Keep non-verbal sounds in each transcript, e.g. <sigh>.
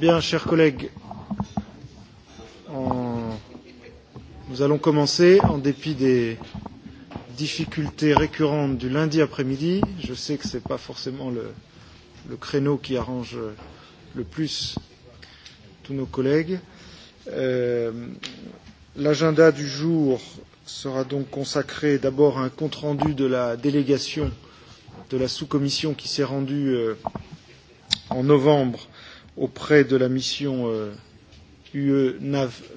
Bien, chers collègues, en... nous allons commencer en dépit des difficultés récurrentes du lundi après-midi. Je sais que ce n'est pas forcément le, le créneau qui arrange le plus tous nos collègues. Euh, L'agenda du jour sera donc consacré d'abord à un compte-rendu de la délégation de la sous-commission qui s'est rendue euh, en novembre auprès de la mission euh, UE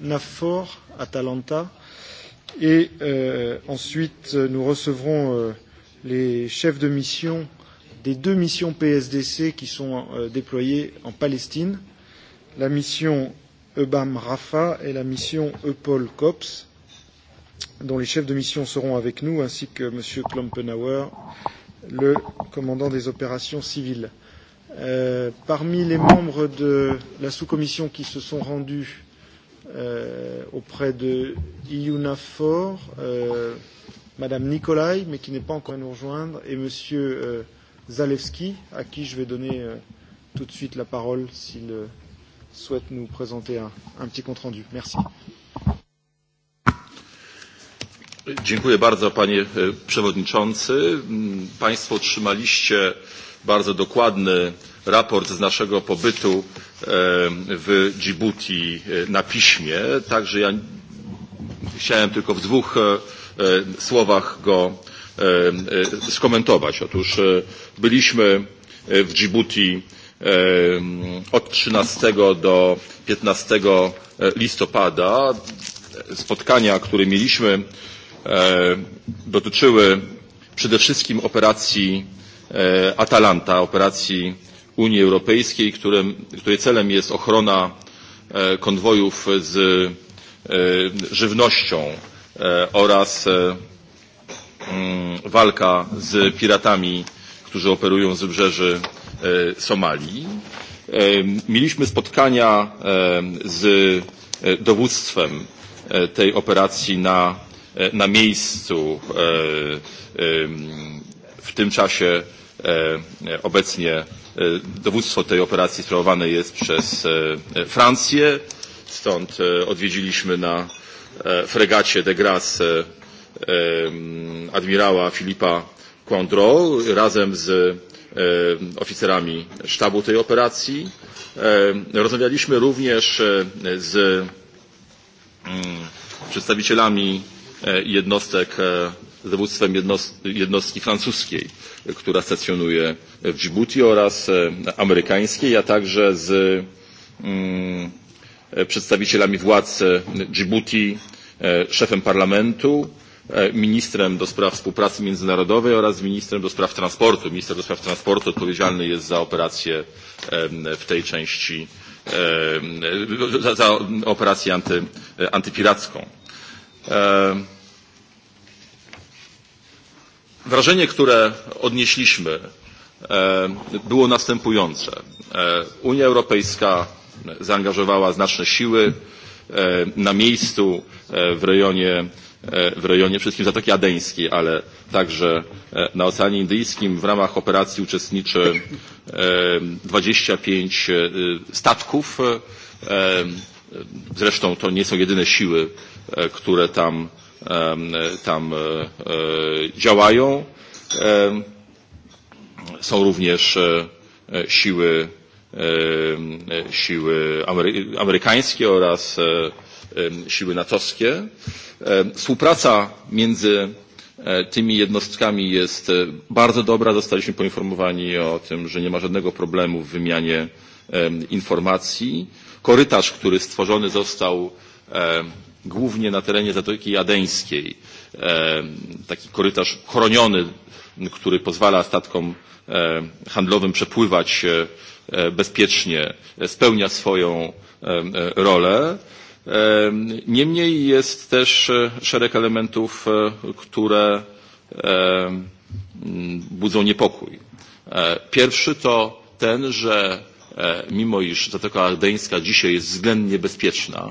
NAFOR Atalanta. Et euh, ensuite, euh, nous recevrons euh, les chefs de mission des deux missions PSDC qui sont euh, déployées en Palestine, la mission EBAM Rafa et la mission EPOL COPS, dont les chefs de mission seront avec nous, ainsi que M. Klompenauer, le commandant des opérations civiles. Euh, Euh, parmi les membres de la sous-commission qui se sont rendus euh, auprès de EUNAFOR, euh, Madame Nicolai, mais qui n'est pas encore à nous rejoindre, et Monsieur euh, Zalewski, à qui je vais donner euh, tout de suite la parole s'il euh, souhaite nous présenter un, un petit compte-rendu. Merci. Dziękuję bardzo, panie e, przewodniczący. Mm, państwo otrzymaliście bardzo dokładny raport z naszego pobytu e, w Djibouti e, na piśmie, także ja chciałem tylko w dwóch e, słowach go skomentować. Otóż byliśmy w Djibouti od 13 do 15 listopada. Spotkania, które mieliśmy, dotyczyły przede wszystkim operacji E, Atalanta, operacji Unii Europejskiej, które, której celem jest ochrona e, konwojów z e, żywnością oraz mm, walka z piratami, którzy operują z wybrzeży Somalii. Mieliśmy spotkania z dowództwem tej operacji na, na miejscu W tym czasie e, obecnie e, dowództwo tej operacji sprawowane jest przez e, Francję. Stąd odwiedziliśmy na fregacie de Grasse admirała Filipa Coindreau razem z oficerami sztabu tej operacji. Rozmawialiśmy również z przedstawicielami jednostek dowództwem jednost jednostki francuskiej, która stacjonuje w Djibouti oraz e, amerykańskiej, a także z mm, przedstawicielami władz Djibouti, e, szefem parlamentu, e, ministrem do spraw współpracy międzynarodowej oraz ministrem do spraw transportu. Minister do spraw transportu odpowiedzialny jest za operacje w tej części, za operację anty, antypiracką. Wrażenie, które odnieśliśmy, e, było następujące. E, Unia Europejska zaangażowała znaczne siły e, na miejscu w rejonie, w rejonie wszystkim Zatoki Adeńskiej, ale także na Oceanie Indyjskim. W ramach operacji uczestniczy 25 statków. Zresztą to nie są jedyne siły, które tam tam e, e, działają. Są również e, siły, siły amery amerykańskie oraz siły natowskie. Współpraca między tymi jednostkami jest bardzo dobra. Zostaliśmy poinformowani o tym, że nie ma żadnego problemu w wymianie informacji. Korytarz, który stworzony został głównie na terenie Zatoki Jadeńskiej. E, taki korytarz chroniony, który pozwala statkom e, handlowym przepływać e, bezpiecznie, spełnia swoją rolę. Niemniej jest też szereg elementów, które mm, budzą niepokój. Pierwszy to ten, że mimo iż Zatoka Ardeńska dzisiaj jest względnie bezpieczna,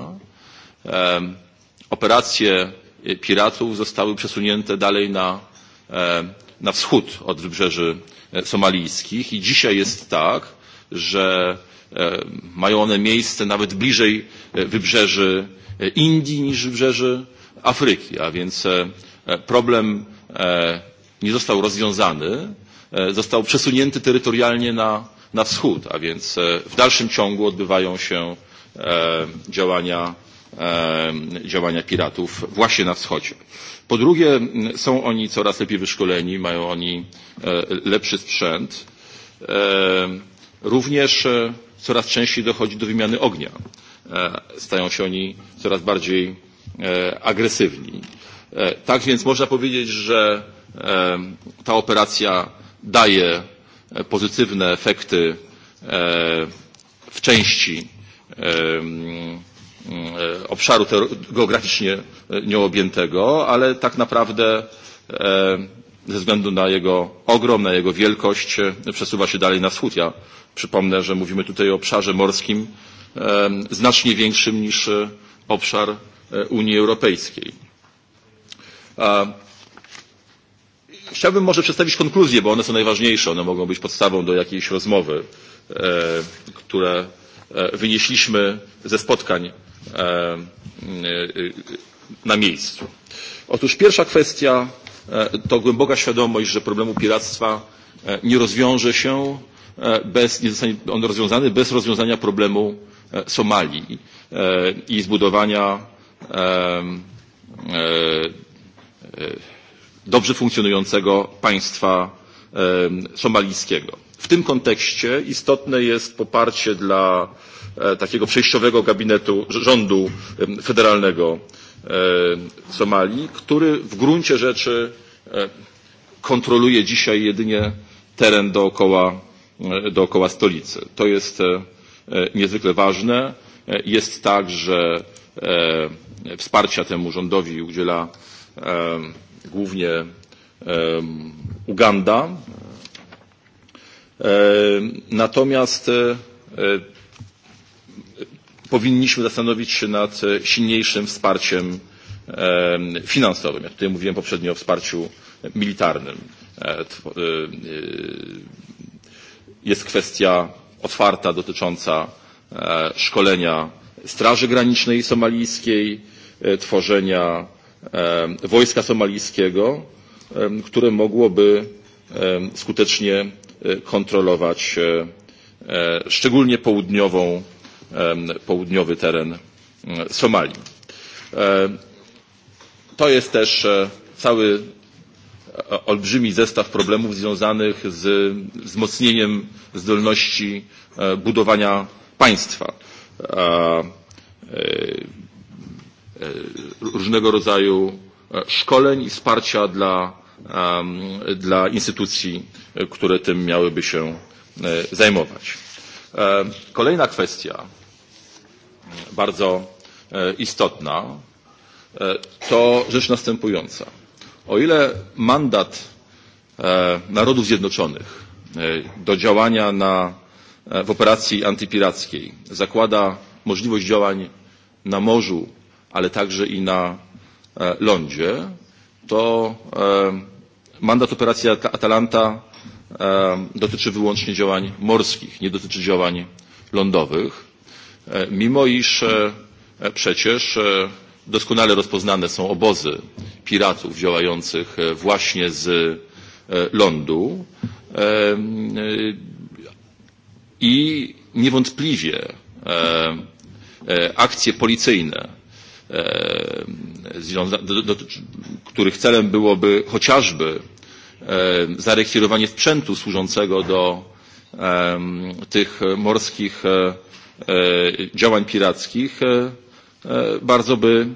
operacje piratów zostały przesunięte dalej na, e, na wschód od wybrzeży e, somalijskich i dzisiaj jest tak, że e, mają one miejsce nawet bliżej wybrzeży Indii niż wybrzeży Afryki, a więc problem nie został rozwiązany, został przesunięty terytorialnie na, na wschód, a więc w dalszym ciągu odbywają się działania działania piratów właśnie na wschodzie. Po drugie, są oni coraz lepiej wyszkoleni, mają oni e, lepszy sprzęt. Również e, coraz częściej dochodzi do wymiany ognia. E, stają się oni coraz bardziej agresywni. Tak więc można powiedzieć, że ta operacja daje pozytywne efekty w części E, obszaru geograficznie e, nieobjętego, ale tak naprawdę e, ze względu na jego ogrom, na jego wielkość przesuwa się dalej na wschód. Ja przypomnę, że mówimy tutaj o obszarze morskim znacznie większym niż obszar Unii Europejskiej. Chciałbym może przedstawić konkluzje, bo one są najważniejsze, one mogą być podstawą do jakiejś rozmowy, które E, wynieśliśmy ze spotkań e, e, na miejscu. Otóż pierwsza kwestia to głęboka świadomość, że problemu piractwa nie rozwiąże się bez, nie zostanie on rozwiązany bez rozwiązania problemu Somalii i zbudowania dobrze funkcjonującego państwa somalijskiego. W tym kontekście istotne jest poparcie dla e, takiego przejściowego gabinetu rządu federalnego e, Somalii, który w gruncie rzeczy e, kontroluje dzisiaj jedynie teren dookoła, dookoła stolicy. To jest niezwykle ważne. Jest tak, że wsparcia temu rządowi udziela głównie Uganda, E, natomiast e, e, powinniśmy zastanowić się nad silniejszym wsparciem finansowym. Ja tutaj mówiłem poprzednio o wsparciu militarnym. Jest kwestia otwarta dotycząca szkolenia Straży Granicznej Somalijskiej, tworzenia wojska somalijskiego, które mogłoby skutecznie kontrolować szczególnie południową, południowy teren Somalii. E, to jest też e, cały e, olbrzymi zestaw problemów związanych z wzmocnieniem zdolności budowania państwa różnego rodzaju szkoleń i wsparcia dla Um, dla instytucji, które tym miałyby się e, zajmować. E, kolejna kwestia, bardzo e, istotna, to rzecz następująca. O ile mandat Narodów Zjednoczonych do działania na, w operacji antypirackiej zakłada możliwość działań na morzu, ale także i na lądzie, to mandat operacji Atalanta dotyczy wyłącznie działań morskich, nie dotyczy działań lądowych, e, mimo iż e, e, przecież doskonale rozpoznane są obozy piratów działających właśnie z lądu i niewątpliwie akcje policyjne E, których celem byłoby chociażby e, zarekwirowanie sprzętu służącego do e, tych morskich działań pirackich bardzo by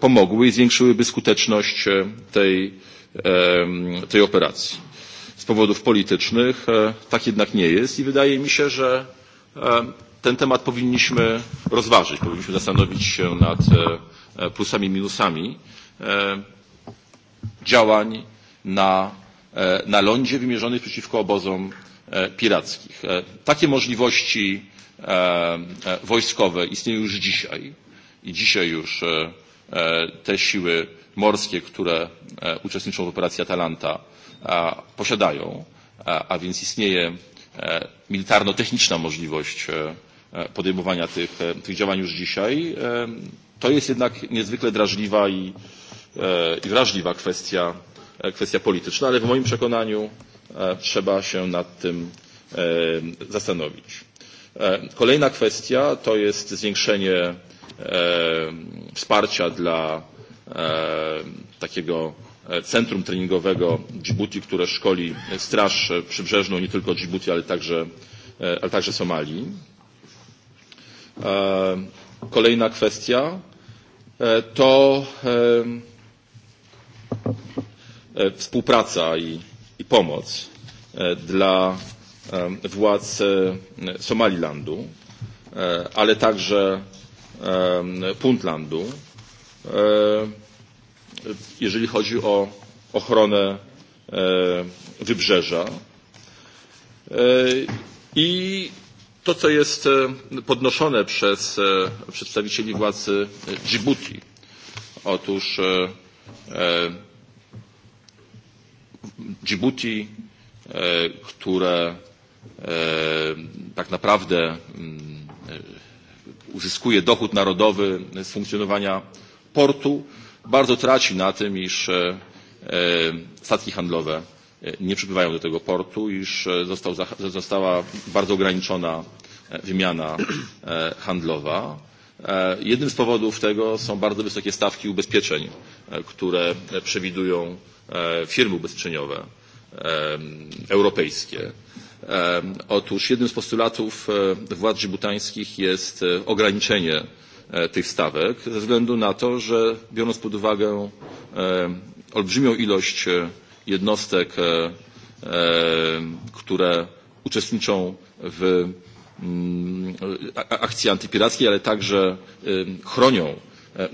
pomogły i zwiększyłyby skuteczność tej, tej operacji. Z powodów politycznych tak jednak nie jest i wydaje mi się, że ten temat powinniśmy rozważyć, powinniśmy zastanowić się nad e, e, plusami i minusami e, działań na, na lądzie wymierzonych przeciwko obozom pirackich. Takie możliwości wojskowe istnieją już dzisiaj i dzisiaj już te siły morskie, które uczestniczą w operacji Atalanta posiadają, a więc istnieje militarno-techniczna możliwość E, podejmowania tych, e, tych działań już dzisiaj. E, to jest jednak niezwykle drażliwa i, i wrażliwa kwestia, kwestia polityczna, ale w moim przekonaniu trzeba się nad tym zastanowić. Kolejna kwestia to jest zwiększenie wsparcia dla takiego centrum treningowego Djibouti, które szkoli straż przybrzeżną nie tylko Djibouti, ale także, ale także Somalii E, kolejna kwestia e, to e, współpraca i, i pomoc dla władz Somalilandu, ale także Puntlandu, jeżeli chodzi o ochronę wybrzeża i To, co jest e, podnoszone przez e, przedstawicieli władz e, Djibouti. Otóż Djibouti, które tak naprawdę mm, uzyskuje dochód narodowy z funkcjonowania portu, bardzo traci na tym, iż statki handlowe E, nie przybywają do tego portu, iż e, został, została bardzo ograniczona e, wymiana handlowa. Jednym z powodów tego są bardzo wysokie stawki ubezpieczeń, które przewidują firmy ubezpieczeniowe europejskie. Otóż jednym z postulatów władz dżibutańskich jest ograniczenie tych stawek ze względu na to, że biorąc pod uwagę olbrzymią ilość jednostek, e, e, które uczestniczą w mm, akcji antypirackiej, ale także e, chronią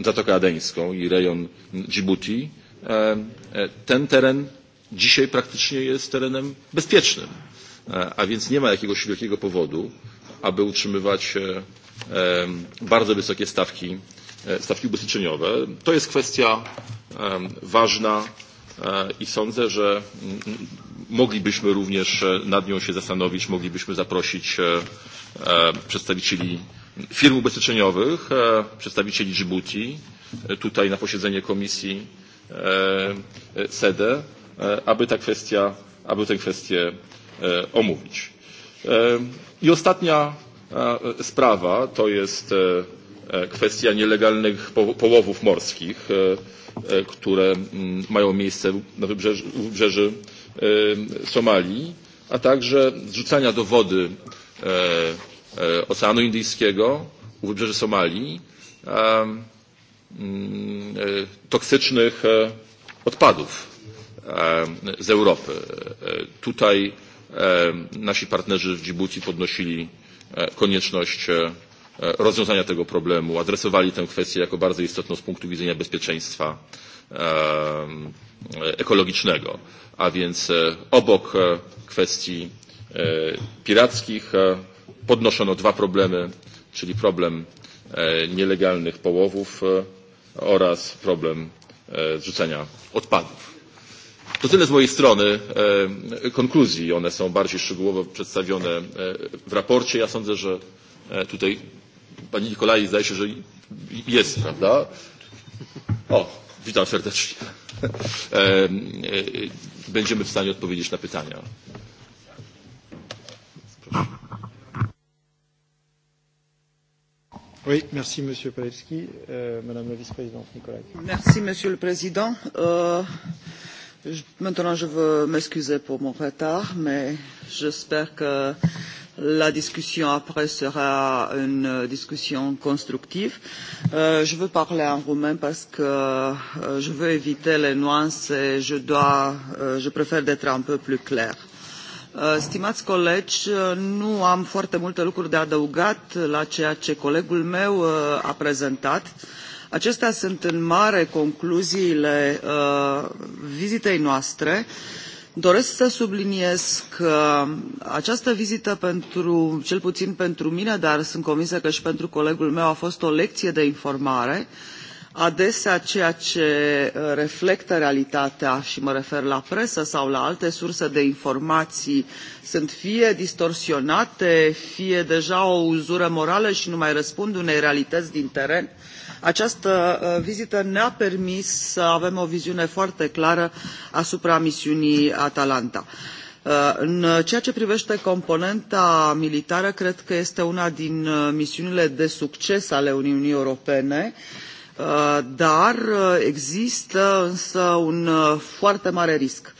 Zatokę Adeńską i rejon Djibouti, ten teren dzisiaj praktycznie jest terenem bezpiecznym, a więc nie ma jakiegoś wielkiego powodu, aby utrzymywać bardzo wysokie stawki, stawki ubezpieczeniowe. To jest kwestia ważna i sądzę, że mm, moglibyśmy również e, nad nią się zastanowić, moglibyśmy zaprosić e, e, przedstawicieli firm ubezpieczeniowych, przedstawicieli Djibouti tutaj na posiedzenie komisji SEDE, aby, ta kwestia, aby tę kwestię omówić. I ostatnia sprawa to jest kwestia nielegalnych połowów morskich. E, które mm, mają miejsce na wybrzeży, wybrzeży e, Somalii, a także zrzucania do wody e, Oceanu Indyjskiego u wybrzeży Somalii mm, toksycznych odpadów z Europy. Tutaj nasi partnerzy w Dżibuti podnosili konieczność E, rozwiązania tego problemu, adresowali tę kwestię jako bardzo istotną z punktu widzenia bezpieczeństwa e, e, ekologicznego, a więc obok kwestii pirackich podnoszono dwa problemy, czyli problem nielegalnych połowów oraz problem zrzucenia odpadów. To tyle z mojej strony konkluzji. One są bardziej szczegółowo przedstawione w raporcie. Ja sądzę, że tutaj Pani Nikolaj zdaje się, że jest, prawda? O, witam serdecznie. E, e, będziemy w stanie odpowiedzieć na pytania. Proszę. Oui, merci Monsieur Palewski. Euh, Madame la vice-présidente Nicolai. Merci Monsieur le Président. Euh, je, maintenant, je veux m'excuser pour mon retard, mais j'espère que La discussion après sera une euh, discussion constructive. Euh, je veux parler en roumain parce que euh, je veux éviter les nuances et je, dois, euh, je préfère d'être un peu plus clair. Euh, stimați colegi, euh, nu am foarte multe lucruri de adăugat la ceea ce colegul meu uh, a prezentat. Acestea sunt în mare concluziile uh, vizitei noastre. Uh, Doresc să subliniez că această vizită, pentru, cel puțin pentru mine, dar sunt convinsă că și pentru colegul meu, a fost o lecție de informare, adesea ceea ce uh, reflectă realitatea, și mă refer la presă sau la alte surse de informații, sunt fie distorsionate, fie deja o uzură morală și nu mai răspund unei realități din teren, uh, Această uh, vizită ne-a permis să avem o viziune foarte clară asupra misiunii Atalanta. Uh, în ceea ce privește componenta militară, cred că este una din uh, misiunile de succes ale Uniunii Europene dar există însă un foarte mare risc.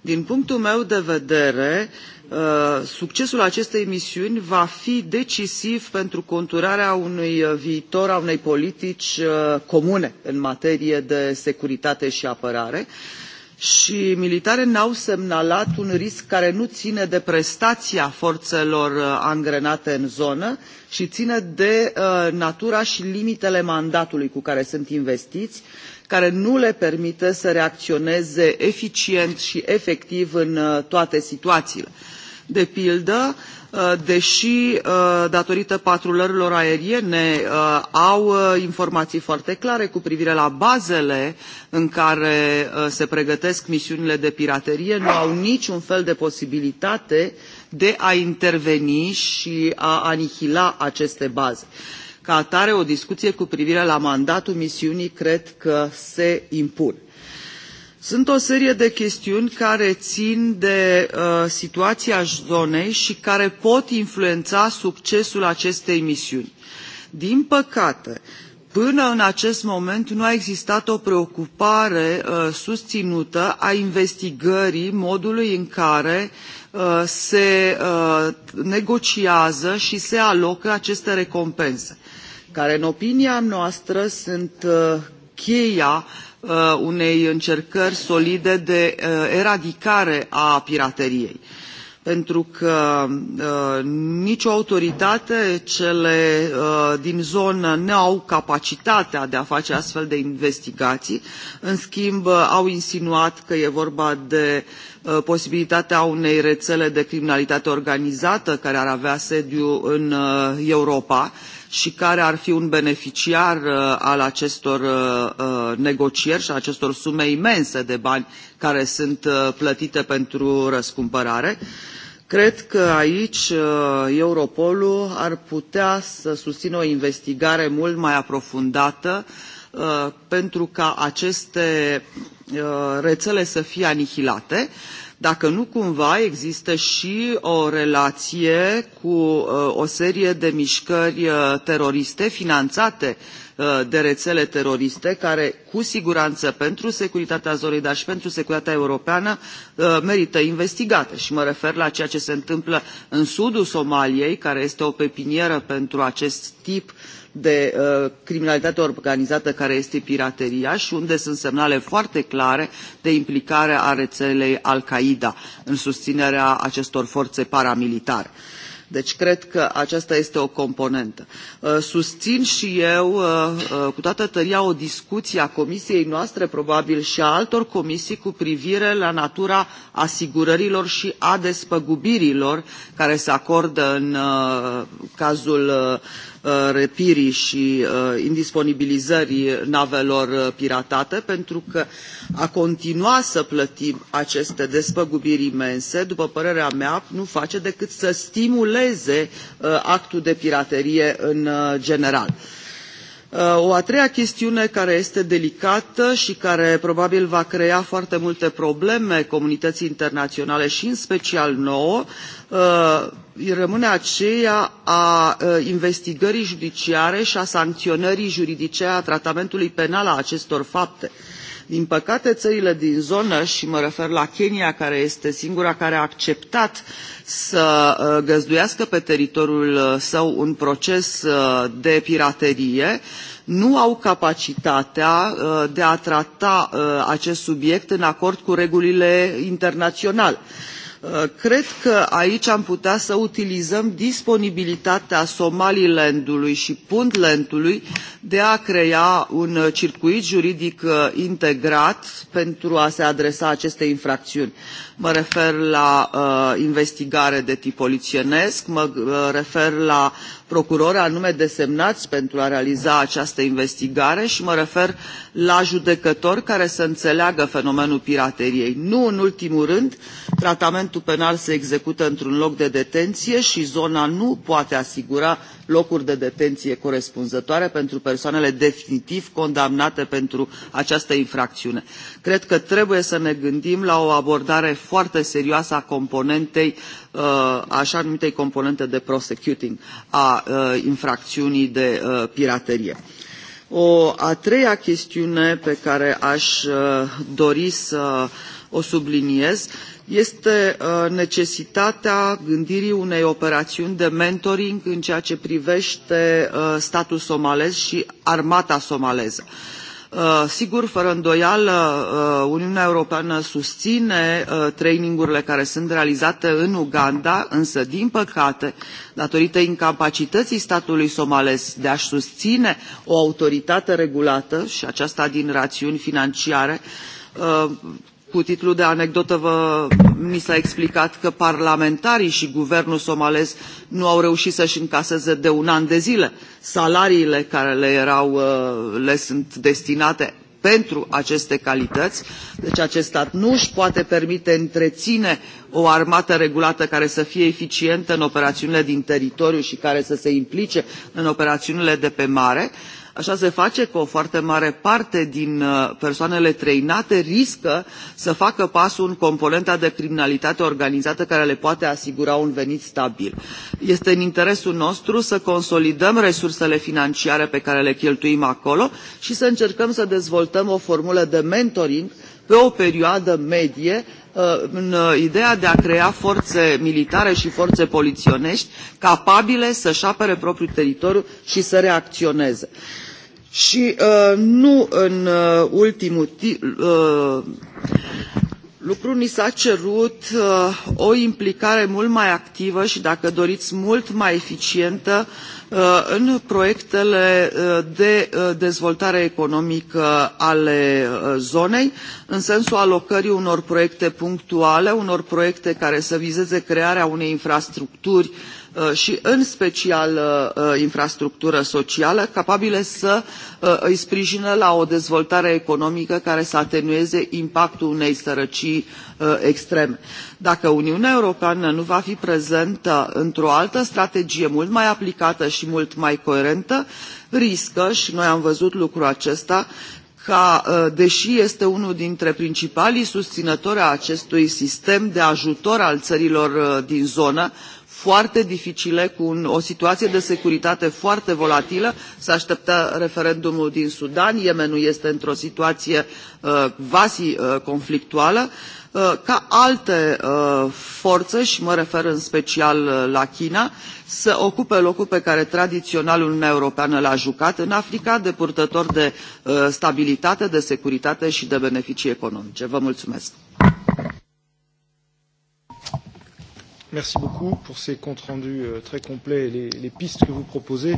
Din punctul meu de vedere, uh, Uh, succesul acestei misiuni va fi decisiv pentru conturarea unui uh, viitor a unei politici uh, comune în materie de securitate și apărare și militarii ne au semnalat un risc care nu ține de prestația forțelor angrenate în zonă ci ține de natura și limitele mandatului cu care sunt investiți care nu le permite să reacționeze eficient și efectiv în toate situațiile De pildă, uh, deși uh, datorită patrulărilor aeriene uh, au informații foarte clare cu privire la bazele în care se pregătesc misiunile de piraterie, nu au niciun fel de posibilitate de a interveni și a anihila aceste baze. Ca atare, o discuție cu privire la mandatul misiunii cred că se impune. Sunt o serie de chestiuni care țin de uh, situația zonei și care pot influența succesul acestei misiuni. Din păcate, până în acest moment nu a existat o preocupare uh, susținută a investigării modului în care uh, se uh, negociază și se alocă aceste recompense, care în opinia noastră sunt uh, cheia uh, Uh, unei încercări solide de uh, eradicare a pirateriei pentru că uh, nicio autoritate, cele uh, din zonă, nu au capacitatea de a face astfel de investigații. În schimb, uh, au insinuat că e vorba de uh, posibilitatea unei rețele de criminalitate organizată care ar avea sediu în uh, Europa. Uh, și care ar fi un beneficiar uh, al acestor uh, uh, negocieri și acestor sume imense de bani care sunt plătite pentru răscumpărare. Cred că aici Europolul ar putea să susțină o investigare mult mai aprofundată pentru ca aceste rețele să fie anihilate. Uh, dacă nu cumva există și o relație cu uh, o serie de mișcări uh, teroriste finanțate uh, de rețele teroriste care cu siguranță pentru securitatea azorei dar și pentru securitatea europeană merită investigate și mă refer la ceea ce se întâmplă în sudul somaliei care este o pepinieră pentru acest tip de de uh, criminalitate organizată care este pirateria și unde sunt semnale foarte clare de implicare a rețelei Al-Qaeda în susținerea acestor forțe paramilitare. Deci cred că aceasta este o componentă. Uh, susțin și eu uh, uh, cu toată tăria o discuție a comisiei noastre, probabil și a altor comisii, cu privire la natura asigurărilor și a despăgubirilor care se acordă în cazul Uh, răpirii și uh, indisponibilizării navelor uh, piratate, pentru că a continua să plătim aceste despăgubiri imense, după părerea mea, nu face decât să stimuleze actul de piraterie în general. Uh, Uh, o a treia chestiune care este delicată și care probabil va crea foarte multe probleme comunității internaționale și în special nouă uh, rămâne aceea a uh, investigării judiciare și a sancționării juridice a tratamentului penal a acestor fapte. Uh, din păcate țările din zonă și mă refer la kenya care este singura care a acceptat să uh, găzduiască pe teritoriul uh, său un proces uh, de piraterie nu au capacitatea de a trata acest subiect în acord cu regulile internaționale. Uh, cred că aici am putea să utilizăm disponibilitatea Somalilandului și Puntlandului de a crea un uh, circuit juridic uh, integrat pentru a se adresa acestei infracțiuni. Mă refer la uh, investigare de tip polițienesc, mă uh, refer la procurori anume desemnați pentru a realiza această investigare și mă refer la judecători care să înțeleagă fenomenul pirateriei. Nu în ultimul rând, tratamentul actul penal se execută într-un loc de detenție și zona nu poate asigura locuri de detenție corespunzătoare pentru persoanele definitiv condamnate pentru această infracțiune. Cred că trebuie să ne gândim la o abordare foarte serioasă a componentei, uh, așa numitei componente de prosecuting a uh, infracțiunii de uh, piraterie. O a treia chestiune pe care aș dori să o subliniez este uh, necesitatea gândirii unei operațiuni de mentoring în ceea ce privește uh, statul somalez și armata somaleză. Uh, sigur, fără îndoială, Uniunea Europeană susține trainingurile care sunt realizate în Uganda, însă, din păcate, datorită incapacității statului somalez de a-și susține o autoritate regulată, și aceasta din rațiuni financiare, cu titlul de anecdotă vă, mi s-a explicat că parlamentarii și guvernul somalez nu au reușit să-și încaseze de un an de zile salariile care le, erau, uh, le sunt destinate pentru aceste calități deci acest stat nu își poate permite întreține o armată regulată care să fie eficientă în operațiunile din teritoriu și care să se implice în operațiunile de pe mare și Așa se face că o foarte mare parte din uh, persoanele trăinate riscă să facă pasul în componenta de criminalitate organizată care le poate asigura un venit stabil. Este în interesul nostru să consolidăm resursele financiare pe care le cheltuim acolo și să încercăm să dezvoltăm o formulă de mentoring pe o perioadă medie uh, în uh, ideea de a crea forțe militare și forțe polițienești capabile să și apere propriul teritoriu și să reacționeze. Și uh, nu în uh, ultimul uh, lucru ni s-a cerut uh, o implicare mult mai activă și, dacă doriți, mult mai eficientă uh, în proiectele uh, de uh, dezvoltare economică ale uh, zonei, în sensul alocării unor proiecte punctuale, unor proiecte care să vizeze crearea unei infrastructuri uh, Uh, și în special uh, uh, infrastructură socială, capabile să îi sprijină la o dezvoltare economică care să atenueze impactul unei sărăcii extreme. Dacă Uniunea Europeană nu va fi prezentă într-o altă strategie mult mai aplicată și mult mai coerentă, riscă, și noi am văzut lucrul acesta, ca, deși este unul dintre principalii susținători a acestui sistem de ajutor al țărilor din zonă, foarte dificile, cu un, o situație de securitate foarte volatilă. Se așteptă referendumul din Sudan, Yemenul este într-o situație uh, vasi uh, conflictuală. Uh, ca alte uh, forțe, și mă refer în special uh, la China, să ocupe locul pe care tradițional Uniunea Europeană l-a jucat în Africa, de purtător de uh, stabilitate, de securitate și de beneficii economice. Vă mulțumesc! Merci beaucoup pour ces comptes rendus euh, très complets et les, les pistes que vous proposez.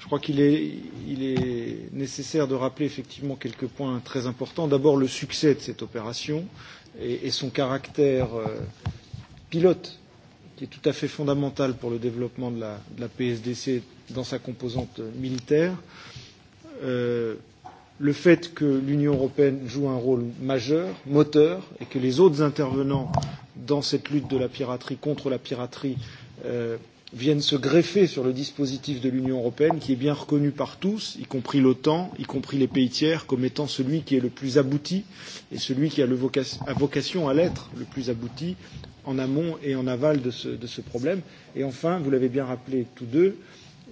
Je crois qu'il est, il est nécessaire de rappeler effectivement quelques points très importants. D'abord, le succès de cette opération et, et son caractère euh, pilote, qui est tout à fait fondamental pour le développement de la, de la PSDC dans sa composante militaire. Euh, le fait que l'Union européenne joue un rôle majeur, moteur, et que les autres intervenants dans cette lutte de la piraterie contre la piraterie euh, viennent se greffer sur le dispositif de l'Union européenne qui est bien reconnu par tous, y compris l'OTAN, y compris les pays tiers, comme étant celui qui est le plus abouti et celui qui a, le voca a vocation à l'être le plus abouti en amont et en aval de ce, de ce problème. Et enfin, vous l'avez bien rappelé tous deux,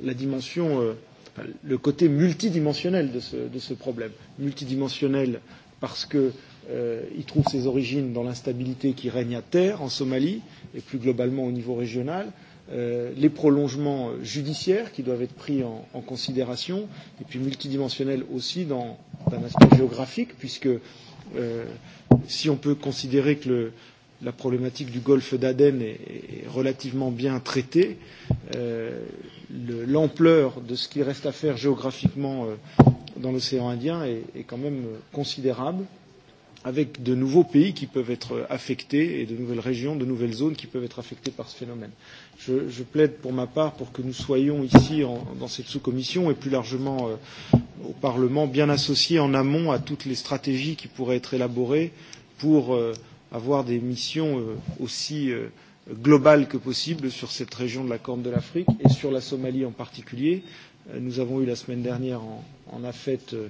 la dimension, euh, le côté multidimensionnel de ce, de ce problème. Multidimensionnel parce que euh, euh, il trouve ses origines dans l'instabilité qui règne à terre en Somalie et plus globalement au niveau régional, euh, les prolongements judiciaires qui doivent être pris en, en considération, et puis multidimensionnels aussi dans un aspect géographique, puisque euh, si on peut considérer que le, la problématique du golfe d'Aden est, est relativement bien traitée, euh, l'ampleur de ce qu'il reste à faire géographiquement euh, dans l'océan Indien est, est quand même euh, considérable. Euh, avec de nouveaux pays qui peuvent être affectés et de nouvelles régions, de nouvelles zones qui peuvent être affectées par ce phénomène. Je, je plaide pour ma part pour que nous soyons ici, en, dans cette sous-commission et plus largement euh, au Parlement, bien associés en amont à toutes les stratégies qui pourraient être élaborées pour euh, avoir des missions euh, aussi euh, globales que possible sur cette région de la Corne de l'Afrique et sur la Somalie en particulier. Euh, nous avons eu la semaine dernière en, en AFET euh,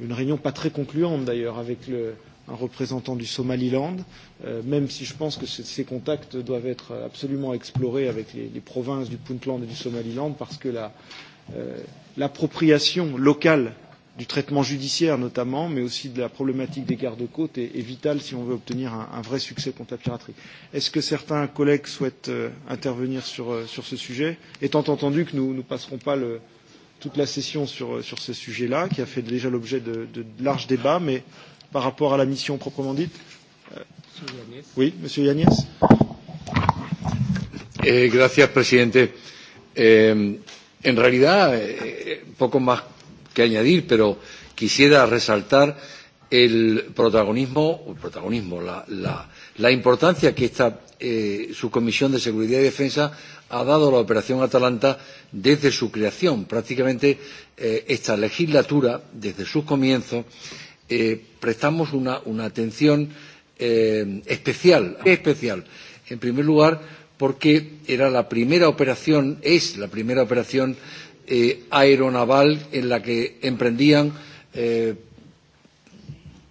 une réunion pas très concluante d'ailleurs avec le, euh, un représentant du Somaliland, euh, même si je pense que ces contacts doivent être absolument explorés avec les, les provinces du Puntland et du Somaliland, parce que la, euh, l'appropriation locale du traitement judiciaire notamment, mais aussi de la problématique des gardes-côtes est, est vitale si on veut obtenir un, un vrai succès contre la piraterie. Est-ce que certains collègues souhaitent euh, intervenir sur, euh, sur ce sujet, étant entendu que nous ne passerons pas le, toute la session sur, euh, sur ce sujet-là, qui a fait déjà l'objet de, de, de larges débats, mais par rapport à la mission proprement dite. Oui, Monsieur Yanis. Eh, gracias, presidente. Eh, en realidad, eh, poco más que añadir, pero quisiera resaltar el protagonismo, el protagonismo la, la, la importancia que esta eh, subcomisión de seguridad y defensa ha dado a la operación Atalanta desde su creación, prácticamente eh, esta legislatura, desde sus comienzos, eh, eh, prestamos una, una atención eh, especial, especial. En primer lugar, porque era la primera operación, es la primera operación eh, aeronaval en la que emprendían eh,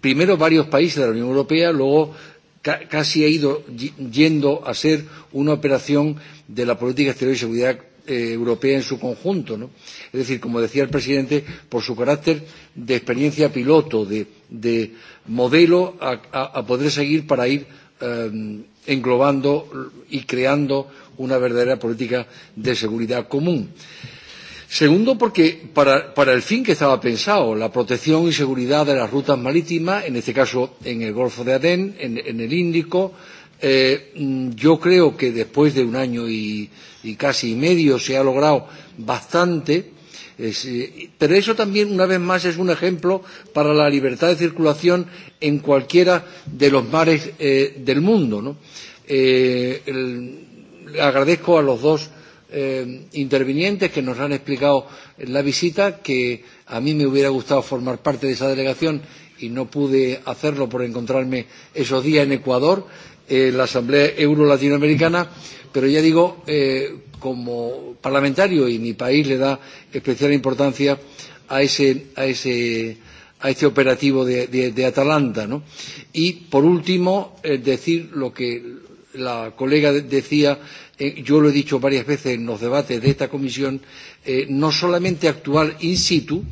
primero varios países de la Unión Europea, luego ca casi ha ido yendo a ser una operación de la política exterior y seguridad eh, europea en su conjunto. ¿no? Es decir, como decía el presidente, por su carácter de experiencia piloto, de, de modelo a, a, a poder seguir para ir eh, englobando y creando una verdadera política de seguridad común. Segundo, porque para, para el fin que estaba pensado, la protección y seguridad de las rutas marítimas, en este caso en el Golfo de Adén, en, en el Índico, eh, Eh, yo creo que después de un año y, y casi medio se ha logrado bastante, es, eh, pero eso también, una vez más, es un ejemplo para la libertad de circulación en cualquiera de los mares eh, del mundo. ¿no? Eh, el, le agradezco a los dos eh, intervinientes que nos han explicado la visita, que a mí me hubiera gustado formar parte de esa delegación y no pude hacerlo por encontrarme esos días en Ecuador eh, la Asamblea Euro-Latinoamericana, pero ya digo, eh, como parlamentario y mi país le da especial importancia a ese, a ese, a este operativo de, de, de Atalanta. ¿no? Y, por último, eh, decir lo que la colega decía, eh, yo lo he dicho varias veces en los debates de esta comisión, eh, no solamente actuar in situ,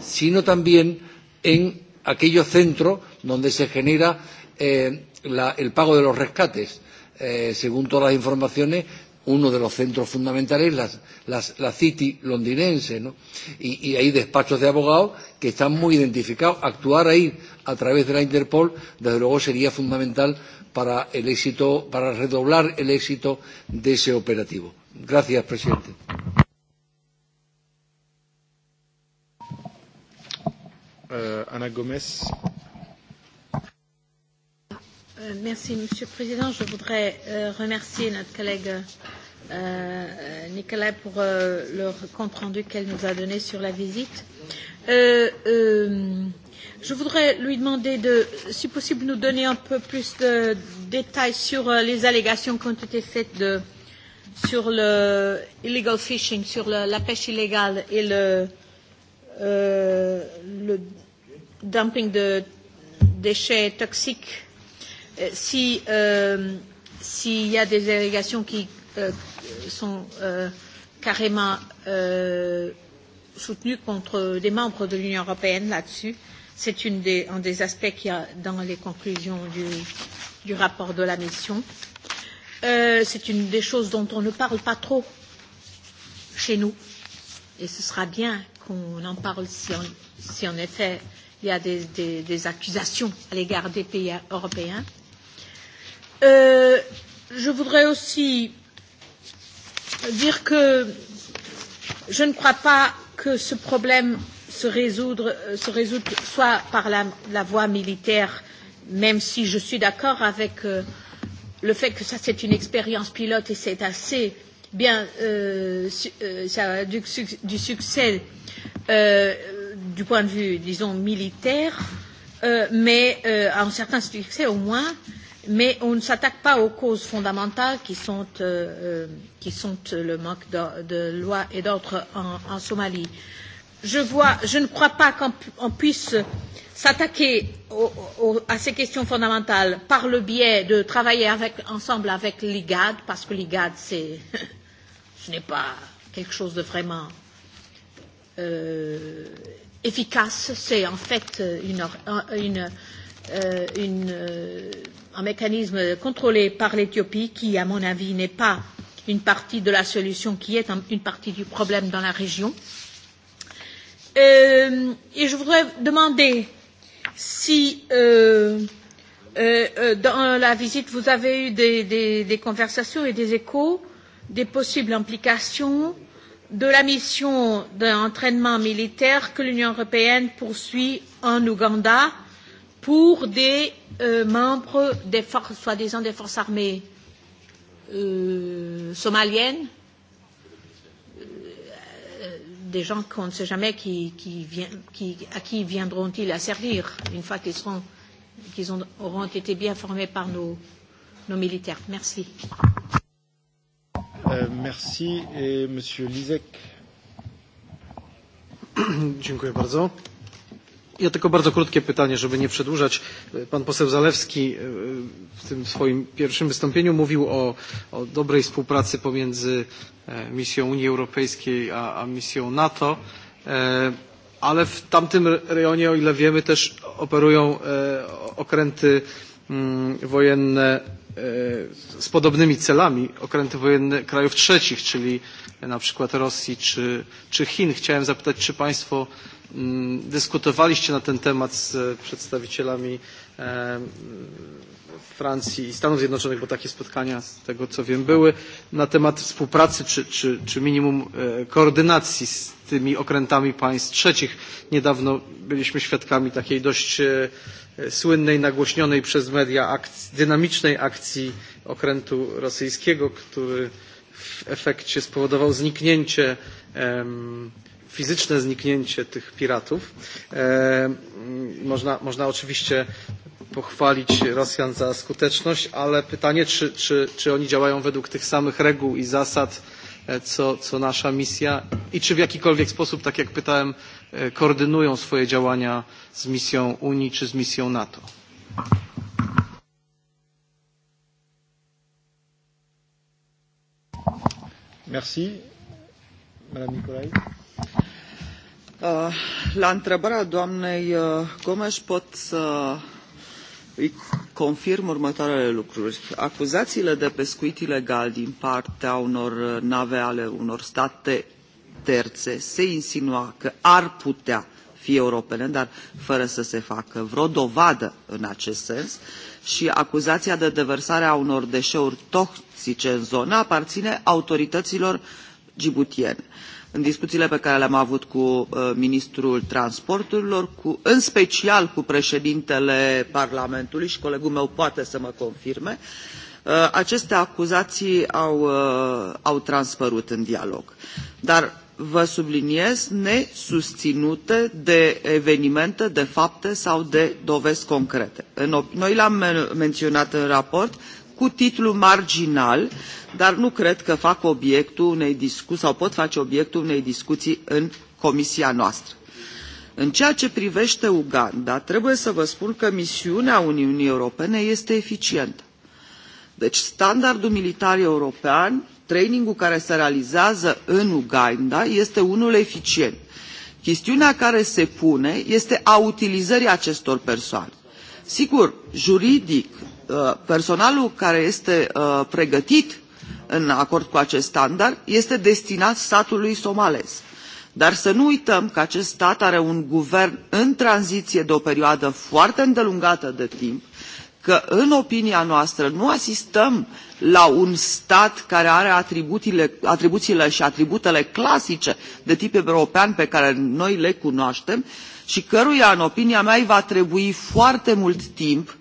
sino también en aquellos centros donde se genera eh, la, el pago de los rescates. Eh, según todas las informaciones, uno de los centros fundamentales, las, las, la City londinense, ¿no? Y, y hay despachos de abogados que están muy identificados. Actuar ahí a través de la Interpol, desde luego, sería fundamental para el éxito, para redoblar el éxito de ese operativo. Gracias, presidente. Uh, Ana Gómez. Euh, merci, Monsieur le Président. Je voudrais euh, remercier notre collègue euh, Nicolas pour euh, le compte rendu qu'elle nous a donné sur la visite. Euh, euh, je voudrais lui demander de, si possible, nous donner un peu plus de détails sur euh, les allégations qui ont été faites de, sur le illegal fishing, sur le, la pêche illégale et le, euh, le dumping de déchets toxiques Euh, si euh, s'il y a des allégations qui euh, sont euh, carrément euh, soutenues contre des membres de l'Union européenne là-dessus, c'est une des, un des aspects qu'il y a dans les conclusions du, du rapport de la mission. Euh, c'est une des choses dont on ne parle pas trop chez nous. Et ce sera bien qu'on en parle si, on, si en effet il y a des, des, des accusations à l'égard des pays européens. Euh, Euh, je voudrais aussi dire que je ne crois pas que ce problème se résoudre, euh, se résoudre soit par la, la voie militaire, même si je suis d'accord avec euh, le fait que ça c'est une expérience pilote et c'est assez bien, euh, su, euh, ça a du, du succès euh, du point de vue, disons, militaire, euh, mais euh, un certain succès au moins. Euh, mais on ne s'attaque pas aux causes fondamentales qui sont, euh, euh qui sont le manque de, de loi et d'ordre en, en Somalie. Je, vois, je ne crois pas qu'on puisse s'attaquer au, au, à ces questions fondamentales par le biais de travailler avec, ensemble avec l'IGAD, parce que l'IGAD, c'est, <laughs> ce n'est pas quelque chose de vraiment euh, efficace, c'est en fait une, une, euh, une, une euh, un mécanisme contrôlé par l'Éthiopie qui, à mon avis, n'est pas une partie de la solution, qui est un, une partie du problème dans la région. Euh, et je voudrais demander si euh, euh, euh dans la visite vous avez eu des, des, des conversations et des échos des possibles implications de la mission d'entraînement militaire que l'Union européenne poursuit en Ouganda pour des euh, membres des forces, soi-disant des forces armées euh, somaliennes, euh, des gens qu'on ne sait jamais qui, qui vient, qui, à qui viendront-ils à servir une fois qu'ils seront, qu'ils ont, auront été bien formés par nos, nos militaires. Merci. Euh, merci et Monsieur Lisek. <coughs> Dziękuję bardzo. Ja tylko bardzo krótkie pytanie, żeby nie przedłużać. Pan poseł Zalewski e, w tym swoim pierwszym wystąpieniu mówił o, o dobrej współpracy pomiędzy e, misją Unii Europejskiej a, a misją NATO, e, ale w tamtym rejonie, o ile wiemy, też operują okręty mm, wojenne z podobnymi celami okręty wojenne krajów trzecich, czyli na przykład Rosji czy, czy Chin. Chciałem zapytać, czy państwo Mm, dyskutowaliście na ten temat z e, przedstawicielami e, Francji i Stanów Zjednoczonych, bo takie spotkania, z tego co wiem, były, na temat współpracy czy, czy, czy minimum e, koordynacji z tymi okrętami państw trzecich. Niedawno byliśmy świadkami takiej dość słynnej, nagłośnionej przez media akcji, dynamicznej akcji okrętu rosyjskiego, który w efekcie spowodował zniknięcie em, fizyczne zniknięcie tych piratów. E, mm, można, można oczywiście pochwalić Rosjan za skuteczność, ale pytanie, czy, czy, czy oni działają według tych samych reguł i zasad, e, co, co nasza misja i czy w jakikolwiek sposób, tak jak pytałem, e, koordynują swoje działania z misją Unii czy z misją NATO. Merci. Madame Nicolai. Uh, la întrebarea doamnei uh, Gomes pot să îi confirm următoarele lucruri. Acuzațiile de pescuit ilegal din partea unor uh, nave ale unor state terțe se insinua că ar putea fi europene, dar fără să se facă vreo dovadă în acest sens, și acuzația de deversare a unor deșeuri toxice în zonă aparține autorităților gibutiene. Uh, în discuțiile pe care le-am avut cu uh, Ministrul Transporturilor, cu, în special cu președintele Parlamentului și colegul meu poate să mă confirme, uh, aceste acuzații au, uh, au transpărut în dialog. Dar vă subliniez, nesusținute de evenimente, de fapte sau de dovezi concrete. În, noi l-am men menționat în raport, uh, cu titlu marginal, dar nu cred că fac obiectul unei discuții sau pot face obiectul unei discuții în comisia noastră. În ceea ce privește Uganda, trebuie să vă spun că misiunea Uniunii Europene este eficientă. Deci standardul militar european, trainingul care se realizează în Uganda este unul eficient. Chestiunea care se pune este a utilizării acestor persoane. Sigur, juridic Uh, personalul care este uh, pregătit în acord cu acest standard este destinat statului somalez dar să nu uităm că acest stat are un guvern în tranziție de o perioadă foarte îndelungată de timp că în opinia noastră nu asistăm la un stat care are atribuțiile și atributele clasice de tip european pe care noi le cunoaștem și căruia în opinia mea îi va trebui foarte mult timp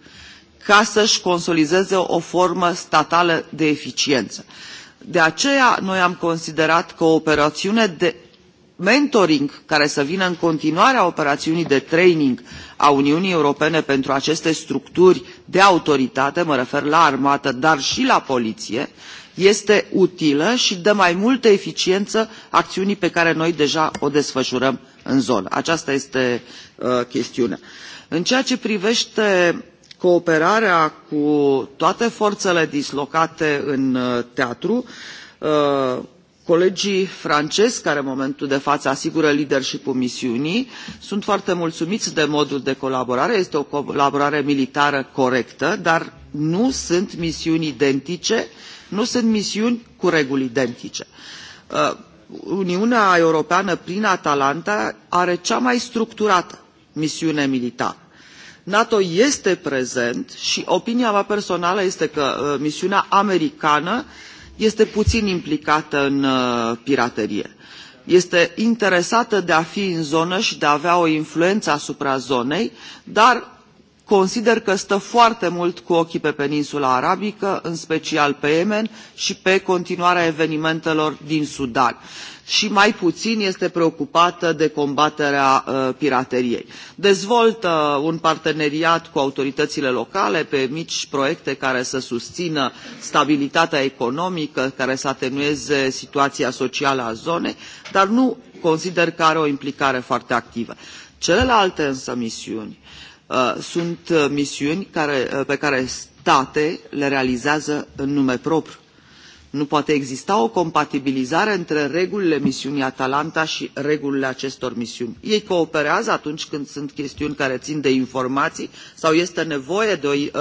ca să-și consolideze o formă statală de eficiență. De aceea noi am considerat că o operațiune de mentoring care să vină în continuarea operațiunii de training a Uniunii Europene pentru aceste structuri de autoritate, mă refer la armată, dar și la poliție, este utilă și dă mai multă eficiență acțiunii pe care noi deja o desfășurăm în zonă. Aceasta este uh, chestiunea. În ceea ce privește uh, cooperarea cu toate forțele dislocate în uh, teatru uh, colegii francezi care în momentul de față asigură leadership ul misiunii sunt foarte mulțumiți de modul de colaborare este o colaborare militară corectă dar nu sunt misiuni identice nu sunt misiuni cu reguli identice. Uh, uniunea europeană prin atalanta are cea mai structurată misiune militară NATO este prezent și opinia mea personală este că uh, misiunea americană este puțin implicată în uh, piraterie. Este interesată de a fi în zonă și de a avea o influență asupra zonei, dar consider că stă foarte mult cu ochii pe peninsula arabică, în special pe Yemen și pe continuarea evenimentelor din Sudan și mai puțin este preocupată de combaterea uh, pirateriei. Dezvoltă un parteneriat cu autoritățile locale pe mici proiecte care să susțină stabilitatea economică, care să atenueze situația socială a zonei, dar nu consider că are o implicare foarte activă. Celelalte însă misiuni uh, Uh, sunt uh, misiuni care, uh, pe care state le realizează în nume propriu. Nu poate exista o compatibilizare între regulile misiunii Atalanta și regulile acestor misiuni. Ei cooperează atunci când sunt chestiuni care țin de informații sau este nevoie de o uh,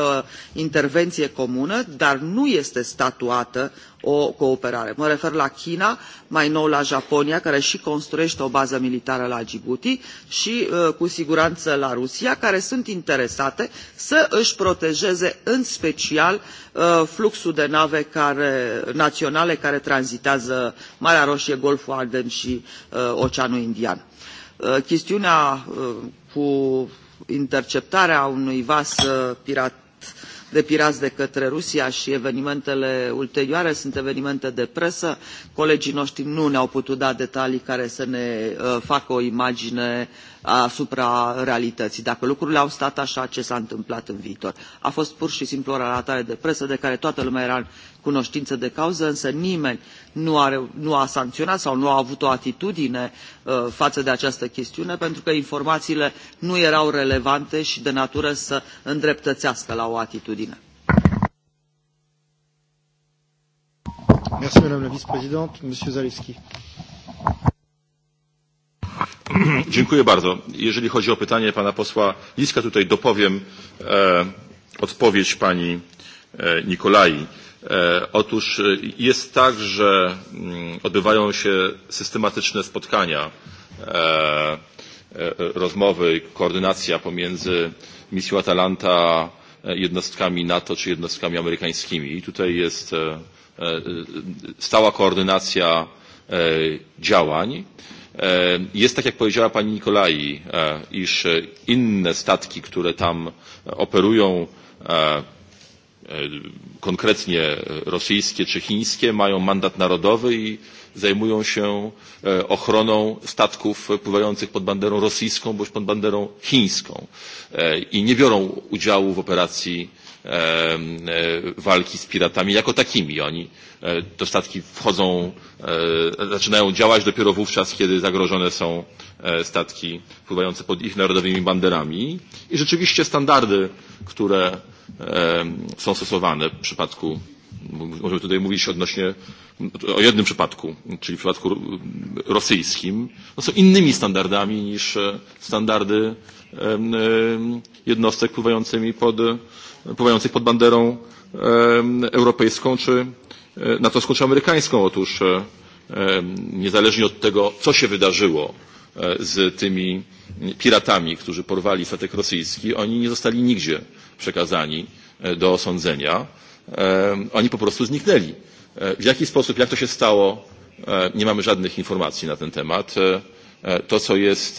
intervenție comună, dar nu este statuată o cooperare. Mă refer la China, mai nou la Japonia, care și construiește o bază militară la Djibouti și uh, cu siguranță la Rusia, care sunt interesate să își protejeze în special uh, fluxul de nave care, naționale care tranzitează Marea Roșie, Golful Aden și uh, Oceanul Indian. Chestiunea cu interceptarea unui vas pirat de pirați de către Rusia și evenimentele ulterioare sunt evenimente de presă. Colegii noștri nu ne-au putut da detalii care să ne uh, facă o imagine asupra realității. Dacă lucrurile au stat așa, ce s-a întâmplat în viitor? A fost pur și simplu o relatare de presă de care toată lumea era în cunoștință de cauză, însă nimeni nu a, nu a sancționat sau nu a avut o atitudine uh, față de această chestiune pentru că informațiile nu erau relevante și de natură să îndreptățească la o atitudine. Merci Madame la Vice-Présidente. Monsieur Zaleski. <clears throat> Dziękuję bardzo. Jeżeli chodzi o pytanie pana posła Liska, tutaj dopowiem e, odpowiedź pani e, Nikolai. E, E, otóż e, jest tak, że mm, odbywają się systematyczne spotkania, e, rozmowy, koordynacja pomiędzy misją Atalanta a jednostkami NATO czy jednostkami amerykańskimi. I tutaj jest stała koordynacja działań. Jest tak, jak powiedziała pani Nikolai, iż inne statki, które tam operują, E, konkretnie rosyjskie czy chińskie, mają mandat narodowy i zajmują się e, ochroną statków pływających pod banderą rosyjską bądź pod banderą chińską e, i nie biorą udziału w operacji E, walki z piratami jako takimi. Oni, te statki wchodzą, e, zaczynają działać dopiero wówczas, kiedy zagrożone są e, statki pływające pod ich narodowymi banderami. I rzeczywiście standardy, które są stosowane w przypadku możemy tutaj mówić odnośnie o jednym przypadku, czyli w przypadku rosyjskim, no są innymi standardami niż standardy jednostek pływającymi pod pływających pod banderą europejską czy e, natowską czy amerykańską. Otóż e, niezależnie od tego, co się wydarzyło e, z tymi piratami, którzy porwali statek rosyjski, oni nie zostali nigdzie przekazani do osądzenia. Oni po prostu zniknęli. W jaki sposób, jak to się stało, nie mamy żadnych informacji na ten temat. To, co jest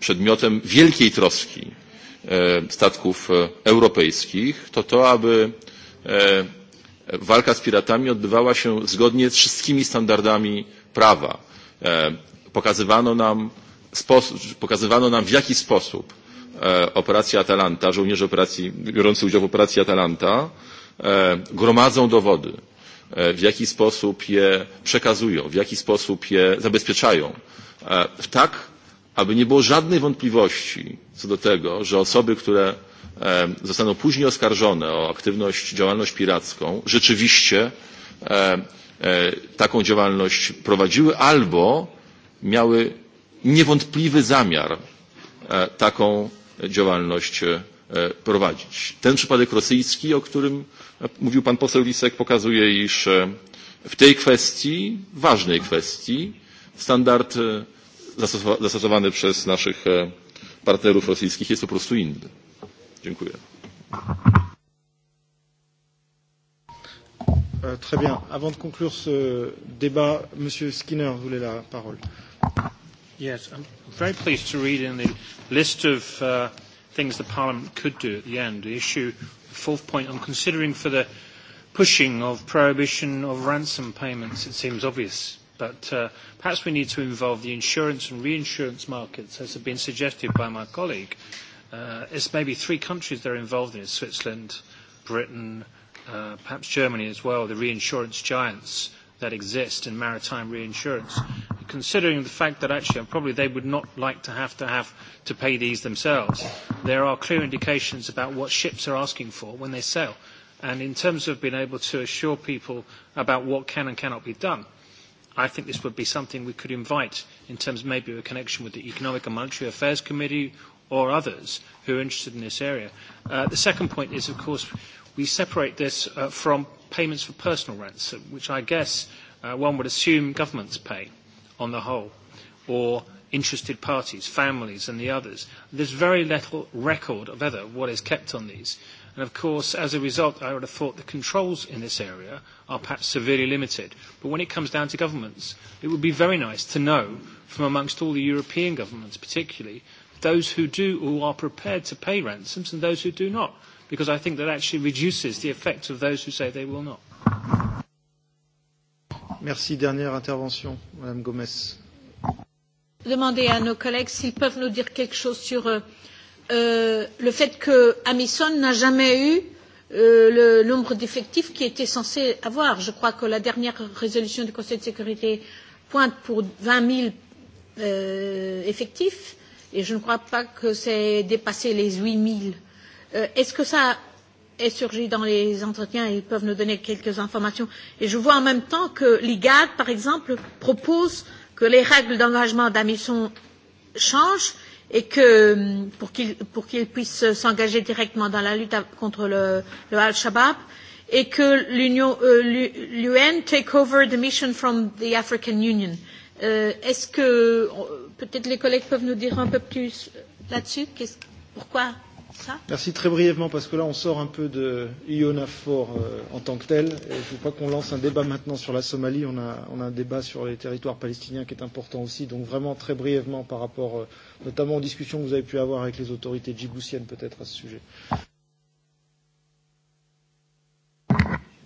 przedmiotem wielkiej troski E, statków e, europejskich to to aby e, walka z piratami odbywała się zgodnie z wszystkimi standardami prawa. pokazywano nam, pokazywano nam w jaki sposób operacja atalanta żołnierze operacji biorący udział w operacji atalanta gromadzą dowody w jaki sposób je przekazują w jaki sposób je zabezpieczają tak aby nie było żadnej wątpliwości co do tego, że osoby, które zostaną później oskarżone o aktywność, działalność piracką, rzeczywiście e, taką działalność prowadziły albo miały niewątpliwy zamiar e, taką działalność e, prowadzić. Ten przypadek rosyjski, o którym mówił pan poseł Lisek, pokazuje, iż w tej kwestii, ważnej kwestii, standard zastosowany przez naszych e, partnerów rosyjskich jest po prostu inny. Dziękuję. E, très bien. Avant de conclure ce débat, Monsieur Skinner voulait la parole. Yes, I'm very pleased to read in the list of uh, things the Parliament could do at the end, the issue, the fourth point on considering for the pushing of prohibition of ransom payments. It seems obvious But uh, perhaps we need to involve the insurance and reinsurance markets, as has been suggested by my colleague. Uh, it's maybe three countries that are involved in it, Switzerland, Britain, uh, perhaps Germany as well, the reinsurance giants that exist in maritime reinsurance, considering the fact that actually probably they would not like to have to have to pay these themselves. There are clear indications about what ships are asking for when they sail, and in terms of being able to assure people about what can and cannot be done. I think this would be something we could invite in terms of maybe a connection with the Economic and Monetary Affairs Committee or others who are interested in this area. Uh, the second point is, of course, we separate this uh, from payments for personal rents, uh, which I guess uh, one would assume governments pay on the whole, or interested parties, families and the others. There's very little record of ever what is kept on these. And of course, as a result, I would have thought the controls in this area are perhaps severely limited. But when it comes down to governments, it would be very nice to know from amongst all the European governments particularly, those who do or are prepared to pay ransoms and those who do not, because I think that actually reduces the effect of those who say they will not. Merci. Dernière intervention, Madame Gomez. Demander à nos collègues s'ils peuvent nous dire quelque chose sur euh, euh, le fait que Amison n'a jamais eu euh, le nombre d'effectifs qui était censé avoir. Je crois que la dernière résolution du Conseil de sécurité pointe pour 20 000 euh, effectifs et je ne crois pas que c'est dépassé les 8 000. Euh, Est-ce que ça est surgi dans les entretiens et ils peuvent nous donner quelques informations Et je vois en même temps que l'IGAD, par exemple, propose que les règles d'engagement d'admission changent et que euh, pour qu'ils pour qu'ils puissent s'engager directement dans la lutte contre le, le Al-Shabaab et que l'Union euh, l'UN take over the mission from the African Union. Euh, Est-ce que euh, peut-être les collègues peuvent nous dire un peu plus là-dessus Pourquoi ça Merci très brièvement parce que là on sort un peu de Ionafor euh, en tant que tel. Et je ne veux pas qu'on lance un débat maintenant sur la Somalie. On a, on a un débat sur les territoires palestiniens qui est important aussi. Donc vraiment très brièvement par rapport euh, notamment aux discussions que vous avez pu avoir avec les autorités djiboutiennes peut-être à ce sujet.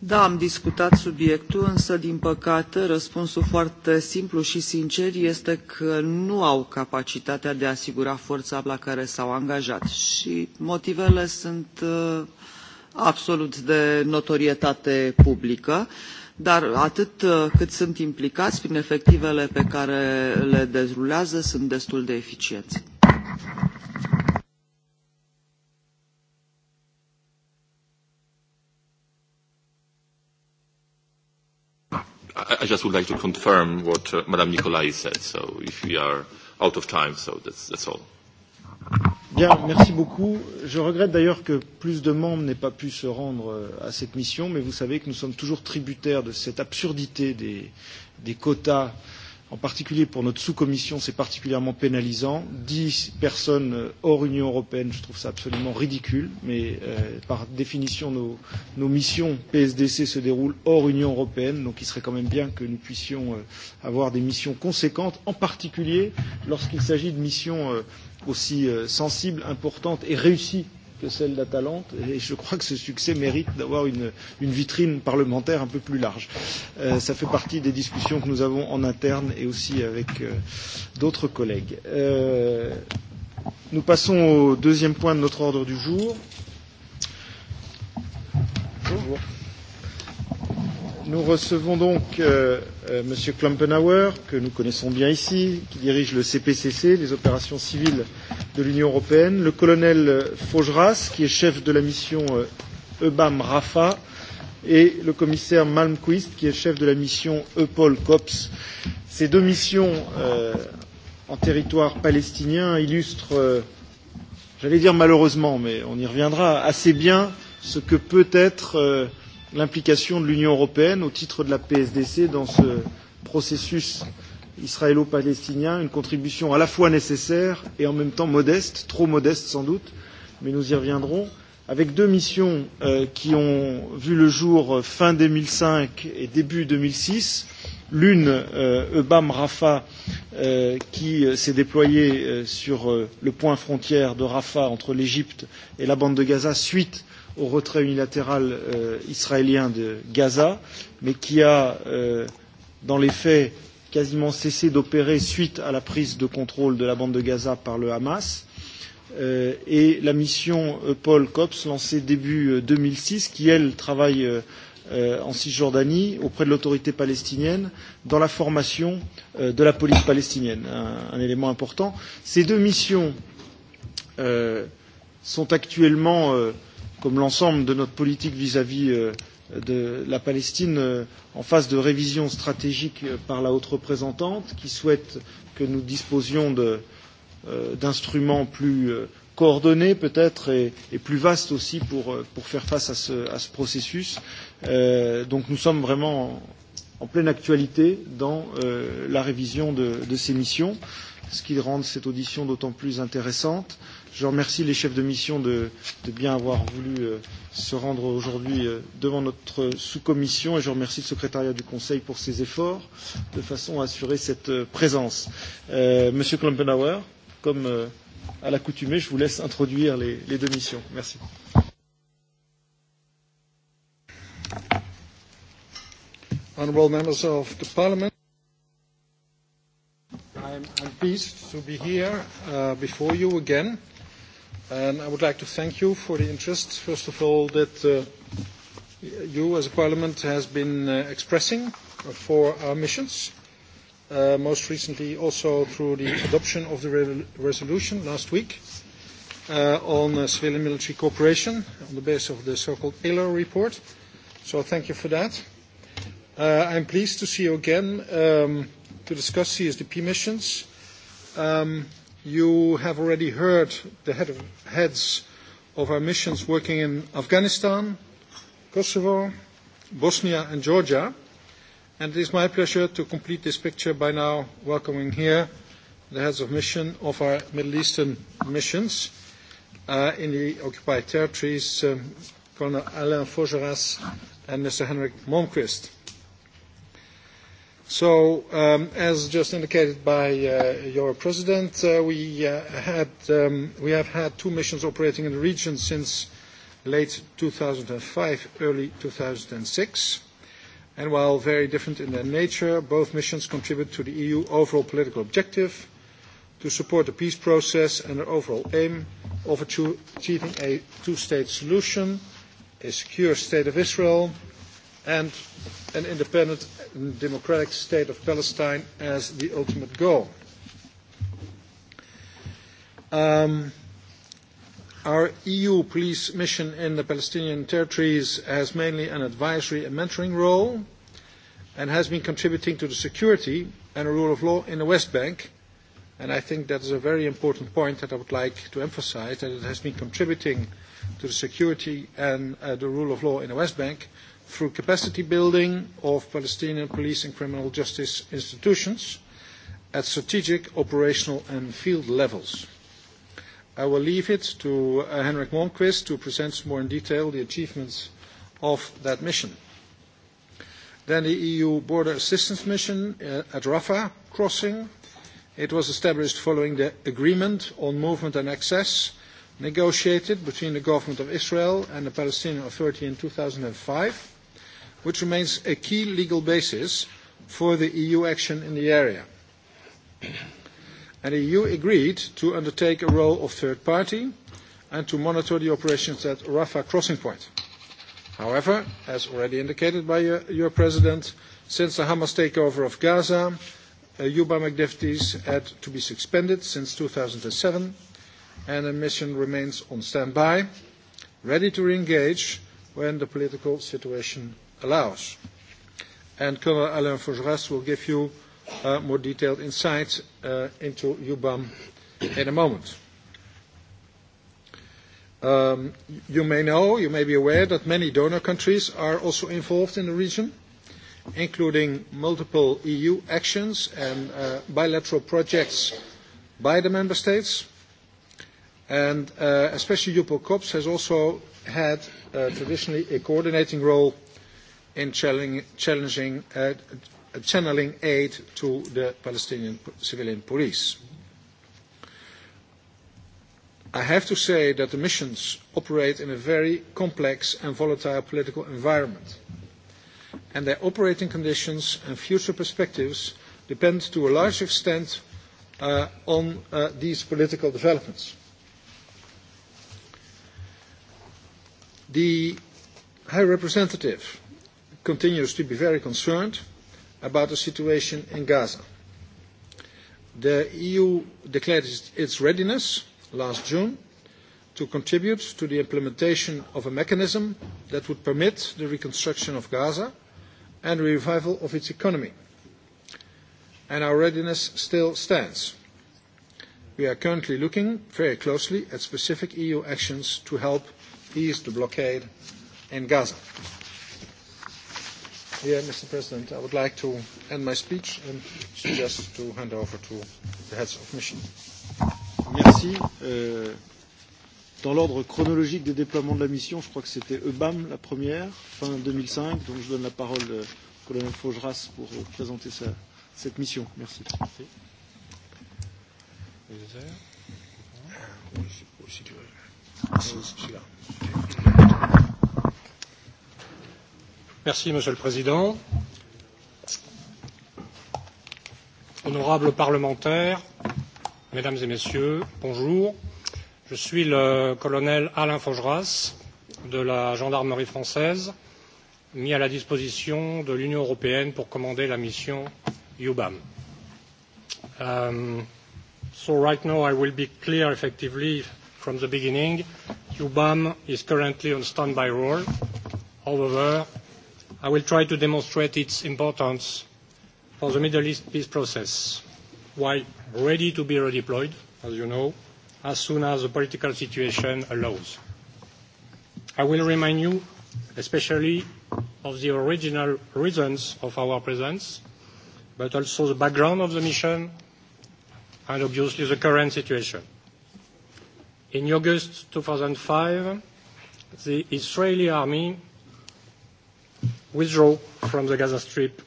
Da, am discutat subiectul, însă, din păcate, răspunsul foarte simplu și sincer este că nu au capacitatea de a asigura forța la care s-au angajat. Și motivele sunt uh, absolut de notorietate publică. Uh, dar atât uh, cât sunt implicați prin efectivele pe care le derulează sunt destul de eficienți. I, I just would like to confirm what uh, Madame Nicolai said. So if we are out of time, so that's, that's all. Bien, merci beaucoup. Je regrette d'ailleurs que plus de membres n'aient pas pu se rendre euh, à cette mission, mais vous savez que nous sommes toujours tributaires de cette absurdité des, des quotas euh, en particulier pour notre sous-commission, c'est particulièrement pénalisant. Dix personnes euh, hors Union européenne, je trouve ça absolument ridicule, mais euh, par définition, nos, nos missions PSDC se déroulent hors Union européenne, donc il serait quand même bien que nous puissions euh, avoir des missions conséquentes, en particulier lorsqu'il s'agit de missions euh, aussi euh, sensibles, importantes et réussies que celle d'Atalante, et je crois que ce succès mérite d'avoir une, une vitrine parlementaire un peu plus large. Euh, ça fait partie des discussions que nous avons en interne et aussi avec euh, d'autres collègues. Euh, nous passons au deuxième point de notre ordre du jour. Bonjour. Bonjour. Nous recevons donc euh, euh, M. Klumpenauer, que nous connaissons bien ici, qui dirige le CPCC, les opérations civiles de l'Union européenne, le colonel euh, Faugeras, qui est chef de la mission euh, EBAM Rafa, et le commissaire Malmquist, qui est chef de la mission EPOL COPS. Ces deux missions euh, en territoire palestinien illustrent, euh, j'allais dire malheureusement, mais on y reviendra, assez bien ce que peut être euh, l'implication de l'Union européenne au titre de la PSDC dans ce processus israélo-palestinien, une contribution à la fois nécessaire et en même temps modeste, trop modeste sans doute, mais nous y reviendrons, avec deux missions euh, qui ont vu le jour euh, fin 2005 et début 2006. L'une, euh, Ebam Rafah, euh, qui euh, s'est déployée euh, sur euh, le point frontière de Rafah entre l'Égypte et la bande de Gaza suite au retrait unilatéral euh, israélien de Gaza, mais qui a, euh, dans les faits, quasiment cessé d'opérer suite à la prise de contrôle de la bande de Gaza par le Hamas, euh, et la mission euh, Paul Cops lancée début 2006, euh, qui, elle, travaille euh, euh, en Cisjordanie auprès de l'autorité palestinienne dans la formation euh, de la police palestinienne, un, un élément important. Ces deux missions euh, sont actuellement euh, comme l'ensemble de notre politique vis-à-vis -vis, euh, de la Palestine euh, en phase de révision stratégique euh, par la haute représentante, qui souhaite que nous disposions euh, d'instruments euh, plus euh, coordonnés peut-être et, et plus vastes aussi pour, euh, pour faire face à ce, à ce processus. Euh, donc nous sommes vraiment en, en pleine actualité dans euh, la révision de, de ces missions, ce qui rend cette audition d'autant plus intéressante. Euh, Je remercie les chefs de mission de, de bien avoir voulu euh, se rendre aujourd'hui euh, devant notre sous-commission et je remercie le secrétariat du Conseil pour ses efforts de façon à assurer cette euh, présence. Euh, Monsieur Klumpenauer, comme euh, à l'accoutumée, je vous laisse introduire les, les deux missions. Merci. Honorable members of the Parliament, I'm, I'm pleased to be here uh, before you again. Uh, And I would like to thank you for the interest, first of all, that uh, you as a parliament has been uh, expressing for our missions, uh, most recently also through the adoption of the re resolution last week uh, on uh, civil and military cooperation on the basis of the so-called ELO report. So thank you for that. Uh, I'm pleased to see you again um, to discuss CSDP missions. Um, You have already heard the head of, heads of our missions working in Afghanistan, Kosovo, Bosnia, and Georgia. And it is my pleasure to complete this picture by now welcoming here the heads of mission of our Middle Eastern missions uh, in the occupied territories, um, Colonel Alain Faugeras and Mr. Henrik Malmquist. So, um, as just indicated by uh, your president, uh, we, uh, had, um, we have had two missions operating in the region since late 2005, early 2006. And while very different in their nature, both missions contribute to the EU overall political objective to support the peace process and their overall aim of achieving a two-state solution, a secure state of Israel, and an independent and democratic state of Palestine as the ultimate goal. Um, our EU police mission in the Palestinian territories has mainly an advisory and mentoring role and has been contributing to the security and the rule of law in the West Bank. And I think that is a very important point that I would like to emphasize, that it has been contributing to the security and uh, the rule of law in the West Bank, through capacity building of Palestinian police and criminal justice institutions at strategic, operational and field levels. I will leave it to uh, Henrik Malmquist to present more in detail the achievements of that mission. Then the EU Border Assistance Mission uh, at Rafah crossing. It was established following the agreement on movement and access negotiated between the government of Israel and the Palestinian Authority in 2005 which remains a key legal basis for the EU action in the area. And the EU agreed to undertake a role of third party and to monitor the operations at Rafah crossing point. However, as already indicated by your, your president, since the Hamas takeover of Gaza, uh, UBAM activities had to be suspended since 2007, and the mission remains on standby, ready to re-engage when the political situation allows. And Colonel Alain Fougeras will give you uh, more detailed insights uh, into UBAM in a moment. Um, you may know, you may be aware that many donor countries are also involved in the region, including multiple EU actions and uh, bilateral projects by the member states. And uh, especially EuPol COPS has also had uh, traditionally a coordinating role in challenging, uh, channeling aid to the Palestinian civilian police. I have to say that the missions operate in a very complex and volatile political environment, and their operating conditions and future perspectives depend to a large extent uh, on uh, these political developments. The High Representative continues to be very concerned about the situation in Gaza. The EU declared its readiness last June to contribute to the implementation of a mechanism that would permit the reconstruction of Gaza and the revival of its economy. And our readiness still stands. We are currently looking very closely at specific EU actions to help ease the blockade in Gaza. Yeah, Mr. President, I would like to end my speech and suggest to hand over to the heads of mission. Merci. Euh, dans l'ordre chronologique des déploiements de la mission, je crois que c'était EBAM la première, fin 2005. Donc je donne la parole euh, au colonel Faugeras pour euh, présenter sa, cette mission. Merci. Merci. Euh, oui, c'est ah, celui-là. Merci, Monsieur le Président. Honorables parlementaires, Mesdames et Messieurs, bonjour. Je suis le colonel Alain Faugeras de la gendarmerie française, mis à la disposition de l'Union européenne pour commander la mission UBAM. Um, so right now I will be clear effectively from the beginning. UBAM is currently on standby role. However, I will try to demonstrate its importance for the Middle East peace process, while ready to be redeployed, as you know, as soon as the political situation allows. I will remind you, especially of the original reasons of our presence, but also the background of the mission and obviously the current situation. In August 2005, the Israeli army withdraw from the Gaza Strip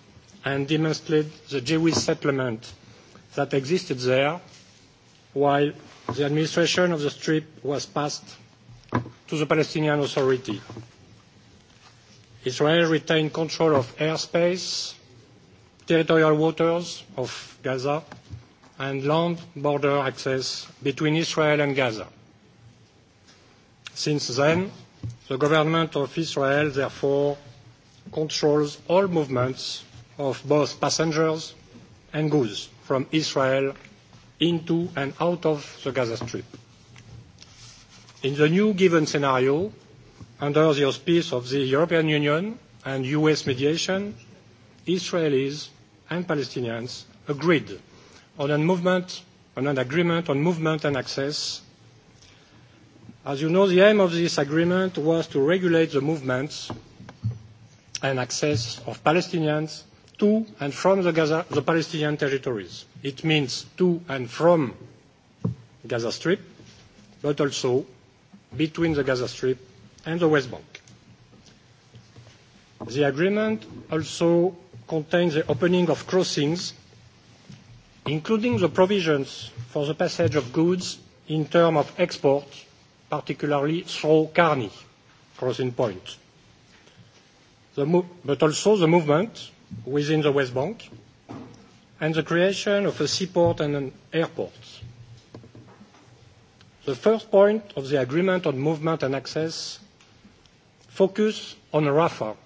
and demonstrate the Jewish settlement that existed there while the administration of the Strip was passed to the Palestinian Authority. Israel retained control of airspace, territorial waters of Gaza, and land border access between Israel and Gaza. Since then, the government of Israel therefore controls all movements of both passengers and goods from Israel into and out of the Gaza Strip. In the new given scenario, under the auspice of the European Union and U.S. mediation, Israelis and Palestinians agreed on, a movement, on an agreement on movement and access. As you know, the aim of this agreement was to regulate the movements and access of Palestinians to and from the, Gaza, the Palestinian territories. It means to and from Gaza Strip, but also between the Gaza Strip and the West Bank. The agreement also contains the opening of crossings, including the provisions for the passage of goods in terms of export, particularly through Carney crossing point the but also the movement within the West Bank and the creation of a seaport and an airport. The first point of the agreement on movement and access focus on Rafah,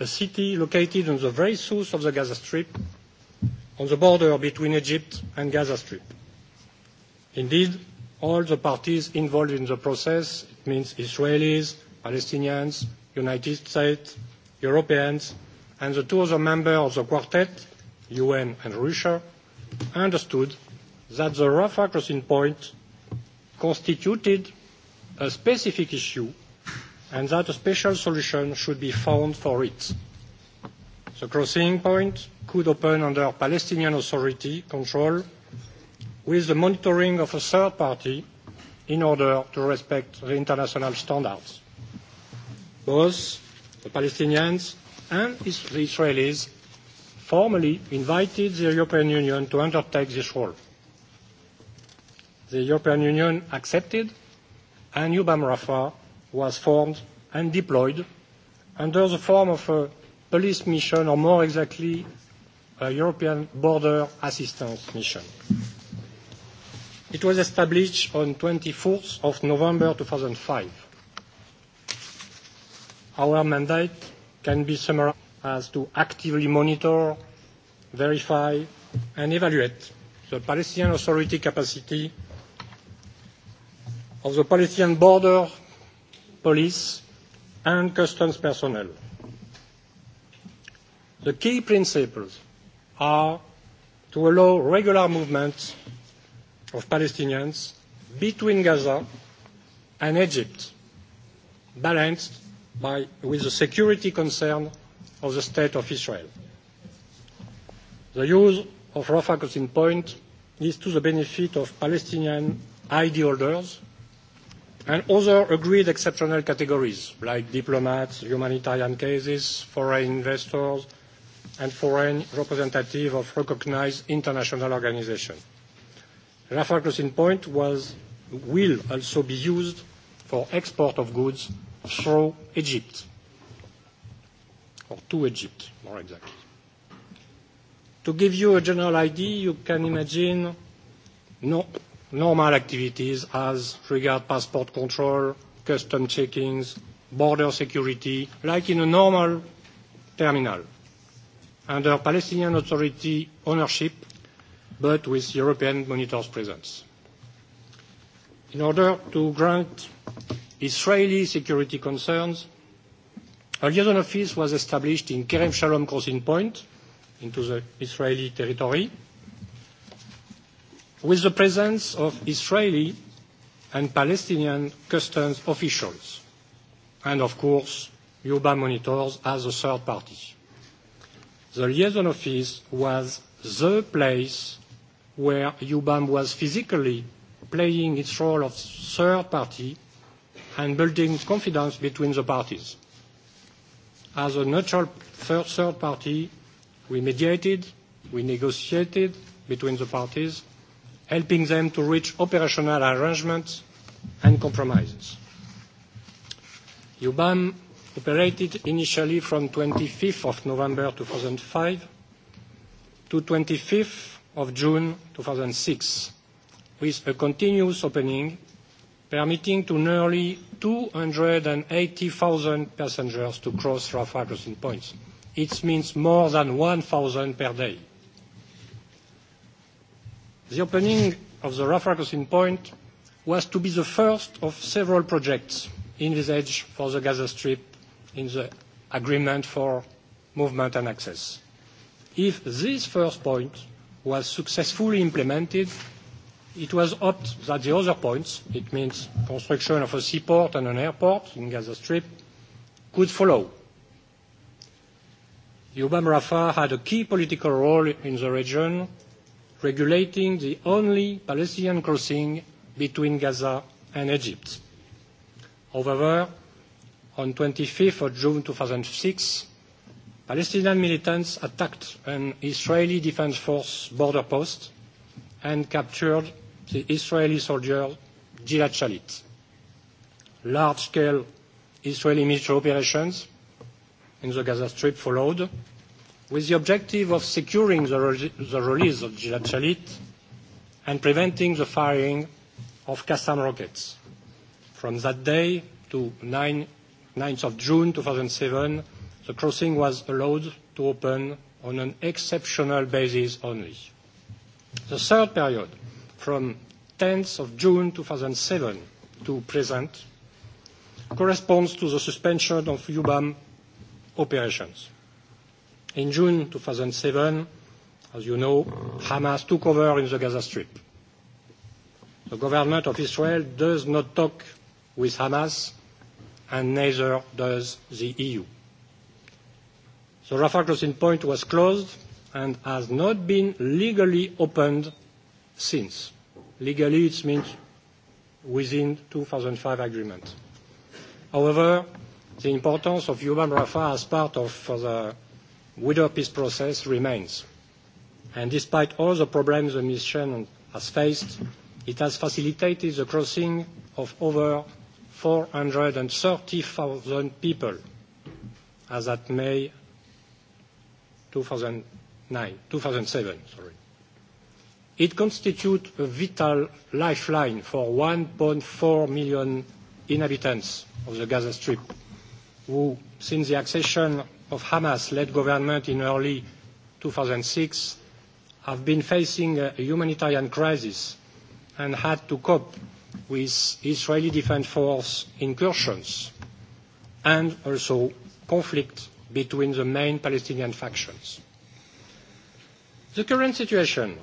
a city located on the very south of the Gaza Strip, on the border between Egypt and Gaza Strip. Indeed, all the parties involved in the process, it means Israelis, Palestinians, United States, Europeans, and the two other members of the quartet, UN and Russia, understood that the Rafah crossing point constituted a specific issue and that a special solution should be found for it. The crossing point could open under Palestinian Authority control with the monitoring of a third party in order to respect the international standards. Both The Palestinians and the Israelis formally invited the European Union to undertake this role. The European Union accepted, and UBAM Rafah was formed and deployed under the form of a police mission, or more exactly, a European border assistance mission. It was established on 24th of November 2005 Our mandate can be summarized as to actively monitor, verify, and evaluate the Palestinian Authority capacity of the Palestinian border police and customs personnel. The key principles are to allow regular movement of Palestinians between Gaza and Egypt, balanced by, with the security concern of the state of Israel. The use of Rafah crossing point is to the benefit of Palestinian ID holders and other agreed exceptional categories like diplomats, humanitarian cases, foreign investors, and foreign representative of recognized international organization. Rafah crossing point was, will also be used for export of goods through Egypt, or to Egypt, more exactly. To give you a general idea, you can imagine no, normal activities as regard passport control, custom checkings, border security, like in a normal terminal, under Palestinian Authority ownership, but with European monitors' presence. In order to grant Israeli security concerns, a liaison office was established in Kerem Shalom Crossing Point into the Israeli territory with the presence of Israeli and Palestinian customs officials and, of course, Yuba monitors as a third party. The liaison office was the place where UBAM was physically playing its role of third party and building confidence between the parties. As a neutral third party, we mediated, we negotiated between the parties, helping them to reach operational arrangements and compromises. UBAM operated initially from 25th of November 2005 to 25th of June 2006, with a continuous opening permitting to nearly 280,000 passengers to cross Rafah crossing points. It means more than 1,000 per day. The opening of the Rafah crossing point was to be the first of several projects envisaged for the Gaza Strip in the Agreement for Movement and Access. If this first point was successfully implemented, It was hoped that the other points, it means construction of a seaport and an airport in Gaza Strip, could follow. Yubam Rafah had a key political role in the region, regulating the only Palestinian crossing between Gaza and Egypt. However, on 25th of June 2006, Palestinian militants attacked an Israeli Defense Force border post and captured the Israeli soldier Gilad Shalit. Large-scale Israeli military operations in the Gaza Strip followed, with the objective of securing the, re- the release of Gilad Shalit and preventing the firing of Qassam rockets. From that day to 9, 9th of June 2007, the crossing was allowed to open on an exceptional basis only. The third period from 10th of June 2007 to present corresponds to the suspension of UBAM operations. In June 2007, as you know, Hamas took over in the Gaza Strip. The government of Israel does not talk with Hamas, and neither does the EU. The Rafah crossing point was closed and has not been legally opened since. Legally, it means within 2005 agreement. However, the importance of human Rafah as part of uh, the wider peace process remains. And despite all the problems the mission has faced, it has facilitated the crossing of over 430,000 people as at May 2009, 2007, sorry. It constitutes a vital lifeline for 1.4 million inhabitants of the Gaza Strip, who, since the accession of Hamas-led government in early 2006, have been facing a humanitarian crisis and had to cope with Israeli defense force incursions and also conflict between the main Palestinian factions. The current situation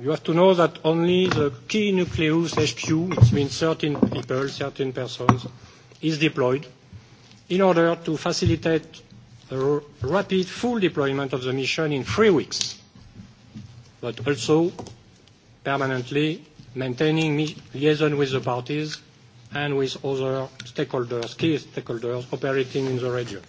You have to know that only the key nucleus HQ, it means 13 people, 13 persons, is deployed in order to facilitate a rapid full deployment of the mission in three weeks, but also permanently maintaining liaison with the parties and with other stakeholders, key stakeholders operating in the region.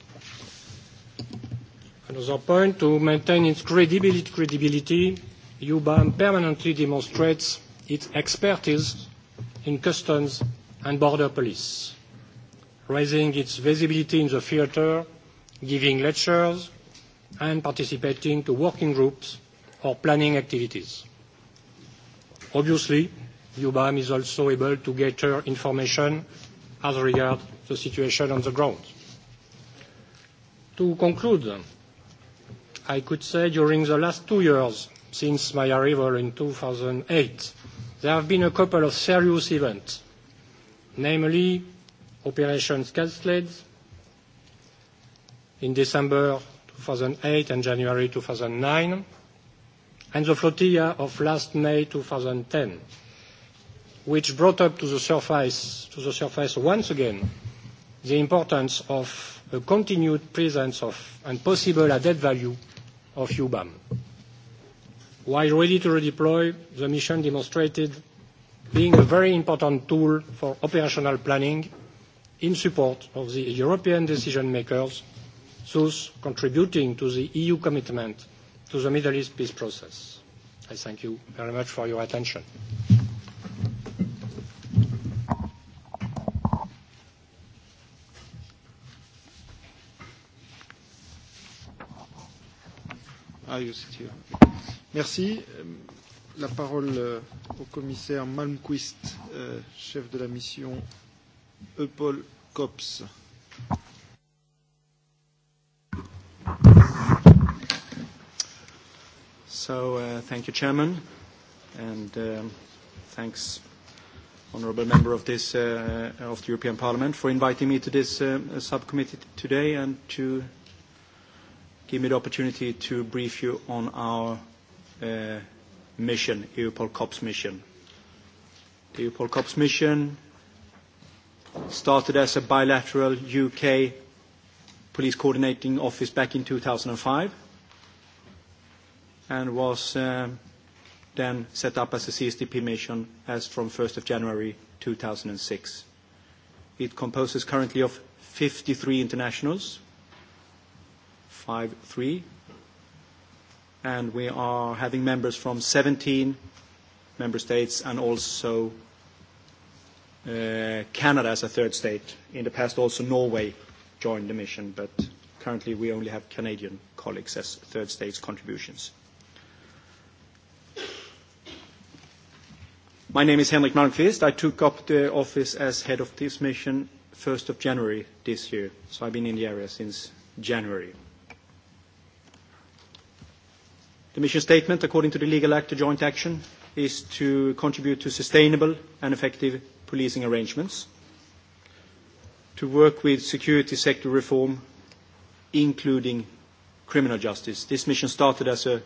Another point, to maintain its credibility, credibility UBAM permanently demonstrates its expertise in customs and border police, raising its visibility in the theatre, giving lectures, and participating to working groups or planning activities. Obviously, UBAM is also able to gather information as regards the situation on the ground. To conclude, I could say during the last two years, since my arrival in 2008, there have been a couple of serious events, namely Operation Cascade in December 2008 and January 2009, and the flotilla of last May 2010, which brought up to the surface, to the surface once again the importance of a continued presence of and possible added value of UBAM. While ready to redeploy, the mission demonstrated being a very important tool for operational planning in support of the European decision-makers, thus contributing to the EU commitment to the Middle East peace process. I thank you very much for your attention. I'll ah, use it here. Merci. Euh, la parole euh, au commissaire Malmquist, euh, chef de la mission EPOL COPS. So, uh, thank you, Chairman, and um, thanks, honorable member of this uh, of the European Parliament, for inviting me to this uh, subcommittee today and to give me the opportunity to brief you on our uh, mission, EUPOL COPS mission. The EUPOL COPS mission started as a bilateral UK police coordinating office back in 2005 and was um, then set up as a CSDP mission as from 1st of January 2006. It composes currently of 53 internationals, 5-3, and we are having members from 17 member states and also uh, Canada as a third state. In the past, also Norway joined the mission, but currently we only have Canadian colleagues as third states contributions. My name is Henrik Malmqvist. I took up the office as head of this mission 1st of January this year, so I've been in the area since January. Uh, The mission statement, according to the legal act, to joint action is to contribute to sustainable and effective policing arrangements, to work with security sector reform, including criminal justice. This mission started as a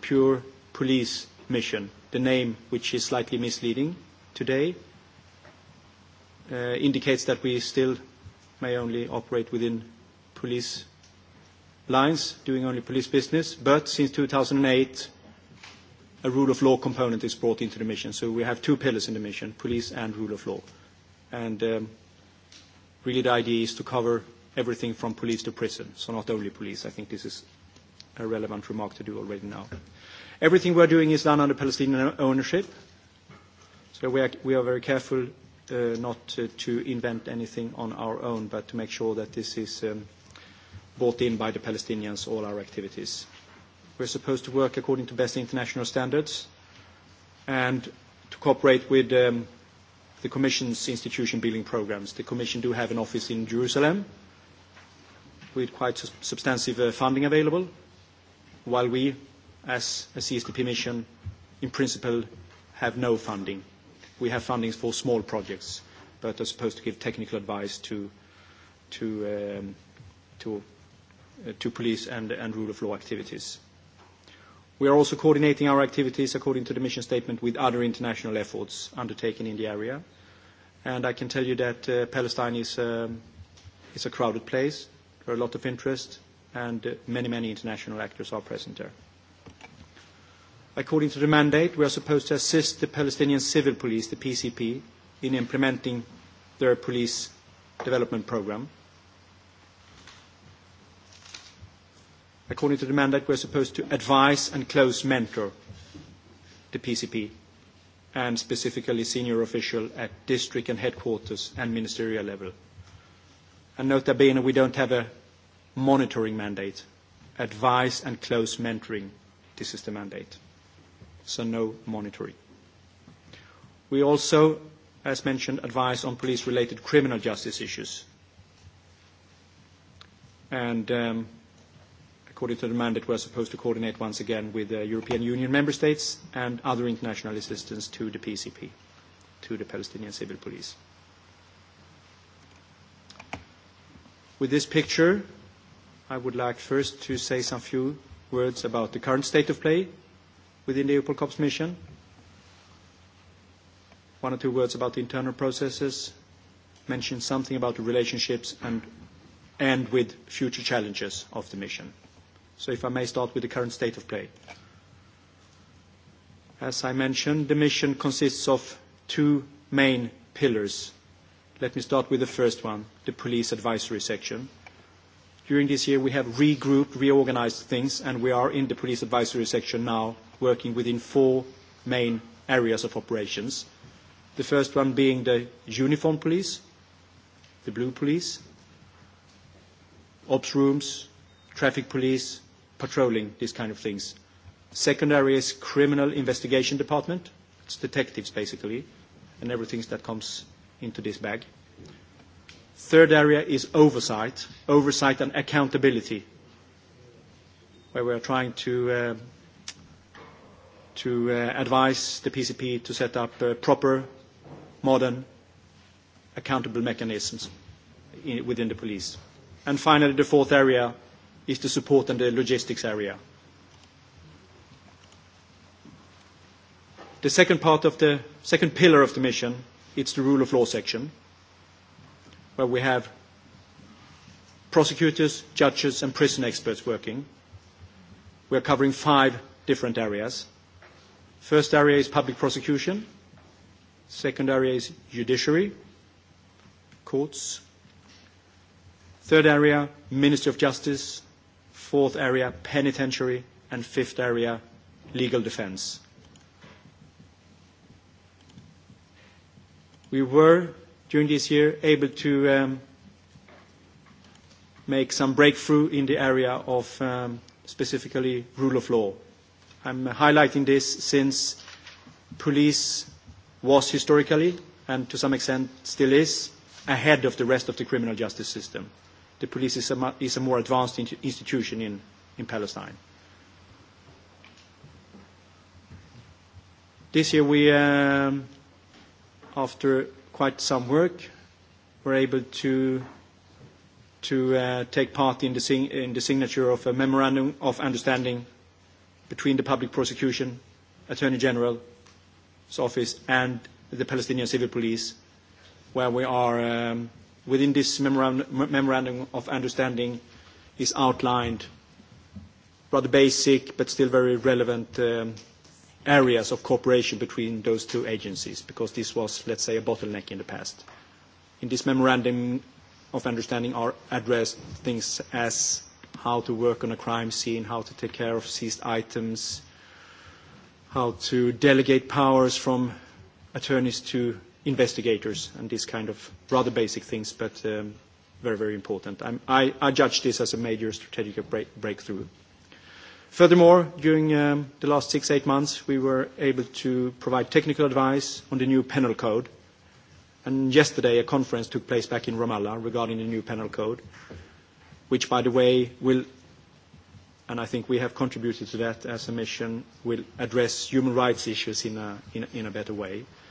pure police mission, the name, which is slightly misleading today, uh, indicates that we still may only operate within police lines doing only police business, but since 2008, a rule of law component is brought into the mission. So we have two pillars in the mission, police and rule of law. And um, really the idea is to cover everything from police to prison, so not only police. I think this is a relevant remark to do already now. Everything we're doing is done under Palestinian ownership, so we are, we are very careful uh, not to, to invent anything on our own, but to make sure that this is um, brought in by the Palestinians all our activities. We're supposed to work according to best international standards and to cooperate with um, the Commission's institution building programs. The Commission do have an office in Jerusalem with quite substantive uh, funding available, while we, as a CSDP mission, in principle, have no funding. We have fundings for small projects, but are supposed to give technical advice to, to, um, to Uh, to police and, and rule of law activities. We are also coordinating our activities according to the mission statement with other international efforts undertaken in the area. And I can tell you that uh, Palestine is, um, is a crowded place. There are a lot of interest, and uh, many, many international actors are present there. According to the mandate, we are supposed to assist the Palestinian Civil Police, the PCP, in implementing their police development program. Uh, According to the mandate, we're supposed to advise and close mentor the PCP, and specifically senior official at district and headquarters and ministerial level. And nota bene, we don't have a monitoring mandate. Advise and close mentoring, this is the mandate. So no monitoring. We also, as mentioned, advise on police-related criminal justice issues. And um, according to the mandate, we are supposed to coordinate once again with the European Union member states and other international assistance to the PCP, to the Palestinian civil police. With this picture, I would like first to say some few words about the current state of play within the EUPOL COPS mission, one or two words about the internal processes, mention something about the relationships and, and with future challenges of the mission. So if I may start with the current state of play. As I mentioned, the mission consists of two main pillars. Let me start with the first one, the police advisory section. During this year, we have regrouped, reorganized things, and we are in the police advisory section now, working within four main areas of operations. The first one being the uniformed police, the blue police, ops rooms, traffic police, patrolling these kind of things. Secondary is criminal investigation department. It's detectives, basically, and everything that comes into this bag. Third area is oversight, oversight and accountability, where we are trying to, uh, to uh, advise the PCP to set up uh, proper, modern, accountable mechanisms in, within the police. And finally, the fourth area is to support in the logistics area. The second part of the second pillar of the mission, it's the rule of law section, where we have prosecutors, judges, and prison experts working. We are covering five different areas. First area is public prosecution. Second area is judiciary, courts. Third area, Ministry of Justice, fourth area, penitentiary, and fifth area, legal defense. We were, during this year, able to um, make some breakthrough in the area of um, specifically rule of law. I'm highlighting this since police was historically, and to some extent still is, ahead of the rest of the criminal justice system the police is a, is a more advanced in, institution in, in Palestine. This year we, um, after quite some work, were able to, to uh, take part in the, in the signature of a memorandum of understanding between the public prosecution, Attorney General's office, and the Palestinian Civil Police, where we are um, within this memorandum, memorandum of understanding is outlined rather basic but still very relevant um, areas of cooperation between those two agencies because this was, let's say, a bottleneck in the past. In this memorandum of understanding are addressed things as how to work on a crime scene, how to take care of seized items, how to delegate powers from attorneys to investigators and these kind of rather basic things, but um, very, very important. I'm, I, I judge this as a major strategic break, breakthrough. Furthermore, during um, the last six, eight months, we were able to provide technical advice on the new penal code. And yesterday, a conference took place back in Ramallah regarding the new penal code, which, by the way, will, and I think we have contributed to that as a mission, will address human rights issues in a, in a, in a better way. Uh,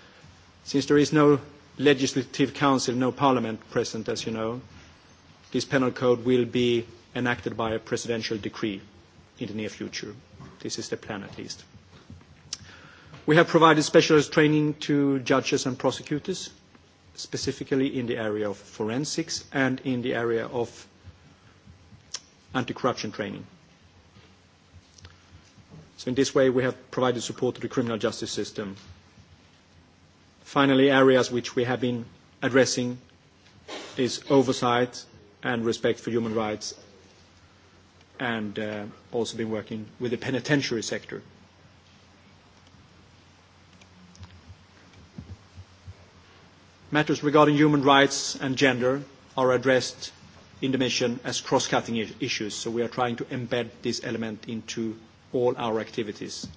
Since there is no legislative council, no parliament present, as you know, this penal code will be enacted by a presidential decree in the near future. This is the plan, at least. We have provided specialist training to judges and prosecutors, specifically in the area of forensics and in the area of anti-corruption training. So in this way, we have provided support to the criminal justice system Finally, areas which we have been addressing is oversight and respect for human rights, and uh, also been working with the penitentiary sector. Matters regarding human rights and gender are addressed in the mission as cross-cutting issues, so we are trying to embed this element into all our activities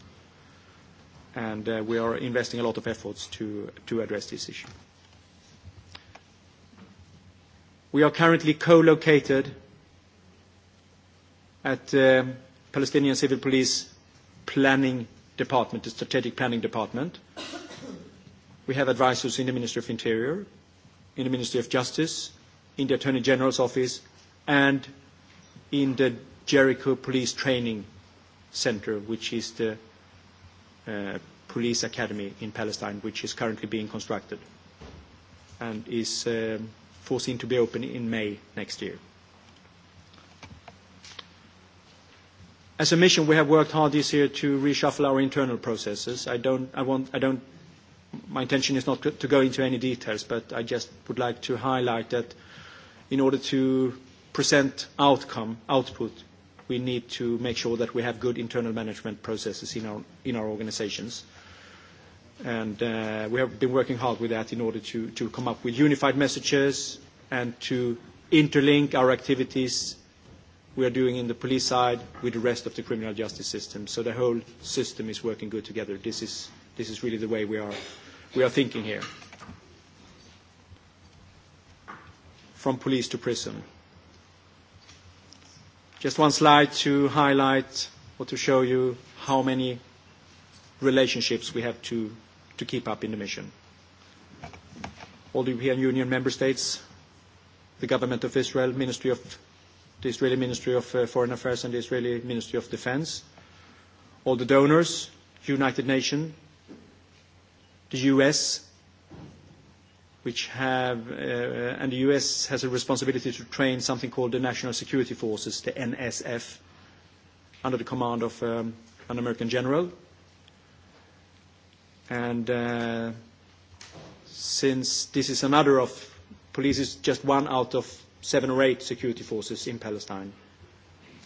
and uh, we are investing a lot of efforts to, to address this issue. We are currently co-located at uh, Palestinian Civil Police Planning Department, the Strategic Planning Department. We have advisors in the Ministry of Interior, in the Ministry of Justice, in the Attorney General's office, and in the Jericho Police Training Center, which is the uh, police academy in Palestine, which is currently being constructed and is um, foreseen to be open in May next year. As a mission, we have worked hard this year to reshuffle our internal processes. I don't, I want, I don't, my intention is not to go into any details, but I just would like to highlight that in order to present outcome, output, we need to make sure that we have good internal management processes in our, in our organizations. And, uh, we have been working hard with that in order to, to come up with unified messages and to interlink our activities we are doing in the police side with the rest of the criminal justice system. So the whole system is working good together. This is, this is really the way we are, we are thinking here. From police to prison. Just one slide to highlight or to show you how many relationships we have to, to keep up in the mission. All the European Union member states, the government of Israel, Ministry of, the Israeli Ministry of uh, Foreign Affairs and the Israeli Ministry of Defense, all the donors, United Nations, the US, which have, uh, and the US has a responsibility to train something called the National Security Forces, the NSF, under the command of um, an American general. And uh, since this is another of, police is just one out of seven or eight security forces in Palestine.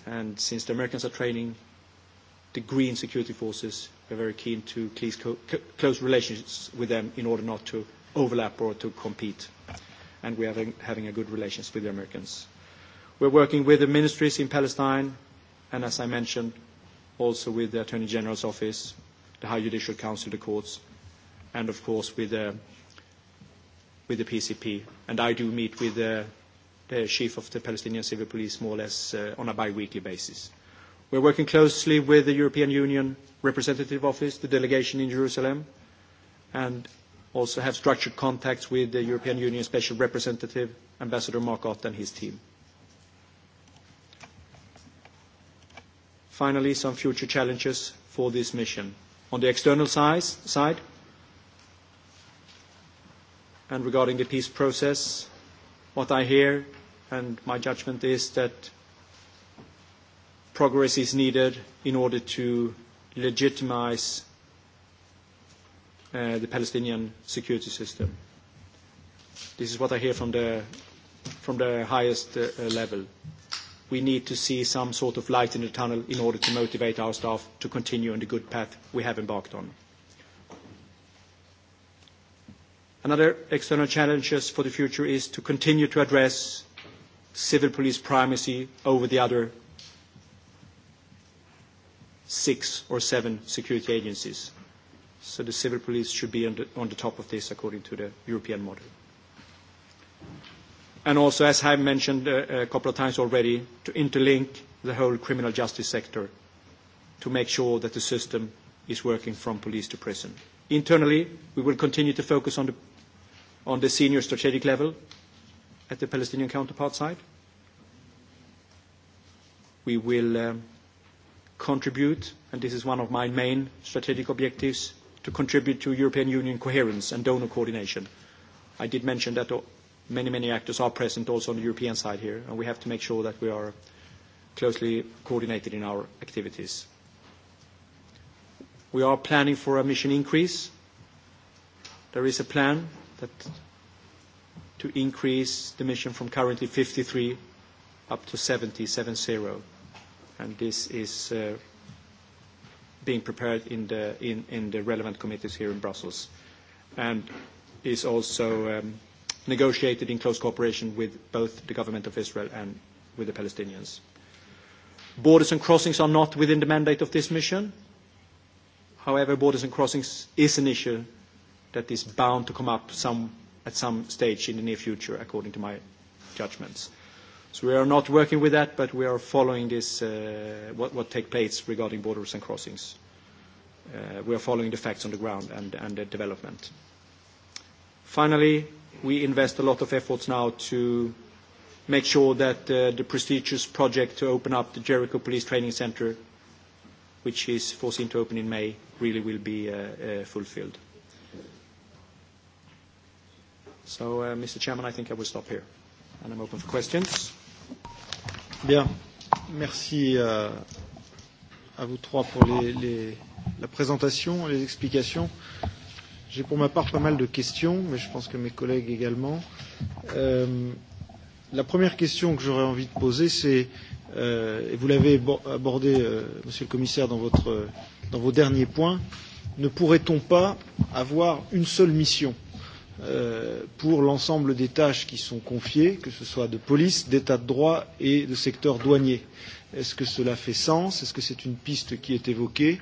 And since the Americans are training the green security forces, we're very keen to close, co- close relations with them in order not to overlap or to compete. And we are having, having a good relations with the Americans. We're working with the ministries in Palestine, and as I mentioned, also with the Attorney General's office, the High Judicial Council, the courts, and of course with the, with the PCP. And I do meet with the, the chief of the Palestinian Civil Police more or less uh, on a bi-weekly basis. We're working closely with the European Union Representative Office, the delegation in Jerusalem, and also have structured contacts with the European Union Special Representative, Ambassador Marcotte, and his team. Finally, some future challenges for this mission. On the external size, side, and regarding the peace process, what I hear and my judgment is that progress is needed in order to legitimize uh, the Palestinian security system. This is what I hear from the, from the highest uh, uh, level. We need to see some sort of light in the tunnel in order to motivate our staff to continue on the good path we have embarked on. Another external challenges for the future is to continue to address civil police primacy over the other six or seven security agencies. So the civil police should be on the, on the top of this according to the European model. And also, as I've mentioned a, uh, a couple of times already, to interlink the whole criminal justice sector to make sure that the system is working from police to prison. Internally, we will continue to focus on the, on the senior strategic level at the Palestinian counterpart side. We will um, contribute, and this is one of my main strategic objectives, to contribute to European Union coherence and donor coordination. I did mention that many, many actors are present also on the European side here, and we have to make sure that we are closely coordinated in our activities. We are planning for a mission increase. There is a plan that to increase the mission from currently 53 up to 70, 70, and this is uh, being prepared in the, in, in the relevant committees here in Brussels and is also um, negotiated in close cooperation with both the government of Israel and with the Palestinians. Borders and crossings are not within the mandate of this mission. However, borders and crossings is an issue that is bound to come up some, at some stage in the near future, according to my judgments. Uh, So we are not working with that, but we are following this, uh, what, what take place regarding borders and crossings. Uh, we are following the facts on the ground and, and the development. Finally, we invest a lot of efforts now to make sure that uh, the prestigious project to open up the Jericho Police Training Center, which is foreseen to open in May, really will be uh, uh, fulfilled. So, uh, Mr. Chairman, I think I will stop here, and I'm open for questions. Bien. Merci à, euh, à vous trois pour les, les, la présentation et les explications. J'ai pour ma part pas mal de questions, mais je pense que mes collègues également. Euh, la première question que j'aurais envie de poser, c'est, euh, et vous l'avez abordé, euh, Monsieur le Commissaire, dans, votre, dans vos derniers points, ne pourrait-on pas avoir une seule mission euh, Euh, pour l'ensemble des tâches qui sont confiées, que ce soit de police, d'état de droit et de secteur douanier. Est-ce que cela fait sens Est-ce que c'est une piste qui est évoquée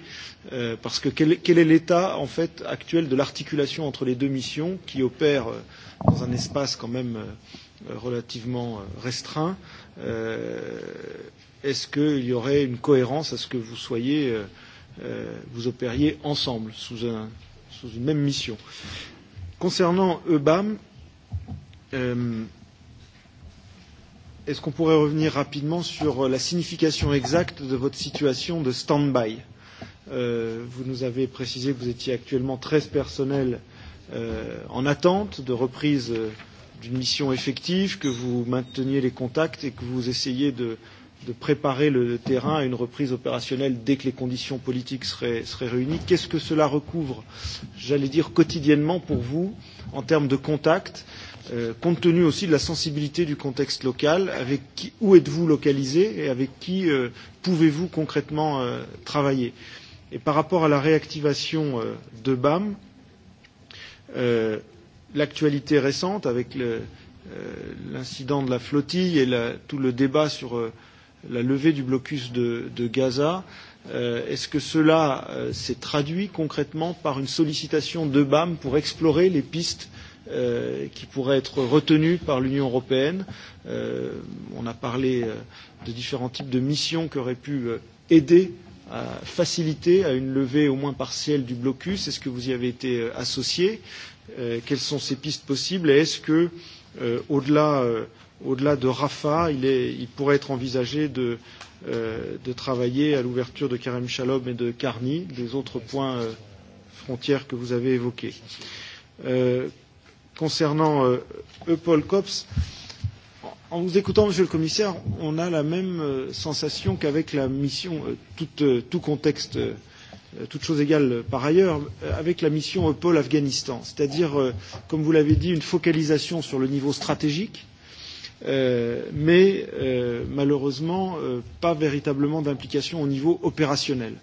euh, Parce que quel, quel est l'état en fait actuel de l'articulation entre les deux missions qui opèrent euh, dans un espace quand même euh, relativement restreint euh, Est-ce qu'il y aurait une cohérence à ce que vous soyez, euh, vous opériez ensemble sous, un, sous une même mission euh, Concernant EBAM, euh, est-ce qu'on pourrait revenir rapidement sur la signification exacte de votre situation de stand-by euh, Vous nous avez précisé que vous étiez actuellement 13 personnels euh, en attente de reprise euh, d'une mission effective, que vous mainteniez les contacts et que vous essayez de, euh, de préparer le terrain à une reprise opérationnelle dès que les conditions politiques seraient, seraient réunies. Qu'est-ce que cela recouvre, j'allais dire, quotidiennement pour vous, en termes de contacts, euh, compte tenu aussi de la sensibilité du contexte local avec qui, Où êtes-vous localisé et avec qui euh, pouvez-vous concrètement euh, travailler Et par rapport à la réactivation euh, de BAM, euh, l'actualité récente avec le, euh, l'incident de la flottille et la, tout le débat sur euh, la levée du blocus de, de Gaza. Euh, Est-ce que cela euh, s'est traduit concrètement par une sollicitation de BAM pour explorer les pistes euh, qui pourraient être retenues par l'Union européenne euh, On a parlé euh, de différents types de missions qui auraient pu euh, aider à faciliter à une levée au moins partielle du blocus. Est-ce que vous y avez été euh, associé euh, Quelles sont ces pistes possibles Et est-ce que, euh, au-delà euh, au-delà de Rafah, il, est, il pourrait être envisagé de, euh, de travailler à l'ouverture de Karem Shalom et de Karni, des autres points euh, frontières que vous avez évoqués. Euh, concernant euh, Eupol Cops, en vous écoutant, Monsieur le Commissaire, on a la même euh, sensation qu'avec la mission, euh, tout, euh, tout contexte, euh, toute chose égale euh, par ailleurs, euh, avec la mission Eupol Afghanistan, c'est-à-dire, euh, comme vous l'avez dit, une focalisation sur le niveau stratégique, euh, mais euh, malheureusement euh, pas véritablement d'implication au niveau opérationnel.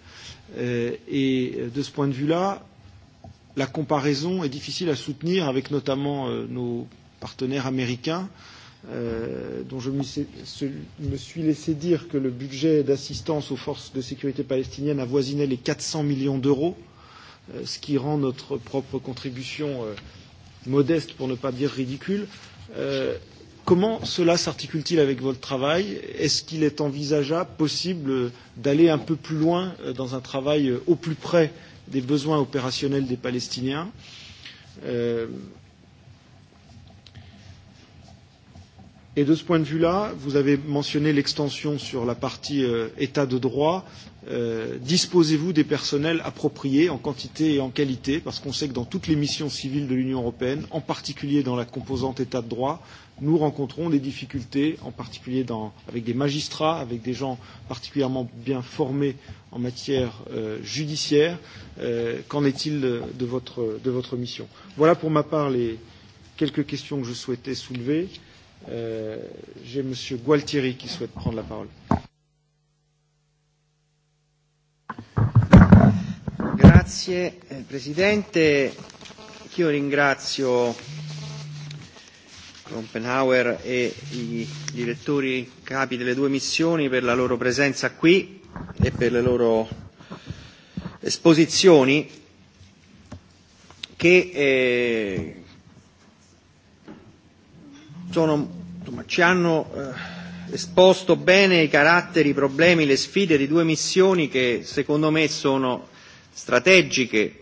Euh, et euh, de ce point de vue-là, la comparaison est difficile à soutenir avec notamment euh, nos partenaires américains, euh, dont je me, se, me suis laissé dire que le budget d'assistance aux forces de sécurité palestiniennes avoisinait les 400 millions d'euros, euh, ce qui rend notre propre contribution euh, modeste, pour ne pas dire ridicule. Euh, Comment cela s'articule-t-il avec votre travail Est-ce qu'il est envisageable, possible, euh, d'aller un peu plus loin euh, dans un travail euh, au plus près des besoins opérationnels des Palestiniens euh, Et de ce point de vue-là, vous avez mentionné l'extension sur la partie euh, état de droit. Euh, Disposez-vous des personnels appropriés en quantité et en qualité Parce qu'on sait que dans toutes les missions civiles de l'Union européenne, en particulier dans la composante état de droit, nous rencontrons des difficultés, en particulier dans, avec des magistrats, avec des gens particulièrement bien formés en matière euh, judiciaire. Euh, Qu'en est-il de, de, votre, de votre mission Voilà pour ma part les quelques questions que je souhaitais soulever. Euh, Euh, J'ai M. Gualtieri qui souhaite prendre la parole. Grazie eh, Presidente, io ringrazio Rompenhauer e i direttori capi delle due missioni per la loro presenza qui e per le loro esposizioni che eh, sono, insomma, ci hanno eh, esposto bene i caratteri, i problemi, le sfide di due missioni che secondo me sono strategiche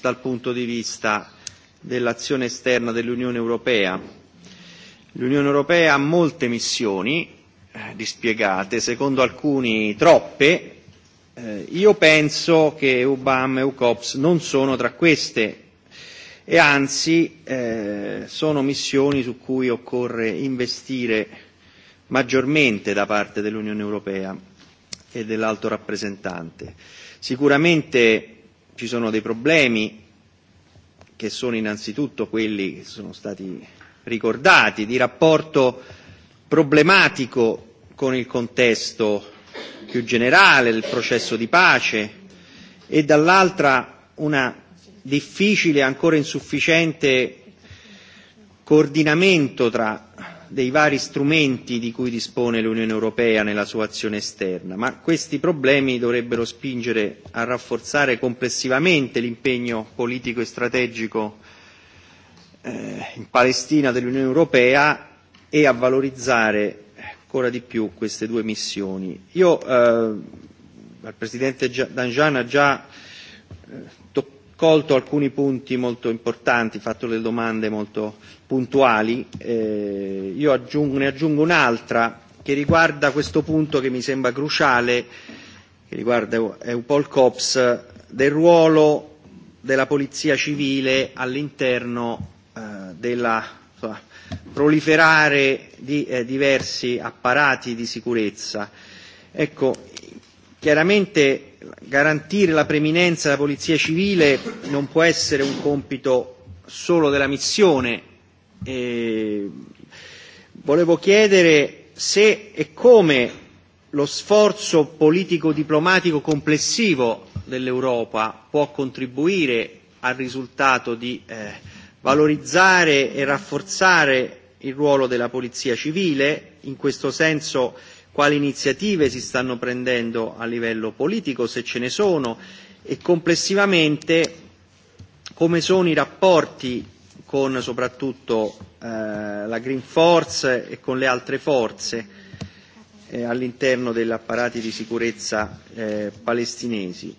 dal punto di vista dell'azione esterna dell'Unione Europea. L'Unione Europea ha molte missioni eh, dispiegate, secondo alcuni troppe. Eh, io penso che UBAM e UCOPS non sono tra queste e anzi eh, sono missioni su cui occorre investire maggiormente da parte dell'Unione Europea e dell'alto rappresentante. Sicuramente ci sono dei problemi che sono innanzitutto quelli che sono stati ricordati di rapporto problematico con il contesto più generale del processo di pace e dall'altra una difficile e ancora insufficiente coordinamento tra dei vari strumenti di cui dispone l'Unione Europea nella sua azione esterna, ma questi problemi dovrebbero spingere a rafforzare complessivamente l'impegno politico e strategico eh, in Palestina dell'Unione Europea e a valorizzare ancora di più queste due missioni. Io eh, al Presidente Dangian ha già eh, colto alcuni punti molto importanti, fatto delle domande molto puntuali. Eh, io aggiungo, ne aggiungo un'altra che riguarda questo punto che mi sembra cruciale, che riguarda Eupol Cops, del ruolo della polizia civile all'interno eh, della insomma, proliferare di eh, diversi apparati di sicurezza. Ecco, chiaramente garantire la preminenza della polizia civile non può essere un compito solo della missione. E volevo chiedere se e come lo sforzo politico-diplomatico complessivo dell'Europa può contribuire al risultato di eh, valorizzare e rafforzare il ruolo della polizia civile. In questo senso eh, quali iniziative si stanno prendendo a livello politico, se ce ne sono, e complessivamente come sono i rapporti con soprattutto eh, la Green Force e con le altre forze eh, all'interno degli apparati di sicurezza eh, palestinesi.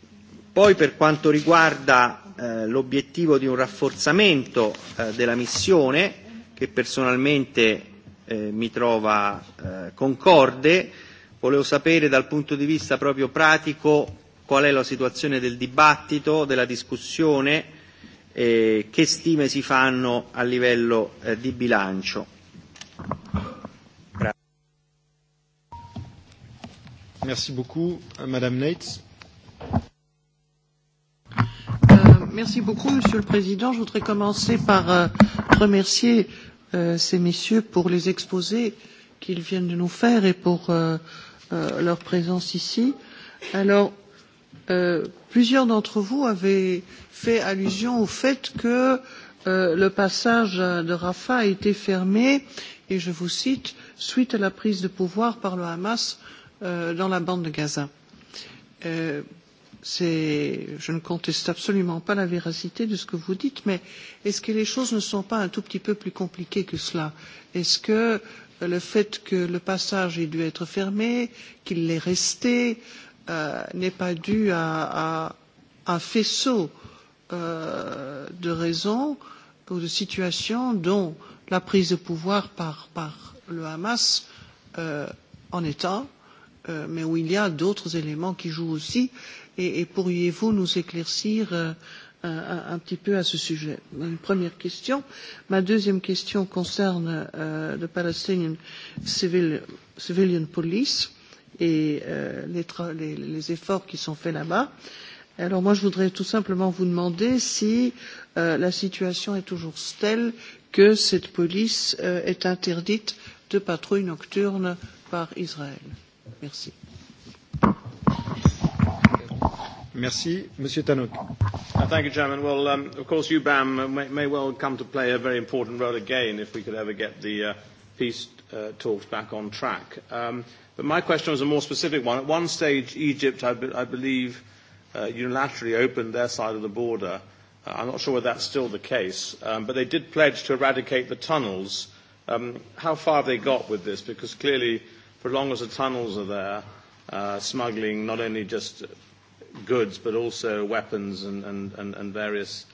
Poi per quanto riguarda eh, l'obiettivo di un rafforzamento eh, della missione, che personalmente eh, mi trova eh, concorde. Volevo sapere dal punto di vista proprio pratico qual è la situazione del dibattito, della discussione, eh, che stime si fanno a livello eh, di bilancio. Grazie. Merci beaucoup, euh, Madame Nates. Euh, merci beaucoup, Monsieur le Président. Je voudrais commencer par euh, remercier euh, euh, ces messieurs pour les exposés qu'ils viennent de nous faire et pour euh, euh, leur présence ici. Alors, euh, plusieurs d'entre vous avaient fait allusion au fait que euh, le passage de Rafah a été fermé, et je vous cite, suite à la prise de pouvoir par le Hamas euh, dans la bande de Gaza. Euh, je ne conteste absolument pas la véracité de ce que vous dites, mais est-ce que les choses ne sont pas un tout petit peu plus compliquées que cela Est-ce que euh, le fait que le passage ait dû être fermé, qu'il l'ait resté, euh, n'est pas dû à, à un faisceau euh, de raisons ou de situations dont la prise de pouvoir par, par le Hamas euh, en est un, euh, mais où il y a d'autres éléments qui jouent aussi. Euh, et, et pourriez-vous nous éclaircir euh, un, un petit peu à ce sujet Une première question. Ma deuxième question concerne euh, the Palestinian Civil, Civilian Police et euh, les, les, les efforts qui sont faits là-bas. Alors moi, je voudrais tout simplement vous demander si euh, la situation est toujours telle que cette police euh, est interdite de patrouille nocturne par Israël. Merci. Merci. Monsieur Tannock. Uh, thank you, Chairman. Well, um, of course, UBAM may, may well come to play a very important role again if we could ever get the uh, peace uh, talks back on track. Um, but my question was a more specific one. At one stage, Egypt, I, be, I believe, uh, unilaterally opened their side of the border. Uh, I'm not sure whether that's still the case, um, but they did pledge to eradicate the tunnels. Um, how far have they got with this? Because clearly, for as long as the tunnels are there, uh, smuggling not only just goods, but also weapons and, and, and, and various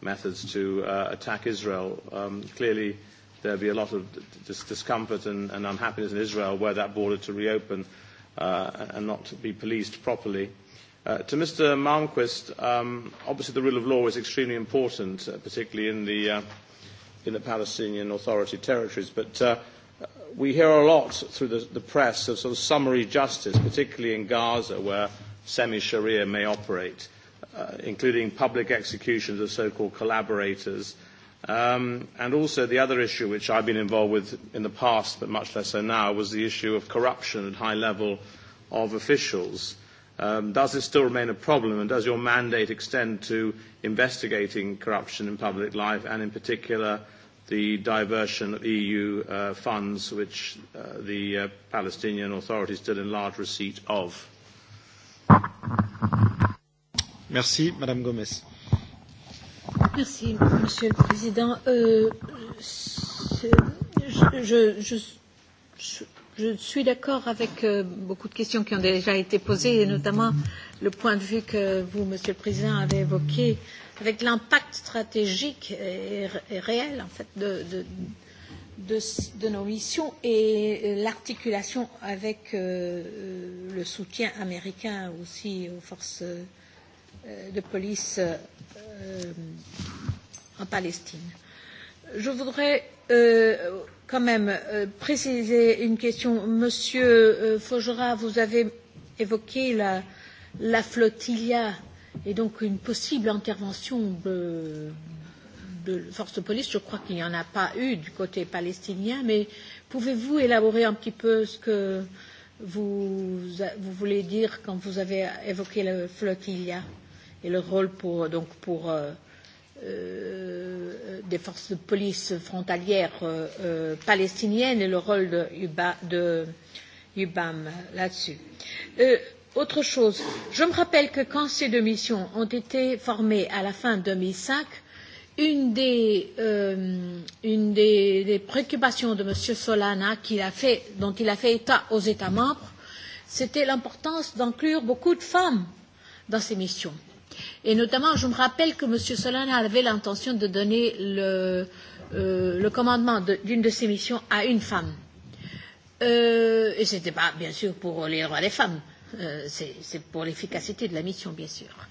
methods to uh, attack Israel. Um, clearly, there'll be a lot of dis- discomfort and, and unhappiness in Israel were that border to reopen uh, and not to be policed properly. Uh, to Mr. Malmquist, um, obviously the rule of law is extremely important, uh, particularly in the, uh, in the Palestinian Authority territories. But uh, we hear a lot through the, the press of sort of summary justice, particularly in Gaza, where semi-Sharia may operate, uh, including public executions of so-called collaborators. Um, and also the other issue which I've been involved with in the past, but much less so now, was the issue of corruption at high level of officials. Um, does this still remain a problem, and does your mandate extend to investigating corruption in public life, and in particular the diversion of EU uh, funds, which uh, the uh, Palestinian authorities did in large receipt of? Merci, Madame Gomez. Merci, Monsieur le Président. Euh, je, je, je, je, je suis d'accord avec euh, beaucoup de questions qui ont déjà été posées, et notamment le point de vue que vous, Monsieur le Président, avez évoqué avec l'impact stratégique et, et réel, en fait, de, de, de, de nos missions et euh, l'articulation avec euh, euh, le soutien américain aussi aux forces euh, de police euh, en Palestine. Je voudrais euh, quand même euh, préciser une question. Monsieur euh, Faugera, vous avez évoqué la, la flottilla et donc une possible intervention de, euh, de forces de police, je crois qu'il n'y en a pas eu du côté palestinien, mais pouvez-vous élaborer un petit peu ce que vous, vous voulez dire quand vous avez évoqué le flotilla et le rôle pour, donc pour euh, euh, des forces de police frontalières euh, euh, palestiniennes et le rôle de, UBA, de UBAM là-dessus. Euh, autre chose, je me rappelle que quand ces deux missions ont été formées à la fin 2005, une des, euh, une des, des préoccupations de M. Solana qu'il a fait, dont il a fait état aux États membres, c'était l'importance d'inclure beaucoup de femmes dans ces missions. Et notamment, je me rappelle que M. Solana avait l'intention de donner le, euh, le commandement d'une de, de ces missions à une femme. Euh, et ce n'était pas, bien sûr, pour les droits des femmes, euh, c'est pour l'efficacité de la mission, bien sûr. Euh,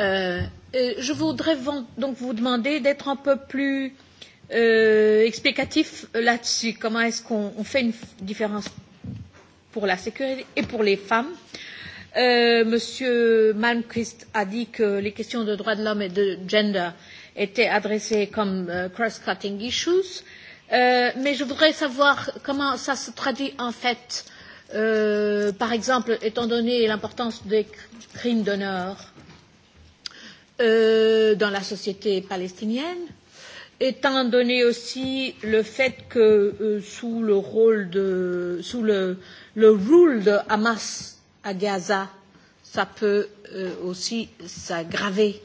Euh, je voudrais donc vous demander d'être un peu plus euh, explicatif là-dessus. Comment est-ce qu'on fait une différence pour la sécurité et pour les femmes euh, Monsieur Malmquist a dit que les questions de droits de l'homme et de gender étaient adressées comme euh, cross-cutting issues, euh, mais je voudrais savoir comment ça se traduit en fait. Euh, par exemple, étant donné l'importance des crimes d'honneur, euh, euh, dans la société palestinienne, étant donné aussi le fait que euh, sous le rôle de sous le, le rôle de Hamas à Gaza, ça peut euh, aussi s'aggraver.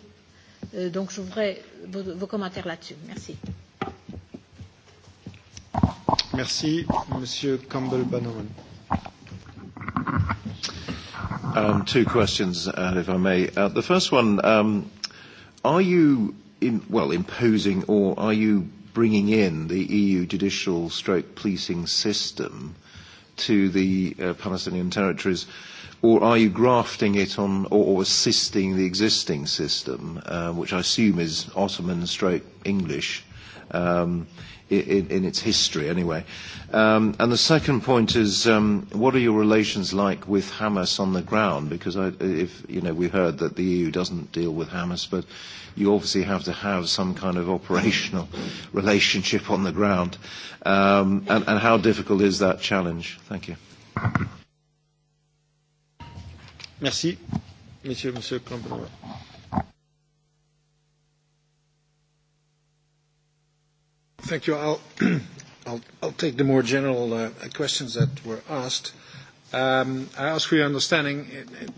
Euh, donc je voudrais vos, vos commentaires là-dessus. Merci. Merci, Monsieur Campbell Bannerman. Um, two questions, uh, if I may. Uh, the first one. Um, Are you, in, well, imposing or are you bringing in the EU judicial stroke policing system to the uh, Palestinian territories, or are you grafting it on or, or assisting the existing system, uh, which I assume is Ottoman stroke English? Um, uh, in, in its history, anyway. Um, and the second point is, um, what are your relations like with Hamas on the ground? Because I, if you know, we heard that the EU doesn't deal with Hamas, but you obviously have to have some kind of operational <laughs> relationship on the ground. Um, and, and how difficult is that challenge? Thank you. Merci, Monsieur Monsieur Klompenauer. Thank you. I'll, <clears throat> I'll, I'll take the more general uh, questions that were asked. Um, I ask for your understanding in,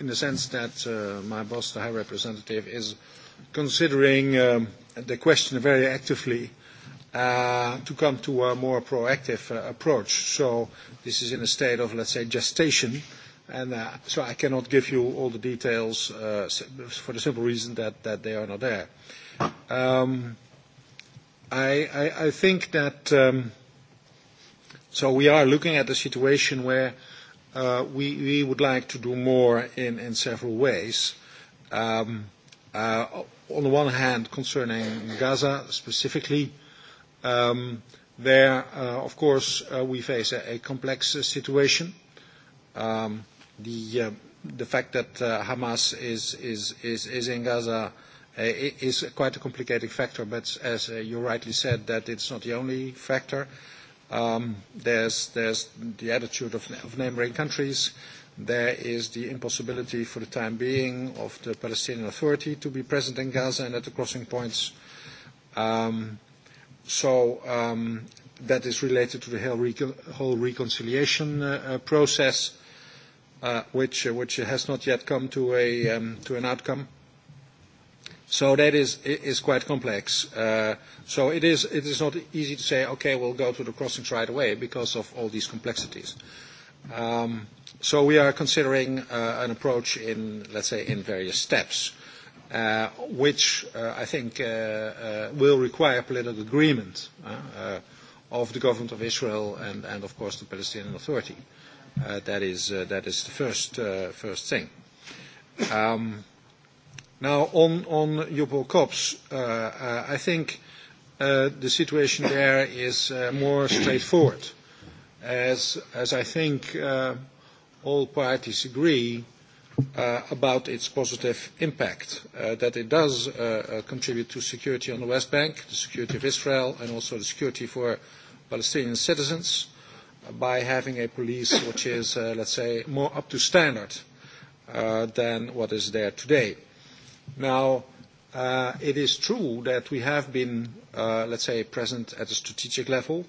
in the sense that uh, my boss, the High Representative, is considering um, the question very actively uh, to come to a more proactive uh, approach. So this is in a state of, let's say, gestation. And uh, so I cannot give you all the details uh, for the simple reason that, that they are not there. Um, I, I, I think that um, so we are looking at a situation where uh, we, we would like to do more in, in several ways. Um, uh, on the one hand, concerning Gaza specifically, um, there, uh, of course, uh, we face a, a complex uh, situation. Um, the, uh, the fact that uh, Hamas is, is, is, is in Gaza uh, is quite a complicating factor, but as uh, you rightly said, that it's not the only factor. Um, there's, there's the attitude of, of neighboring countries. There is the impossibility for the time being of the Palestinian Authority to be present in Gaza and at the crossing points. Um, so um, that is related to the whole, recon whole reconciliation uh, uh, process, uh, which, uh, which has not yet come to, a, um, to an outcome. Uh, So that is, is quite complex. Uh, so it is, it is not easy to say, okay, we'll go to the crossings right away because of all these complexities. Um, so we are considering uh, an approach in, let's say, in various steps, uh, which uh, I think uh, uh, will require political agreement uh, uh, of the government of Israel and, and of course, the Palestinian Authority. Uh, that, is, uh, that is the first, uh, first thing. Um, Now, on, on Joppo COPS, uh, uh, I think uh, the situation there is uh, more straightforward. As, as I think uh, all parties agree uh, about its positive impact, uh, that it does uh, uh, contribute to security on the West Bank, the security of Israel, and also the security for Palestinian citizens uh, by having a police which is, uh, let's say, more up to standard uh, than what is there today. Uh, Now, uh, it is true that we have been, uh, let's say, present at a strategic level.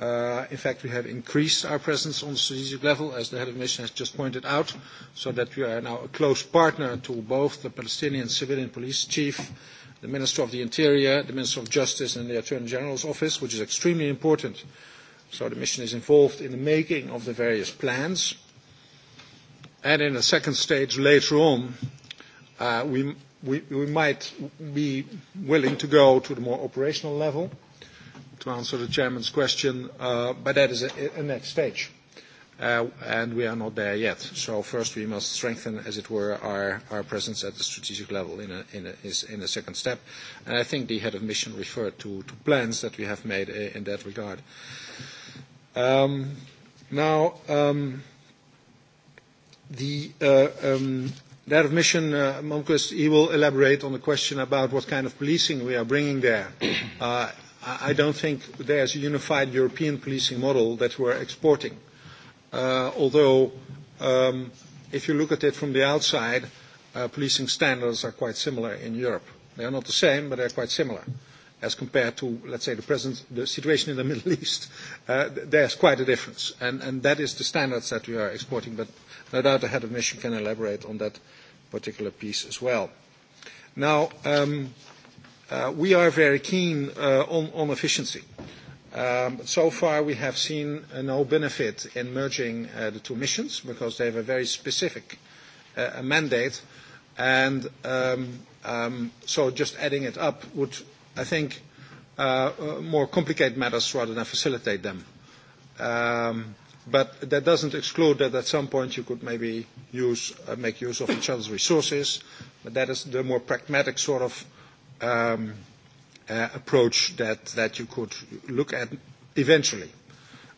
Uh, in fact, we have increased our presence on strategic level, as the head of mission has just pointed out, so that we are now a close partner to both the Palestinian civilian police chief, the Minister of the Interior, the Minister of Justice, and the Attorney General's office, which is extremely important. So the mission is involved in the making of the various plans. And in a second stage later on, uh, we we, we might be willing to go to the more operational level, to answer the chairman's question, uh, but that is a, a next stage. Uh, and we are not there yet. So first, we must strengthen, as it were, our, our presence at the strategic level in a, in, a, in a second step. And I think the head of mission referred to, to plans that we have made uh, in that regard. Um, now, um, the uh, um, That mission, uh, Momkus, he will elaborate on the question about what kind of policing we are bringing there. <coughs> Uh, I don't think there's a unified European policing model that we're exporting. Uh, although, um, if you look at it from the outside, uh, policing standards are quite similar in Europe. They are not the same, but they're quite similar as compared to, let's say, the present the situation in the <laughs> Middle East. Uh, there's quite a difference, and, and that is the standards that we are exporting. But No doubt the head of mission can elaborate on that particular piece as well. Now, um, uh, we are very keen uh, on, on efficiency. Um, so far, we have seen uh, no benefit in merging uh, the two missions because they have a very specific uh, mandate. And um, um, so just adding it up would, I think, uh, uh more complicate matters rather than facilitate them. Um, But that doesn't exclude that at some point you could maybe use, uh, make use of each other's resources. But that is the more pragmatic sort of um, uh, approach that, that you could look at eventually.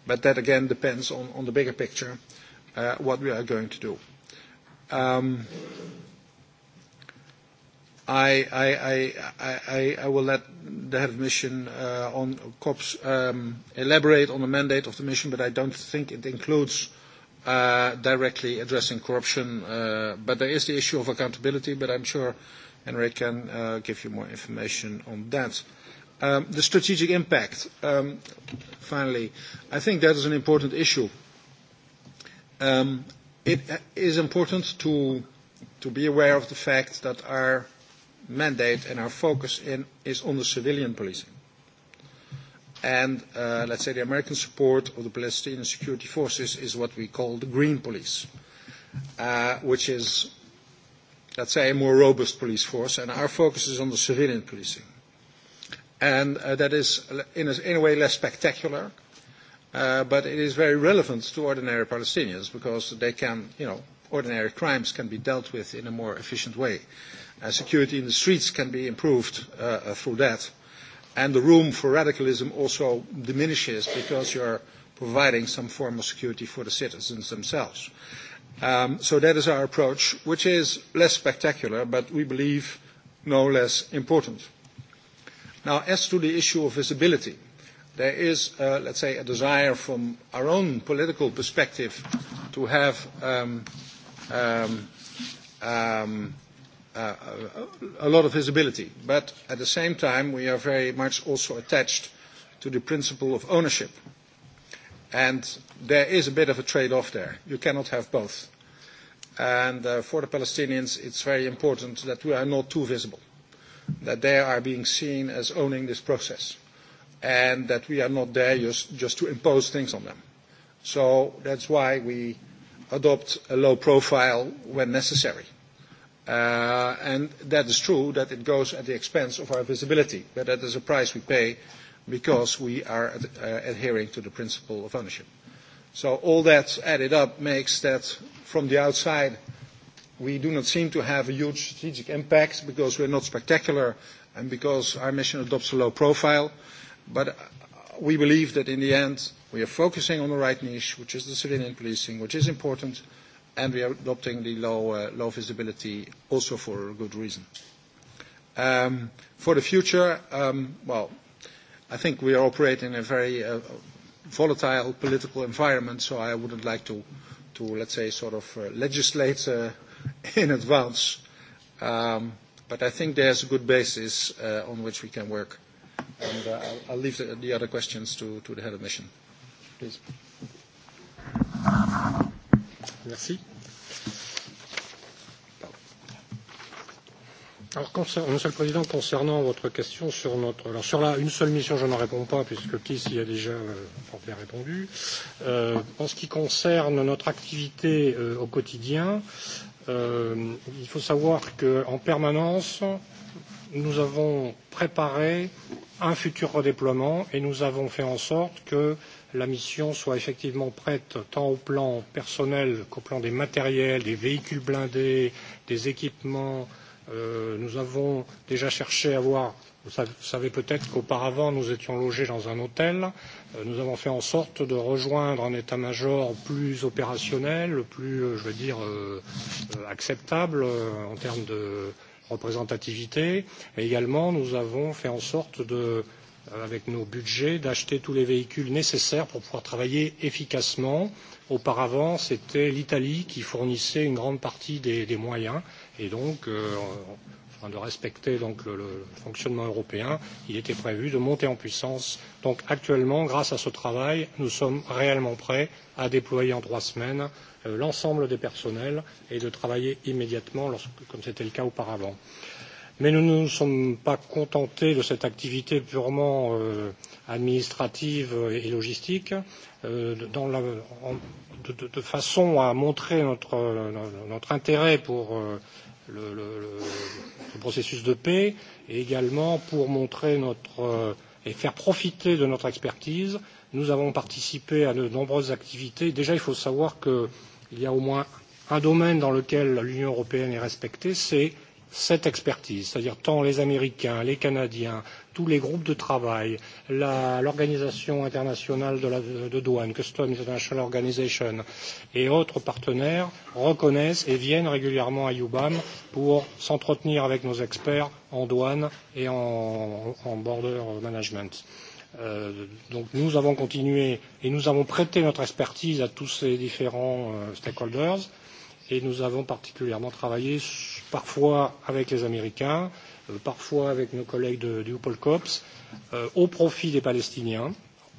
But that again depends on, on the bigger picture, uh, what we are going to do. Um, I, I, I, I will let the head of mission uh, on COPS um, elaborate on the mandate of the mission, but I don't think it includes uh, directly addressing corruption. Uh, but there is the issue of accountability, but I'm sure Henrik can uh, give you more information on that. Um, the strategic impact, um, finally, I think that is an important issue. Um, it uh, is important to, to be aware of the fact that our mandate and our focus in, is on the civilian policing. And uh, let's say the American support of the Palestinian security forces is what we call the green police, uh, which is, let's say, a more robust police force. And our focus is on the civilian policing. And uh, that is, in a, in a way, less spectacular. Uh, but it is very relevant to ordinary Palestinians because they can, you know, ordinary crimes can be dealt with in a more efficient way. Uh, And security in the streets can be improved uh, uh, through that. And the room for radicalism also diminishes because you're providing some form of security for the citizens themselves. Um, so that is our approach, which is less spectacular, but we believe no less important. Now, as to the issue of visibility, there is, uh, let's say, a desire from our own political perspective to have um, um, um, uh, a lot of visibility. But at the same time, we are very much also attached to the principle of ownership. And there is a bit of a trade-off there. You cannot have both. And uh, for the Palestinians, it's very important that we are not too visible, that they are being seen as owning this process, and that we are not there just, just to impose things on them. So that's why we adopt a low profile when necessary Uh, and that is true that it goes at the expense of our visibility, but that is a price we pay because we are ad, uh, adhering to the principle of ownership. So all that added up makes that from the outside, we do not seem to have a huge strategic impact because we're not spectacular and because our mission adopts a low profile. But uh, we believe that in the end, we are focusing on the right niche, which is the civilian policing, which is important, uh, and we are adopting the low, uh, low visibility also for a good reason. Um, for the future, um, well, I think we are operating in a very uh, volatile political environment, so I wouldn't like to, to let's say, sort of uh, legislate uh, <laughs> in advance. Um, but I think there's a good basis uh, on which we can work. And uh, I'll, I'll leave the, the other questions to, to the head of mission. Please. Merci. Alors, concernant, Monsieur le Président, concernant votre question sur notre, alors sur la une seule mission, je n'en réponds pas puisque Keith y a déjà euh, bien répondu. Euh, en ce qui concerne notre activité euh, au quotidien, euh, il faut savoir qu'en permanence, nous avons préparé un futur redéploiement et nous avons fait en sorte que euh, la mission soit effectivement prête tant au plan personnel qu'au plan des matériels, des véhicules blindés, des équipements. Euh, nous avons déjà cherché à voir vous savez peut-être qu'auparavant nous étions logés dans un hôtel. Euh, nous avons fait en sorte de rejoindre un état-major plus opérationnel, plus, euh, je veux dire, euh, acceptable en termes de représentativité. Et également, nous avons fait en sorte de euh, avec nos budgets, d'acheter tous les véhicules nécessaires pour pouvoir travailler efficacement. Auparavant, c'était l'Italie qui fournissait une grande partie des, des moyens et donc, euh, afin de respecter donc, le, le fonctionnement européen, il était prévu de monter en puissance. Donc actuellement, grâce à ce travail, nous sommes réellement prêts à déployer en trois semaines euh, l'ensemble des personnels et de travailler immédiatement, lorsque, comme c'était le cas auparavant. Euh, mais nous ne nous sommes pas contentés de cette activité purement euh, administrative euh, et logistique euh, dans la, en, de, de, de façon à montrer notre, euh, notre intérêt pour euh, le, le, le, le processus de paix et également pour montrer notre euh, et faire profiter de notre expertise. Nous avons participé à de nombreuses activités. Déjà, il faut savoir qu'il y a au moins un domaine dans lequel l'Union européenne est respectée, c'est euh, cette expertise, c'est-à-dire tant les Américains, les Canadiens, tous les groupes de travail, l'Organisation internationale de, la, de douane, Customs International Organization et autres partenaires reconnaissent et viennent régulièrement à UBAM pour s'entretenir avec nos experts en douane et en, en border management. Euh, donc nous avons continué et nous avons prêté notre expertise à tous ces différents euh, stakeholders et nous avons particulièrement travaillé sur parfois avec les Américains, euh, parfois avec nos collègues de, du Polcops, euh, au profit des Palestiniens,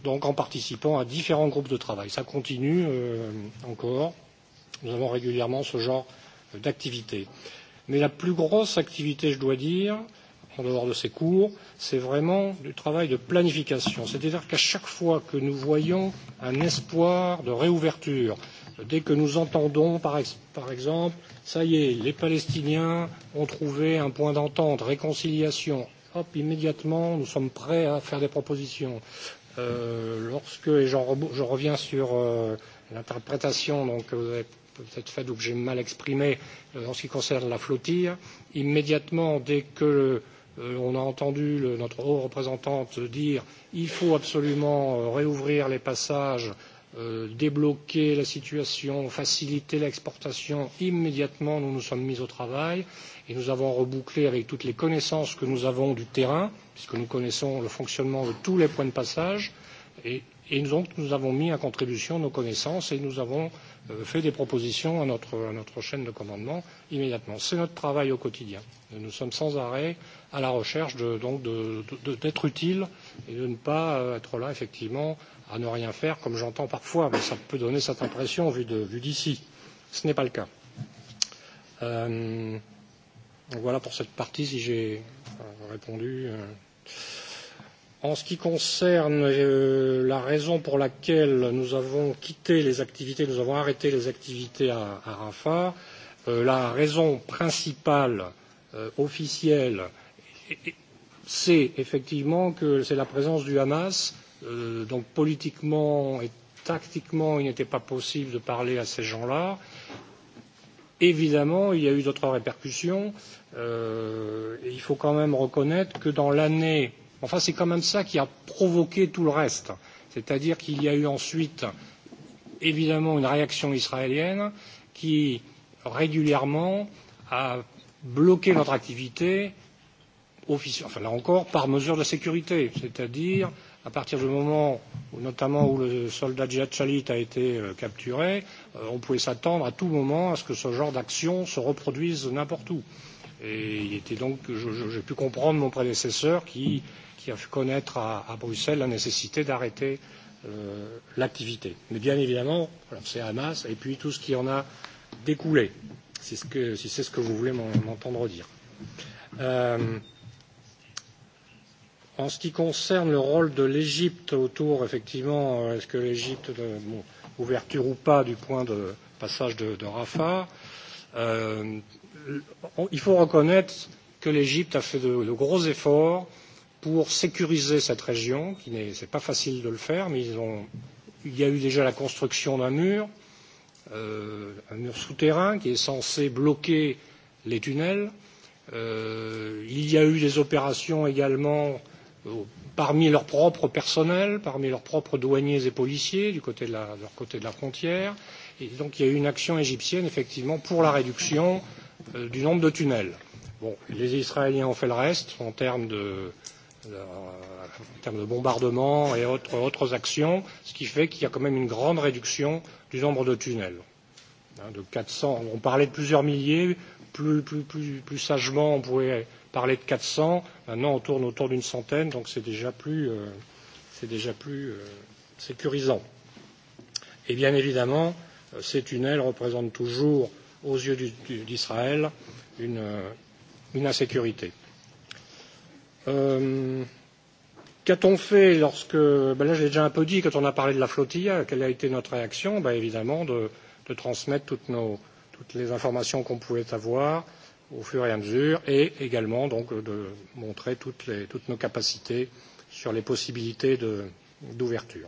donc en participant à différents groupes de travail. Ça continue euh, encore. Nous avons régulièrement ce genre euh, d'activité. Mais la plus grosse activité, je dois dire, euh, en dehors de ces cours, c'est vraiment du travail de planification. C'est-à-dire qu'à chaque fois que nous voyons un espoir de réouverture, dès que nous entendons, par, ex par exemple, ça y est, les Palestiniens ont trouvé un point d'entente, réconciliation, hop, immédiatement, nous sommes prêts à faire des propositions. Euh, lorsque, et je reviens sur euh, l'interprétation donc, que vous avez peut-être faite ou que j'ai mal exprimée euh, en ce qui concerne la flottille, immédiatement, dès que Euh, on a entendu le, notre haut représentante dire il faut absolument euh, réouvrir les passages, euh, débloquer la situation, faciliter l'exportation immédiatement. Nous nous sommes mis au travail et nous avons rebouclé avec toutes les connaissances que nous avons du terrain, puisque nous connaissons le fonctionnement de tous les points de passage. Et, et donc nous avons mis à contribution nos connaissances et nous avons Euh, fait des propositions à notre, à notre chaîne de commandement immédiatement. C'est notre travail au quotidien. Et nous sommes sans arrêt à la recherche de, donc de, de, d'être utiles et de ne pas euh, être là effectivement à ne rien faire comme j'entends parfois, mais ça peut donner cette impression vu, de, vu d'ici. Ce n'est pas le cas. Euh, donc voilà pour cette partie si j'ai euh, répondu. Euh, En ce qui concerne euh, la raison pour laquelle nous avons quitté les activités, nous avons arrêté les activités à, à Rafah, euh, la raison principale euh, officielle, c'est effectivement que c'est la présence du Hamas. Euh, donc politiquement et tactiquement, il n'était pas possible de parler à ces gens-là. Évidemment, il y a eu d'autres répercussions. Euh, il faut quand même reconnaître que dans l'année euh, Enfin, c'est quand même ça qui a provoqué tout le reste. C'est-à-dire qu'il y a eu ensuite, évidemment, une réaction israélienne qui, régulièrement, a bloqué notre activité, officielle, enfin là encore, par mesure de sécurité. C'est-à-dire, à partir du moment, où, notamment où le soldat Jihad Shalit a été euh, capturé, euh, on pouvait s'attendre à tout moment à ce que ce genre d'action se reproduise n'importe où. Et il était donc, j'ai pu comprendre mon prédécesseur qui euh, firent connaître à, à Bruxelles la nécessité d'arrêter euh, l'activité. Mais bien évidemment, voilà, c'est Hamas et puis tout ce qui en a découlé, si c'est ce, que, si ce que vous voulez m'entendre dire. Euh, en ce qui concerne le rôle de l'Égypte autour, effectivement, euh, est-ce que l'Égypte, euh, bon, ouverture ou pas du point de passage de, de Rafah, euh, il faut reconnaître que l'Égypte a fait de, de gros efforts euh, pour sécuriser cette région, qui n'est pas facile de le faire, mais ils ont, il y a eu déjà la construction d'un mur, euh, un mur souterrain qui est censé bloquer les tunnels. Euh, il y a eu des opérations également euh, parmi leur propre personnel, parmi leurs propres douaniers et policiers du côté de, la, de leur côté de la frontière. Et donc il y a eu une action égyptienne effectivement pour la réduction euh, du nombre de tunnels. Bon, les Israéliens ont fait le reste en termes de, Euh, en termes de bombardement et autres, autres actions, ce qui fait qu'il y a quand même une grande réduction du nombre de tunnels. Hein, de 400, on parlait de plusieurs milliers, plus, plus, plus, plus sagement on pouvait parler de 400, maintenant on tourne autour d'une centaine, donc c'est déjà plus, euh, c'est déjà plus euh, sécurisant. Et bien évidemment, euh, ces tunnels représentent toujours, aux yeux d'Israël, une, euh, une insécurité. Euh, Qu'a-t-on fait lorsque, ben là je l'ai déjà un peu dit, quand on a parlé de la flottilla, quelle a été notre réaction ben Évidemment, de, de transmettre toutes, nos, toutes les informations qu'on pouvait avoir au fur et à mesure et également donc de montrer toutes, les, toutes nos capacités sur les possibilités d'ouverture.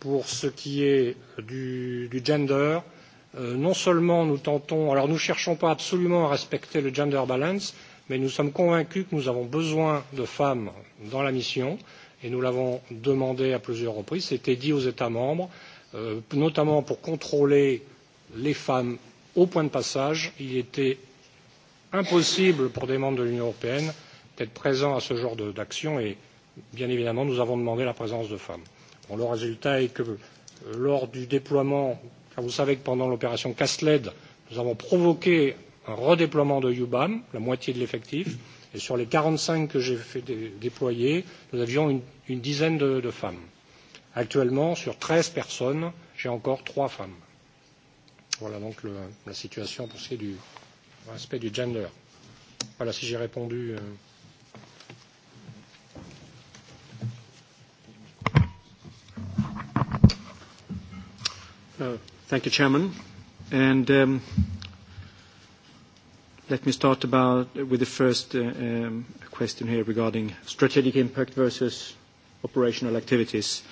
Pour ce qui est du, du gender, euh, non seulement nous tentons, alors nous ne cherchons pas absolument à respecter le gender balance, mais nous sommes convaincus que nous avons besoin de femmes dans la mission et nous l'avons demandé à plusieurs reprises, c'était dit aux États membres, euh, notamment pour contrôler les femmes au point de passage. Il était impossible pour des membres de l'Union européenne d'être présents à ce genre d'action et bien évidemment nous avons demandé la présence de femmes. Bon, le résultat est que euh, lors du déploiement, car vous savez que pendant l'opération Castled, nous avons provoqué un redéploiement de UBAM, la moitié de l'effectif, et sur les 45 que j'ai fait dé déployer, nous avions une, une dizaine de, de femmes. Actuellement, sur 13 personnes, j'ai encore 3 femmes. Voilà donc le, la situation pour ce qui est du aspect du gender. Voilà si j'ai répondu. Euh... Uh, thank you, Chairman. And um, Let me start about with the first uh, um, question here regarding strategic impact versus operational activities.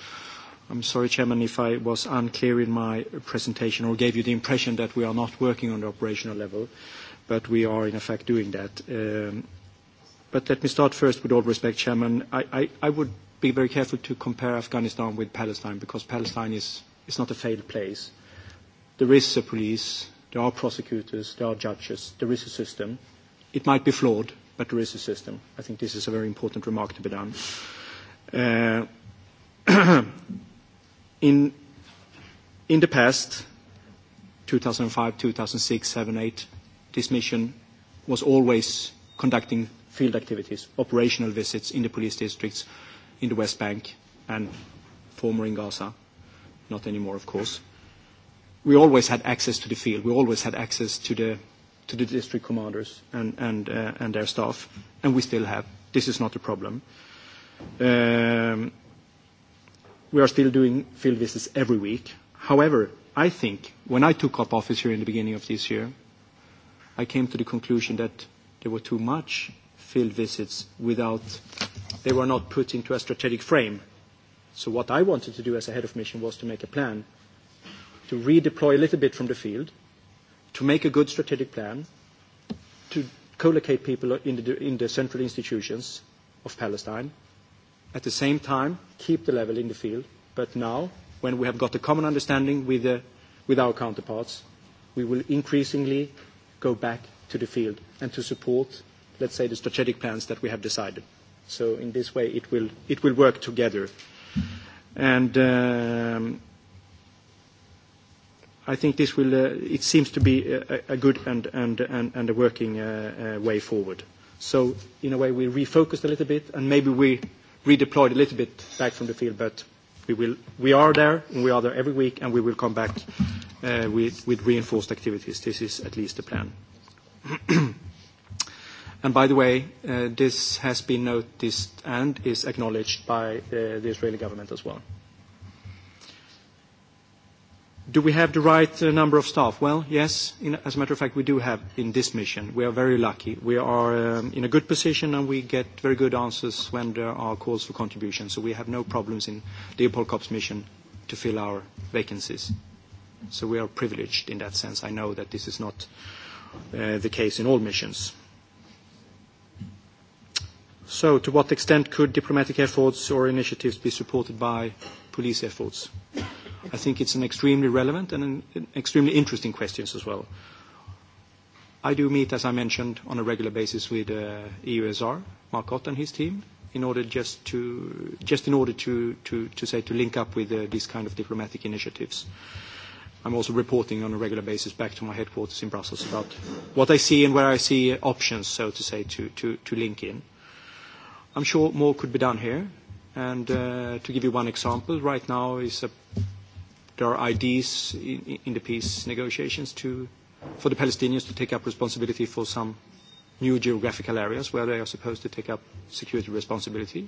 I'm sorry, Chairman, if I was unclear in my presentation or gave you the impression that we are not working on the operational level, but we are in effect doing that. Um, let me start first, with all respect, Chairman. I, I, I would be very careful to compare Afghanistan with Palestine because Palestine is, is not a failed place. There is a police There are prosecutors, there are judges, there is a system. It might be flawed, but there is a system. I think this is a very important remark to be done. Uh, <clears throat> in, in the past, 2005, 2006, 2007, 2008, this mission was always conducting field activities, operational visits in the police districts in the West Bank and former in Gaza. Not anymore, of course we always had access to the field. We always had access to the, to the district commanders and, and, uh, and their staff, and we still have. This is not a problem. Um, we are still doing field visits every week. However, I think when I took up office here in the beginning of this year, I came to the conclusion that there were too much field visits without they were not put into a strategic frame. So what I wanted to do as a head of mission was to make a plan to redeploy a little bit from the field, to make a good strategic plan, to collocate people in the, in the central institutions of Palestine. At the same time, keep the level in the field. But now, when we have got a common understanding with, the, with our counterparts, we will increasingly go back to the field and to support, let's say, the strategic plans that we have decided. So in this way, it will, it will work together. And um, I think this will, uh, it seems to be a, a good and, and, and, and a working uh, uh, way forward. So in a way, we refocused a little bit, and maybe we redeployed a little bit back from the field, but we, will, we are there, and we are there every week, and we will come back uh, with, with reinforced activities. This is at least the plan. <clears throat> and by the way, uh, this has been noticed and is acknowledged by uh, the Israeli government as well. Do we have the right uh, number of staff? Well, yes. In, as a matter of fact, we do have in this mission. We are very lucky. We are um, in a good position, and we get very good answers when there are calls for contributions. So we have no problems in Leopold Kopp's mission to fill our vacancies. So we are privileged in that sense. I know that this is not uh, the case in all missions. So to what extent could diplomatic efforts or initiatives be supported by police efforts? I think it's an extremely relevant and an, an extremely interesting questions as well. I do meet, as I mentioned, on a regular basis with uh, EUSR, Mark Ott and his team, in order just to just in order to, to, to say to link up with uh, these kind of diplomatic initiatives. I'm also reporting on a regular basis back to my headquarters in Brussels about what I see and where I see options, so to say, to, to, to link in. I'm sure more could be done here. And uh, to give you one example, right now is a there are ideas in, in the peace negotiations to, for the Palestinians to take up responsibility for some new geographical areas where they are supposed to take up security responsibility.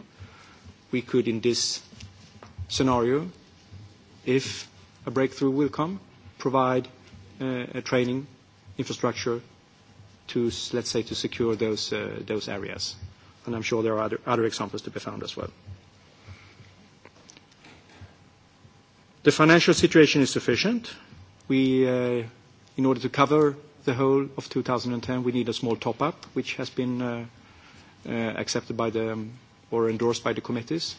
We could, in this scenario, if a breakthrough will come, provide uh, a training infrastructure to, let's say, to secure those, uh, those areas. And I'm sure there are other, other examples to be found as well. Uh, The financial situation is sufficient. We, uh, in order to cover the whole of 2010, we need a small top-up, which has been uh, uh, accepted by the um, or endorsed by the committees.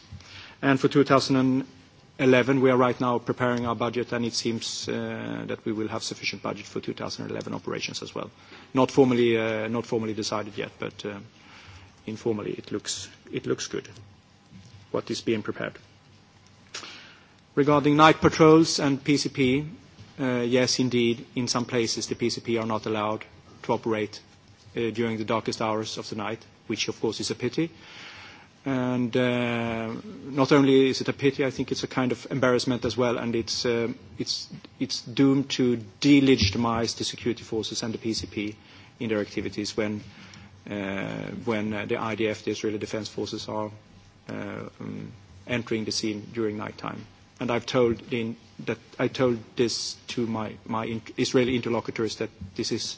And for 2011, we are right now preparing our budget, and it seems uh, that we will have sufficient budget for 2011 operations as well. Not formally, uh, not formally decided yet, but uh, informally, it looks, it looks good what is being prepared. Regarding night patrols and PCP, uh, yes, indeed, in some places the PCP are not allowed to operate uh, during the darkest hours of the night, which of course is a pity. And uh, not only is it a pity, I think it's a kind of embarrassment as well, and it's, um, it's, it's doomed to delegitimize the security forces and the PCP in their activities when, uh, when uh, the IDF, the Israeli Defense Forces, are uh, um, entering the scene during nighttime. time and I've told in that I told this to my, my in, Israeli interlocutors that this is,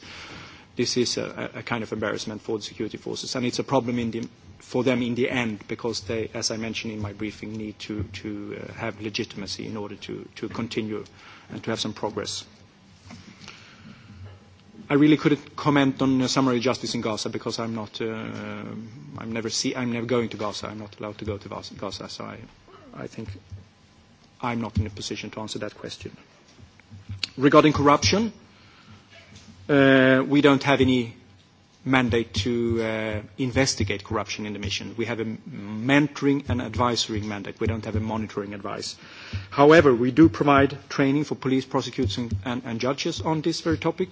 this is a, a kind of embarrassment for the security forces, and it's a problem in the, for them in the end because they, as I mentioned in my briefing, need to, to uh, have legitimacy in order to, to continue and to have some progress. I really couldn't comment on uh, summary justice in Gaza because I'm not, uh, I'm never see, I'm never going to Gaza. I'm not allowed to go to Gaza, so I, I think I'm not in a position to answer that question. Regarding corruption, uh, we don't have any mandate to uh, investigate corruption in the mission. We have a mentoring and advisory mandate. We don't have a monitoring advice. However, we do provide training for police, prosecutors, and, and, and judges on this very topic,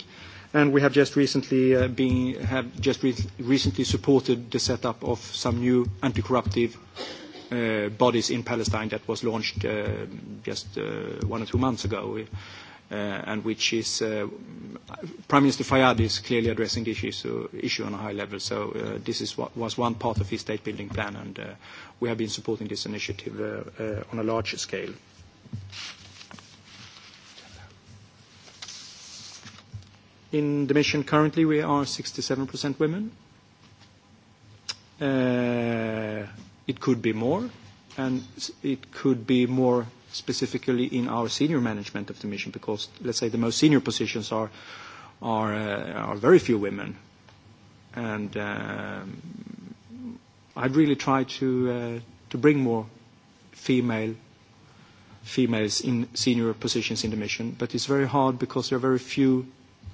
and we have just recently, uh, been, have just re- recently supported the setup of some new anti-corruptive uh, bodies in Palestine that was launched uh, just uh, one or two months ago, uh, and which is uh, Prime Minister Fayyad is clearly addressing the issue, so, issue on a high level. So uh, this is what was one part of his state building plan, and uh, we have been supporting this initiative uh, uh, on a larger scale. In the mission currently, we are 67% women. Uh, It could be more, and it could be more specifically in our senior management of the mission, because let's say the most senior positions are are, uh, are very few women, and um, I'd really try to uh, to bring more female females in senior positions in the mission, but it's very hard because there are very few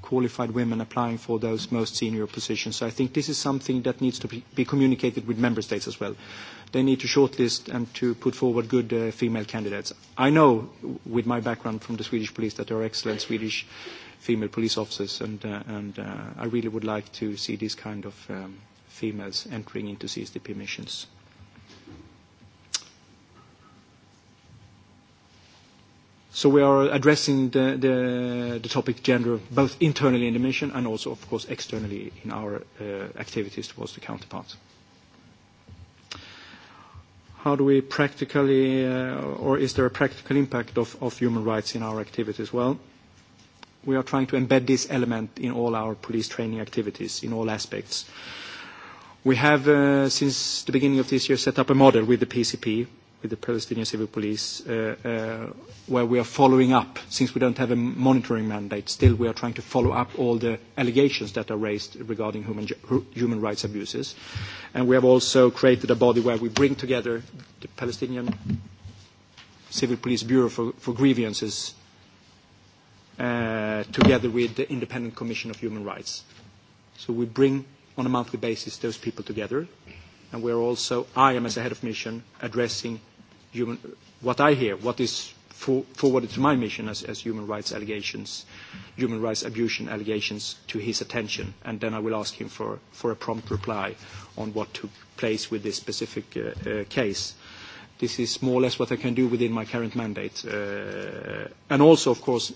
qualified women applying for those most senior positions. So I think this is something that needs to be, be communicated with member states as well. They need to shortlist and to put forward good uh, female candidates. I know, with my background from the Swedish police, that there are excellent Swedish female police officers, and, uh, and uh, I really would like to see this kind of um, females entering into CSDP missions. So we are addressing the, the, the topic gender both internally in the mission and also, of course, externally in our uh, activities towards the counterparts. How do we practically, uh, or is there a practical impact of, of human rights in our activities? Well, we are trying to embed this element in all our police training activities, in all aspects. We have, uh, since the beginning of this year, set up a model with the PCP with the Palestinian Civil Police, uh, uh, where we are following up, since we don't have a monitoring mandate, still we are trying to follow up all the allegations that are raised regarding human, human rights abuses. And we have also created a body where we bring together the Palestinian Civil Police Bureau for, for Grievances uh, together with the Independent Commission of Human Rights. So we bring on a monthly basis those people together and we're also, I am as a head of mission, addressing human, what I hear, what is for, forwarded to my mission as, as human rights allegations, human rights abuse allegations to his attention, and then I will ask him for, for a prompt reply on what took place with this specific uh, uh, case. This is more or less what I can do within my current mandate. Uh, and also, of course,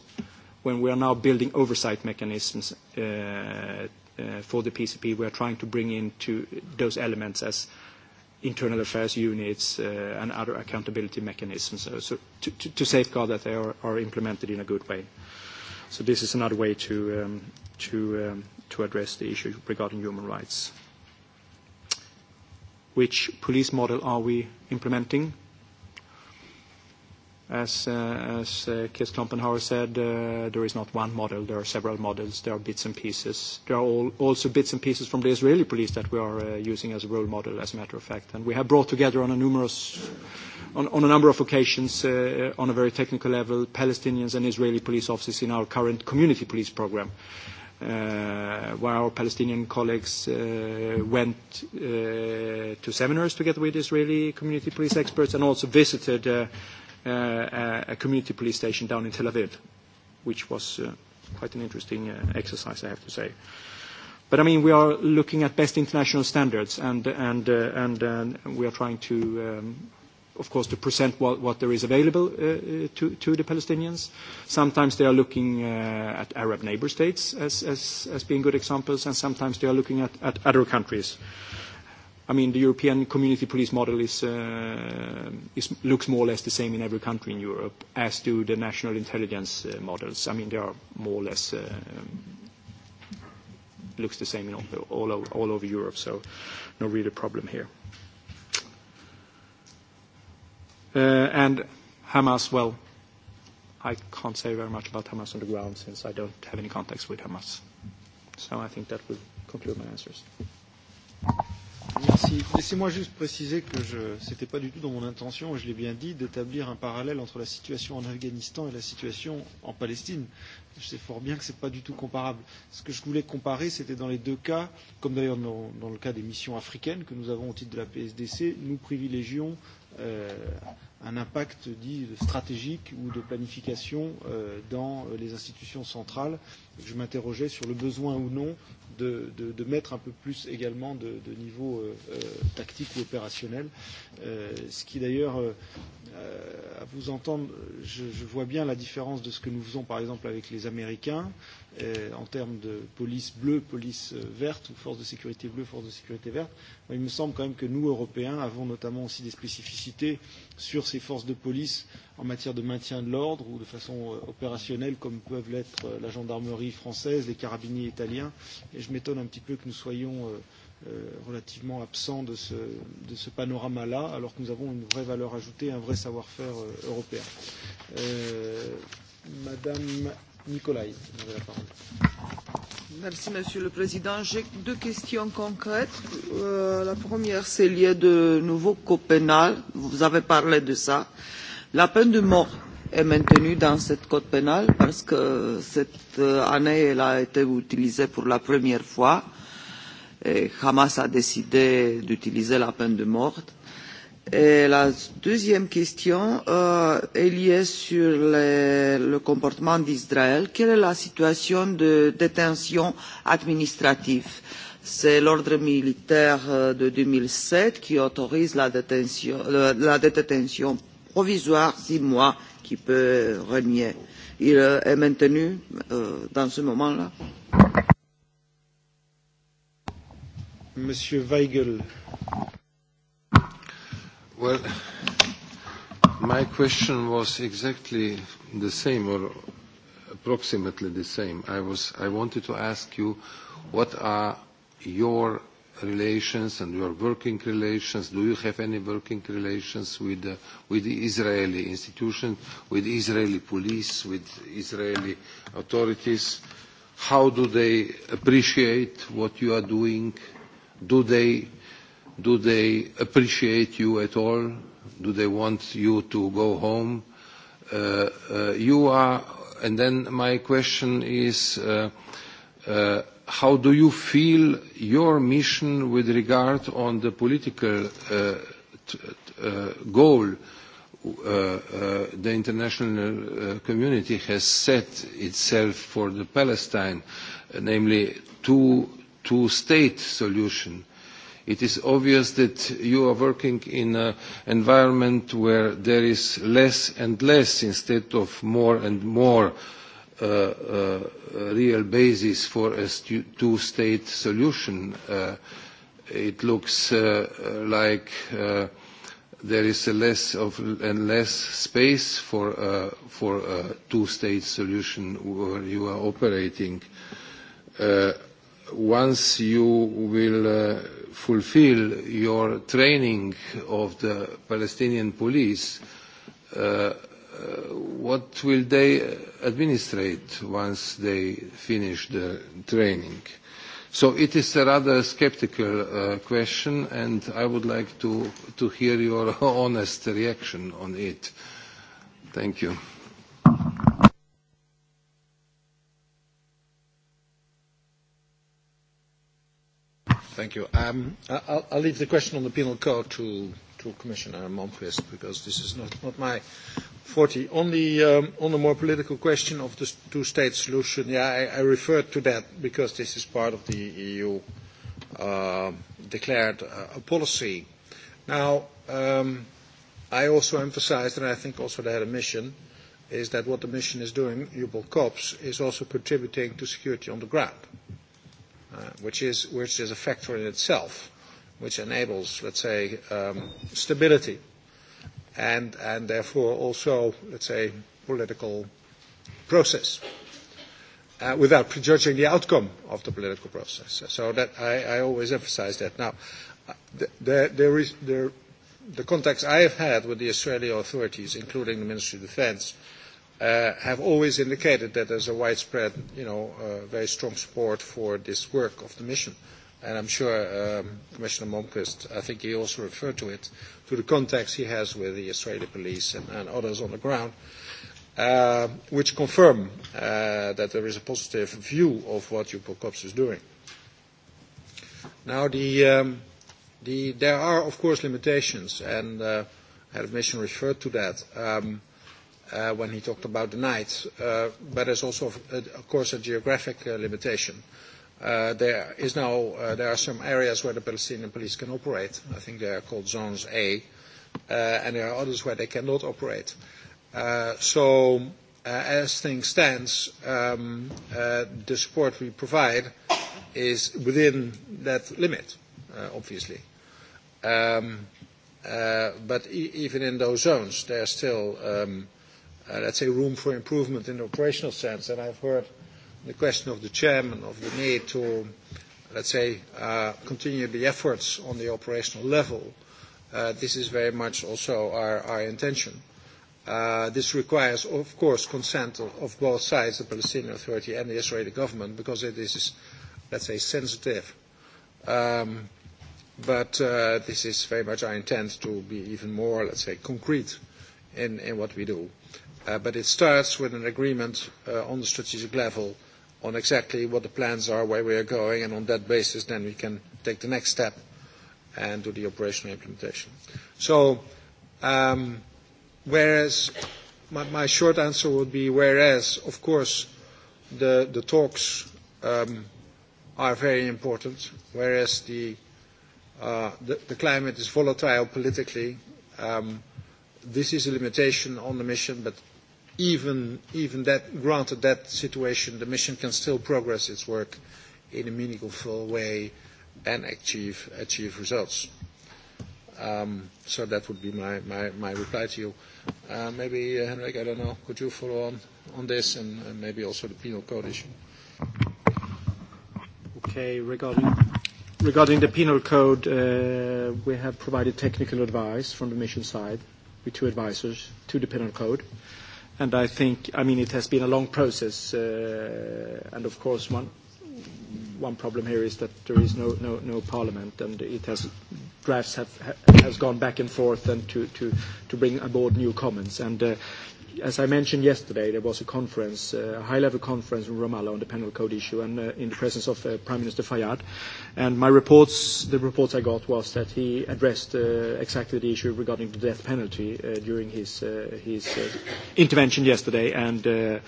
when we are now building oversight mechanisms uh, uh, for the PCP, we are trying to bring into those elements as uh, internal affairs units uh, and other accountability mechanisms uh, so to, to, to safeguard that they are, are implemented in a good way. So this is another way to, um, to, um, to address the issue regarding human rights. Which police model are we implementing? As, uh, as uh, Kees Klompenhauer said, uh, there is not one model. There are several models. There are bits and pieces. There are all, also bits and pieces from the Israeli police that we are uh, using as a role model, as a matter of fact. And we have brought together on a, numerous, on, on a number of occasions, uh, on a very technical level, Palestinians and Israeli police officers in our current community police program, uh, where our Palestinian colleagues went to seminars together with Israeli community police experts and also visited uh, a community police station down in Tel Aviv, which was uh, quite an interesting uh, exercise, I have to say. But I mean, we are looking at best international standards, and, and, uh, and, and uh, we are trying to, um, of course, to present what, what there is available uh, uh, to, to the Palestinians. Sometimes they are looking uh, at Arab neighbor states as, as, as being good examples, and sometimes they are looking at, at other countries. Uh, I mean, the European community police model is, uh, is, looks more or less the same in every country in Europe, as do the national intelligence uh, models. I mean, they are more or less uh, looks the same in all, all, over, all over Europe, so no real problem here. Uh, and Hamas, well, I can't say very much about Hamas on the ground since I don't have any contacts with Hamas. So I think that will conclude my answers. Thank you. Merci. Laissez-moi juste préciser que ce n'était pas du tout dans mon intention, et je l'ai bien dit, d'établir un parallèle entre la situation en Afghanistan et la situation en Palestine. Je sais fort bien que ce n'est pas du tout comparable. Ce que je voulais comparer, c'était dans les deux cas, comme d'ailleurs dans, dans le cas des missions africaines que nous avons au titre de la PSDC, nous privilégions euh, un impact dit stratégique ou de planification euh, dans euh, les institutions centrales. Je m'interrogeais sur le besoin ou non de, de, de mettre un peu plus également de, de niveau euh, euh tactique ou opérationnel, euh, ce qui d'ailleurs, euh, euh, à vous entendre, je, je vois bien la différence de ce que nous faisons par exemple avec les Américains euh, en termes de police bleue, police verte ou force de sécurité bleue, force de sécurité verte. Il me semble quand même que nous, Européens, avons notamment aussi des spécificités sur ces forces de police en matière de maintien de l'ordre ou de façon euh, opérationnelle comme peuvent l'être euh, la gendarmerie française, les carabiniers italiens. Et je m'étonne un petit peu que nous soyons euh, relativement absents de ce, de ce panorama-là, alors que nous avons une vraie valeur ajoutée, un vrai savoir-faire européen. Euh, Madame Nicolae, vous avez la parole. Merci, Monsieur le Président. J'ai deux questions concrètes. Euh, la première, c'est liée de nouveau au pénal. Vous avez parlé de ça. La peine de mort est maintenue dans cette code pénal parce que cette euh, année, elle a été utilisée pour la première fois. Et Hamas a décidé d'utiliser la peine de mort. Euh, Et la deuxième question euh, est liée sur les, le comportement d'Israël. Quelle est la situation de détention administrative C'est l'ordre militaire euh, de 2007 qui autorise la détention, la détention provisoire six mois qui peut renier. Il euh, est maintenu euh, dans ce moment-là. Monsieur Weigel. Well, my question was exactly the same or approximately the same. I, was, I wanted to ask you what are your relations and your working relations? Do you have any working relations with, uh, with the Israeli institutions, with Israeli police, with Israeli authorities? How do they appreciate what you are doing? Do they uh, Do they appreciate you at all? Do they want you to go home? Uh, uh, you are, and then my question is, uh, uh, how do you feel your mission with regard on the political uh, t uh, goal uh, uh, the international uh, community has set itself for the Palestine, uh, namely two, two-state solution? It is obvious that you are working in an environment where there is less and less instead of more and more uh, uh, real basis for a two-state solution. Uh, it looks uh, like uh, there is a less of and less space for uh, for a two-state solution where you are operating. Uh, once you will uh, fulfill your training of the Palestinian police, uh, uh, what will they administrate once they finish the training? So it is a rather skeptical uh, question, and I would like to, to hear your <laughs> honest reaction on it. Thank you. thank you. Um, I'll, I'll leave the question on the penal code to, to Commissioner Malmquist because this is not, not my forte. On the, um, on the more political question of the two-state solution, yeah, I, I referred to that because this is part of the EU uh, declared uh, policy. Now, um, I also emphasized, and I think also they had a mission, is that what the mission is doing, EUPOL COPS, is also contributing to security on the ground. Uh, uh, which, is, which is a factor in itself, which enables, let's say, um, stability and, and therefore also, let's say, political process. Uh, without prejudging the outcome of the political process. So that I, I always emphasize that. Now, the, the, there is, the, the contacts I have had with the Israeli authorities, including the Ministry of Defense, uh, uh, have always indicated that there's a widespread, you know, uh, very strong support for this work of the mission. And I'm sure um, Commissioner Momquist, I think he also referred to it, to the contacts he has with the Israeli police and, and others on the ground, uh, which confirm uh, that there is a positive view of what UPOCOPS is doing. Now, the, um, the, there are, of course, limitations, and uh, the mission referred to that. Um, uh, when he talked about the night, uh, but there's also, uh, of course, a geographic uh, limitation. Uh, there is now uh, there are some areas where the Palestinian police can operate. I think they are called zones A, uh, and there are others where they cannot operate. Uh, so, uh, as things stand, um, uh, the support we provide is within that limit, uh, obviously. Um, uh, but e- even in those zones, there are still um, uh, uh, let's say, room for improvement in the operational sense. And I've heard the question of the chairman of the need to, let's say, uh, continue the efforts on the operational level. Uh, this is very much also our, our intention. Uh, this requires, of course, consent of, of both sides, the Palestinian Authority and the Israeli government, because it is, let's say, sensitive. Um, but uh, this is very much our intent to be even more, let's say, concrete in, in what we do. Uh, but it starts with an agreement uh, on the strategic level on exactly what the plans are, where we are going, and on that basis, then we can take the next step and do the operational implementation. So, um, whereas my, my short answer would be, whereas, of course, the, the talks um, are very important, whereas the, uh, the, the climate is volatile politically, um, this is a limitation on the mission, but even, even that, granted that situation, the mission can still progress its work in a meaningful way and achieve, achieve results. Um, so that would be my, my, my reply to you. Uh, maybe, uh, Henrik, I don't know, could you follow on on this and, and maybe also the penal code issue? Okay. Regarding, regarding the penal code, uh, we have provided technical advice from the mission side with two advisors to the penal code. Uh, And I think, I mean, it has been a long process, uh, and of course, one, one problem here is that there is no, no, no parliament, and it has drafts have, has gone back and forth and to, to, to bring aboard new comments. And, uh, as I mentioned yesterday, there was a conference, uh, a high-level conference in Ramallah on the penal code issue, and uh, in the presence of uh, Prime Minister Fayyad. And my reports, the reports I got was that he addressed uh, exactly the issue regarding the death penalty uh, during his uh, his uh, intervention yesterday, and. Uh,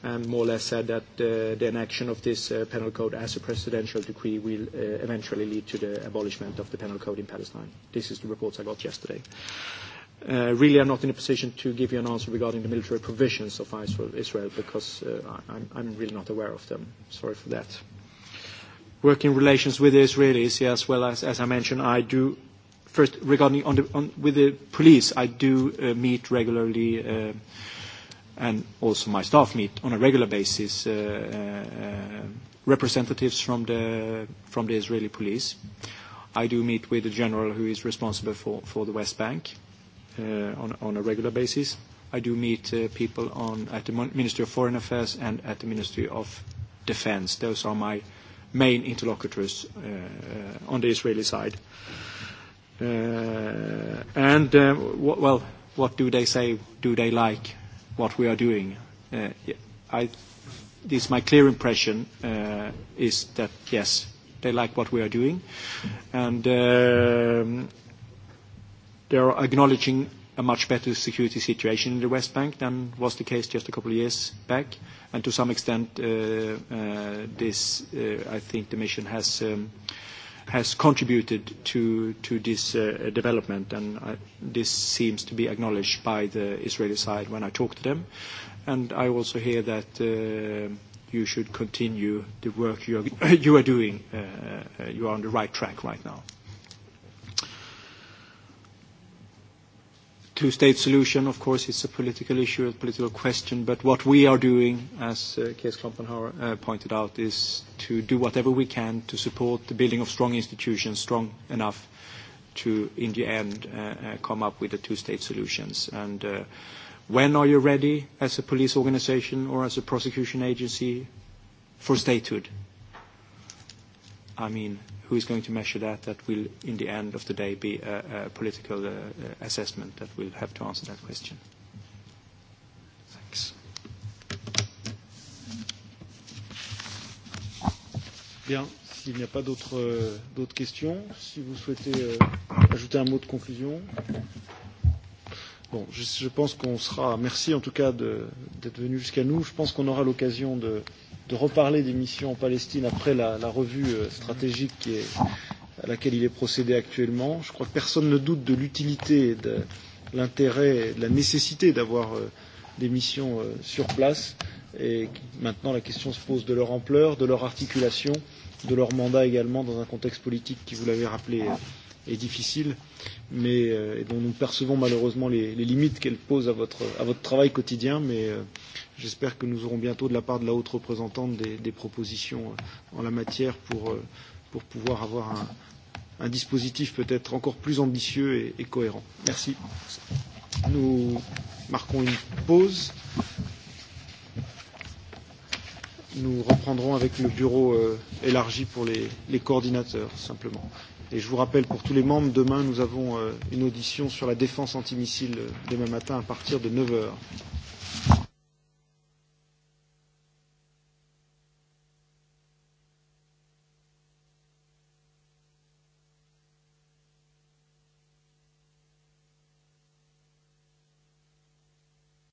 and more or less said that uh, the inaction of this uh, penal code as a presidential decree will uh, eventually lead to the abolishment of the penal code in Palestine. This is the reports I got yesterday. Uh, Uh, really, I'm not in a position to give you an answer regarding the military provisions of Israel because uh, I'm, I'm really not aware of them. Sorry for that. Working relations with the Israelis, yes. Well, as, as I mentioned, I do first regarding on the on, with the police, I do uh, meet regularly, uh, and also my staff meet on a regular basis uh, uh, representatives from the from the Israeli police. I do meet with the general who is responsible for, for the West Bank. Uh, Uh, on, on a regular basis. I do meet uh, people on, at the Ministry of Foreign Affairs and at the Ministry of Defense. Those are my main interlocutors uh, on the Israeli side. And, well, what do they say? Do they like what we are doing? I this my clear impression uh, is that yes, they like what we are doing, and um, they are acknowledging a much better security situation in the West Bank than was the case just a couple of years back. And to some extent, uh, uh, this, uh, I think the mission has, um, has contributed to, to this uh, development, and I, uh, this seems to be acknowledged by the Israeli side when I talk to them. And I also hear that uh, you should continue the work you are, <laughs> you are doing. You are on the right track right now. two-state solution, of course, it's a political issue, a political question, but what we are doing, as uh, Kees Klompenhauer uh, pointed out, is to do whatever we can to support the building of strong institutions, strong enough to, in the end, uh, uh, come up with the two-state solutions. And uh, when are you ready as a police organization or as a prosecution agency for statehood? I mean, who is going to measure that, that will, in the end of the day, be a, a political uh, uh assessment that will have to answer that question. Thanks. Bien. S'il n'y a pas d'autres euh, questions, si vous souhaitez euh, ajouter un mot de conclusion. Bon, je, je pense qu'on sera. Merci en tout cas d'être venu jusqu'à nous. Je pense qu'on aura l'occasion de, euh, de reparler des missions en Palestine après la, la revue euh, stratégique qui est, à laquelle il est procédé actuellement. Je crois que personne ne doute de l'utilité, de l'intérêt, de la nécessité d'avoir euh, des missions euh, sur place. Et maintenant, la question se pose de leur ampleur, de leur articulation, de leur mandat également dans un contexte politique qui, vous l'avez rappelé, euh, et difficile, mais euh, et dont nous percevons malheureusement les, les limites qu'elle pose à votre, à votre travail quotidien. Mais euh, j'espère que nous aurons bientôt de la part de la haute représentante des, des propositions euh, en la matière pour, euh, pour pouvoir avoir un, un dispositif peut-être encore plus ambitieux et, et cohérent. Merci. Nous marquons une pause. Nous reprendrons avec le bureau euh, élargi pour les, les coordinateurs, simplement. Et je vous rappelle pour tous les membres, demain nous avons euh, une audition sur la défense antimissile euh, demain matin à partir de 9 heures.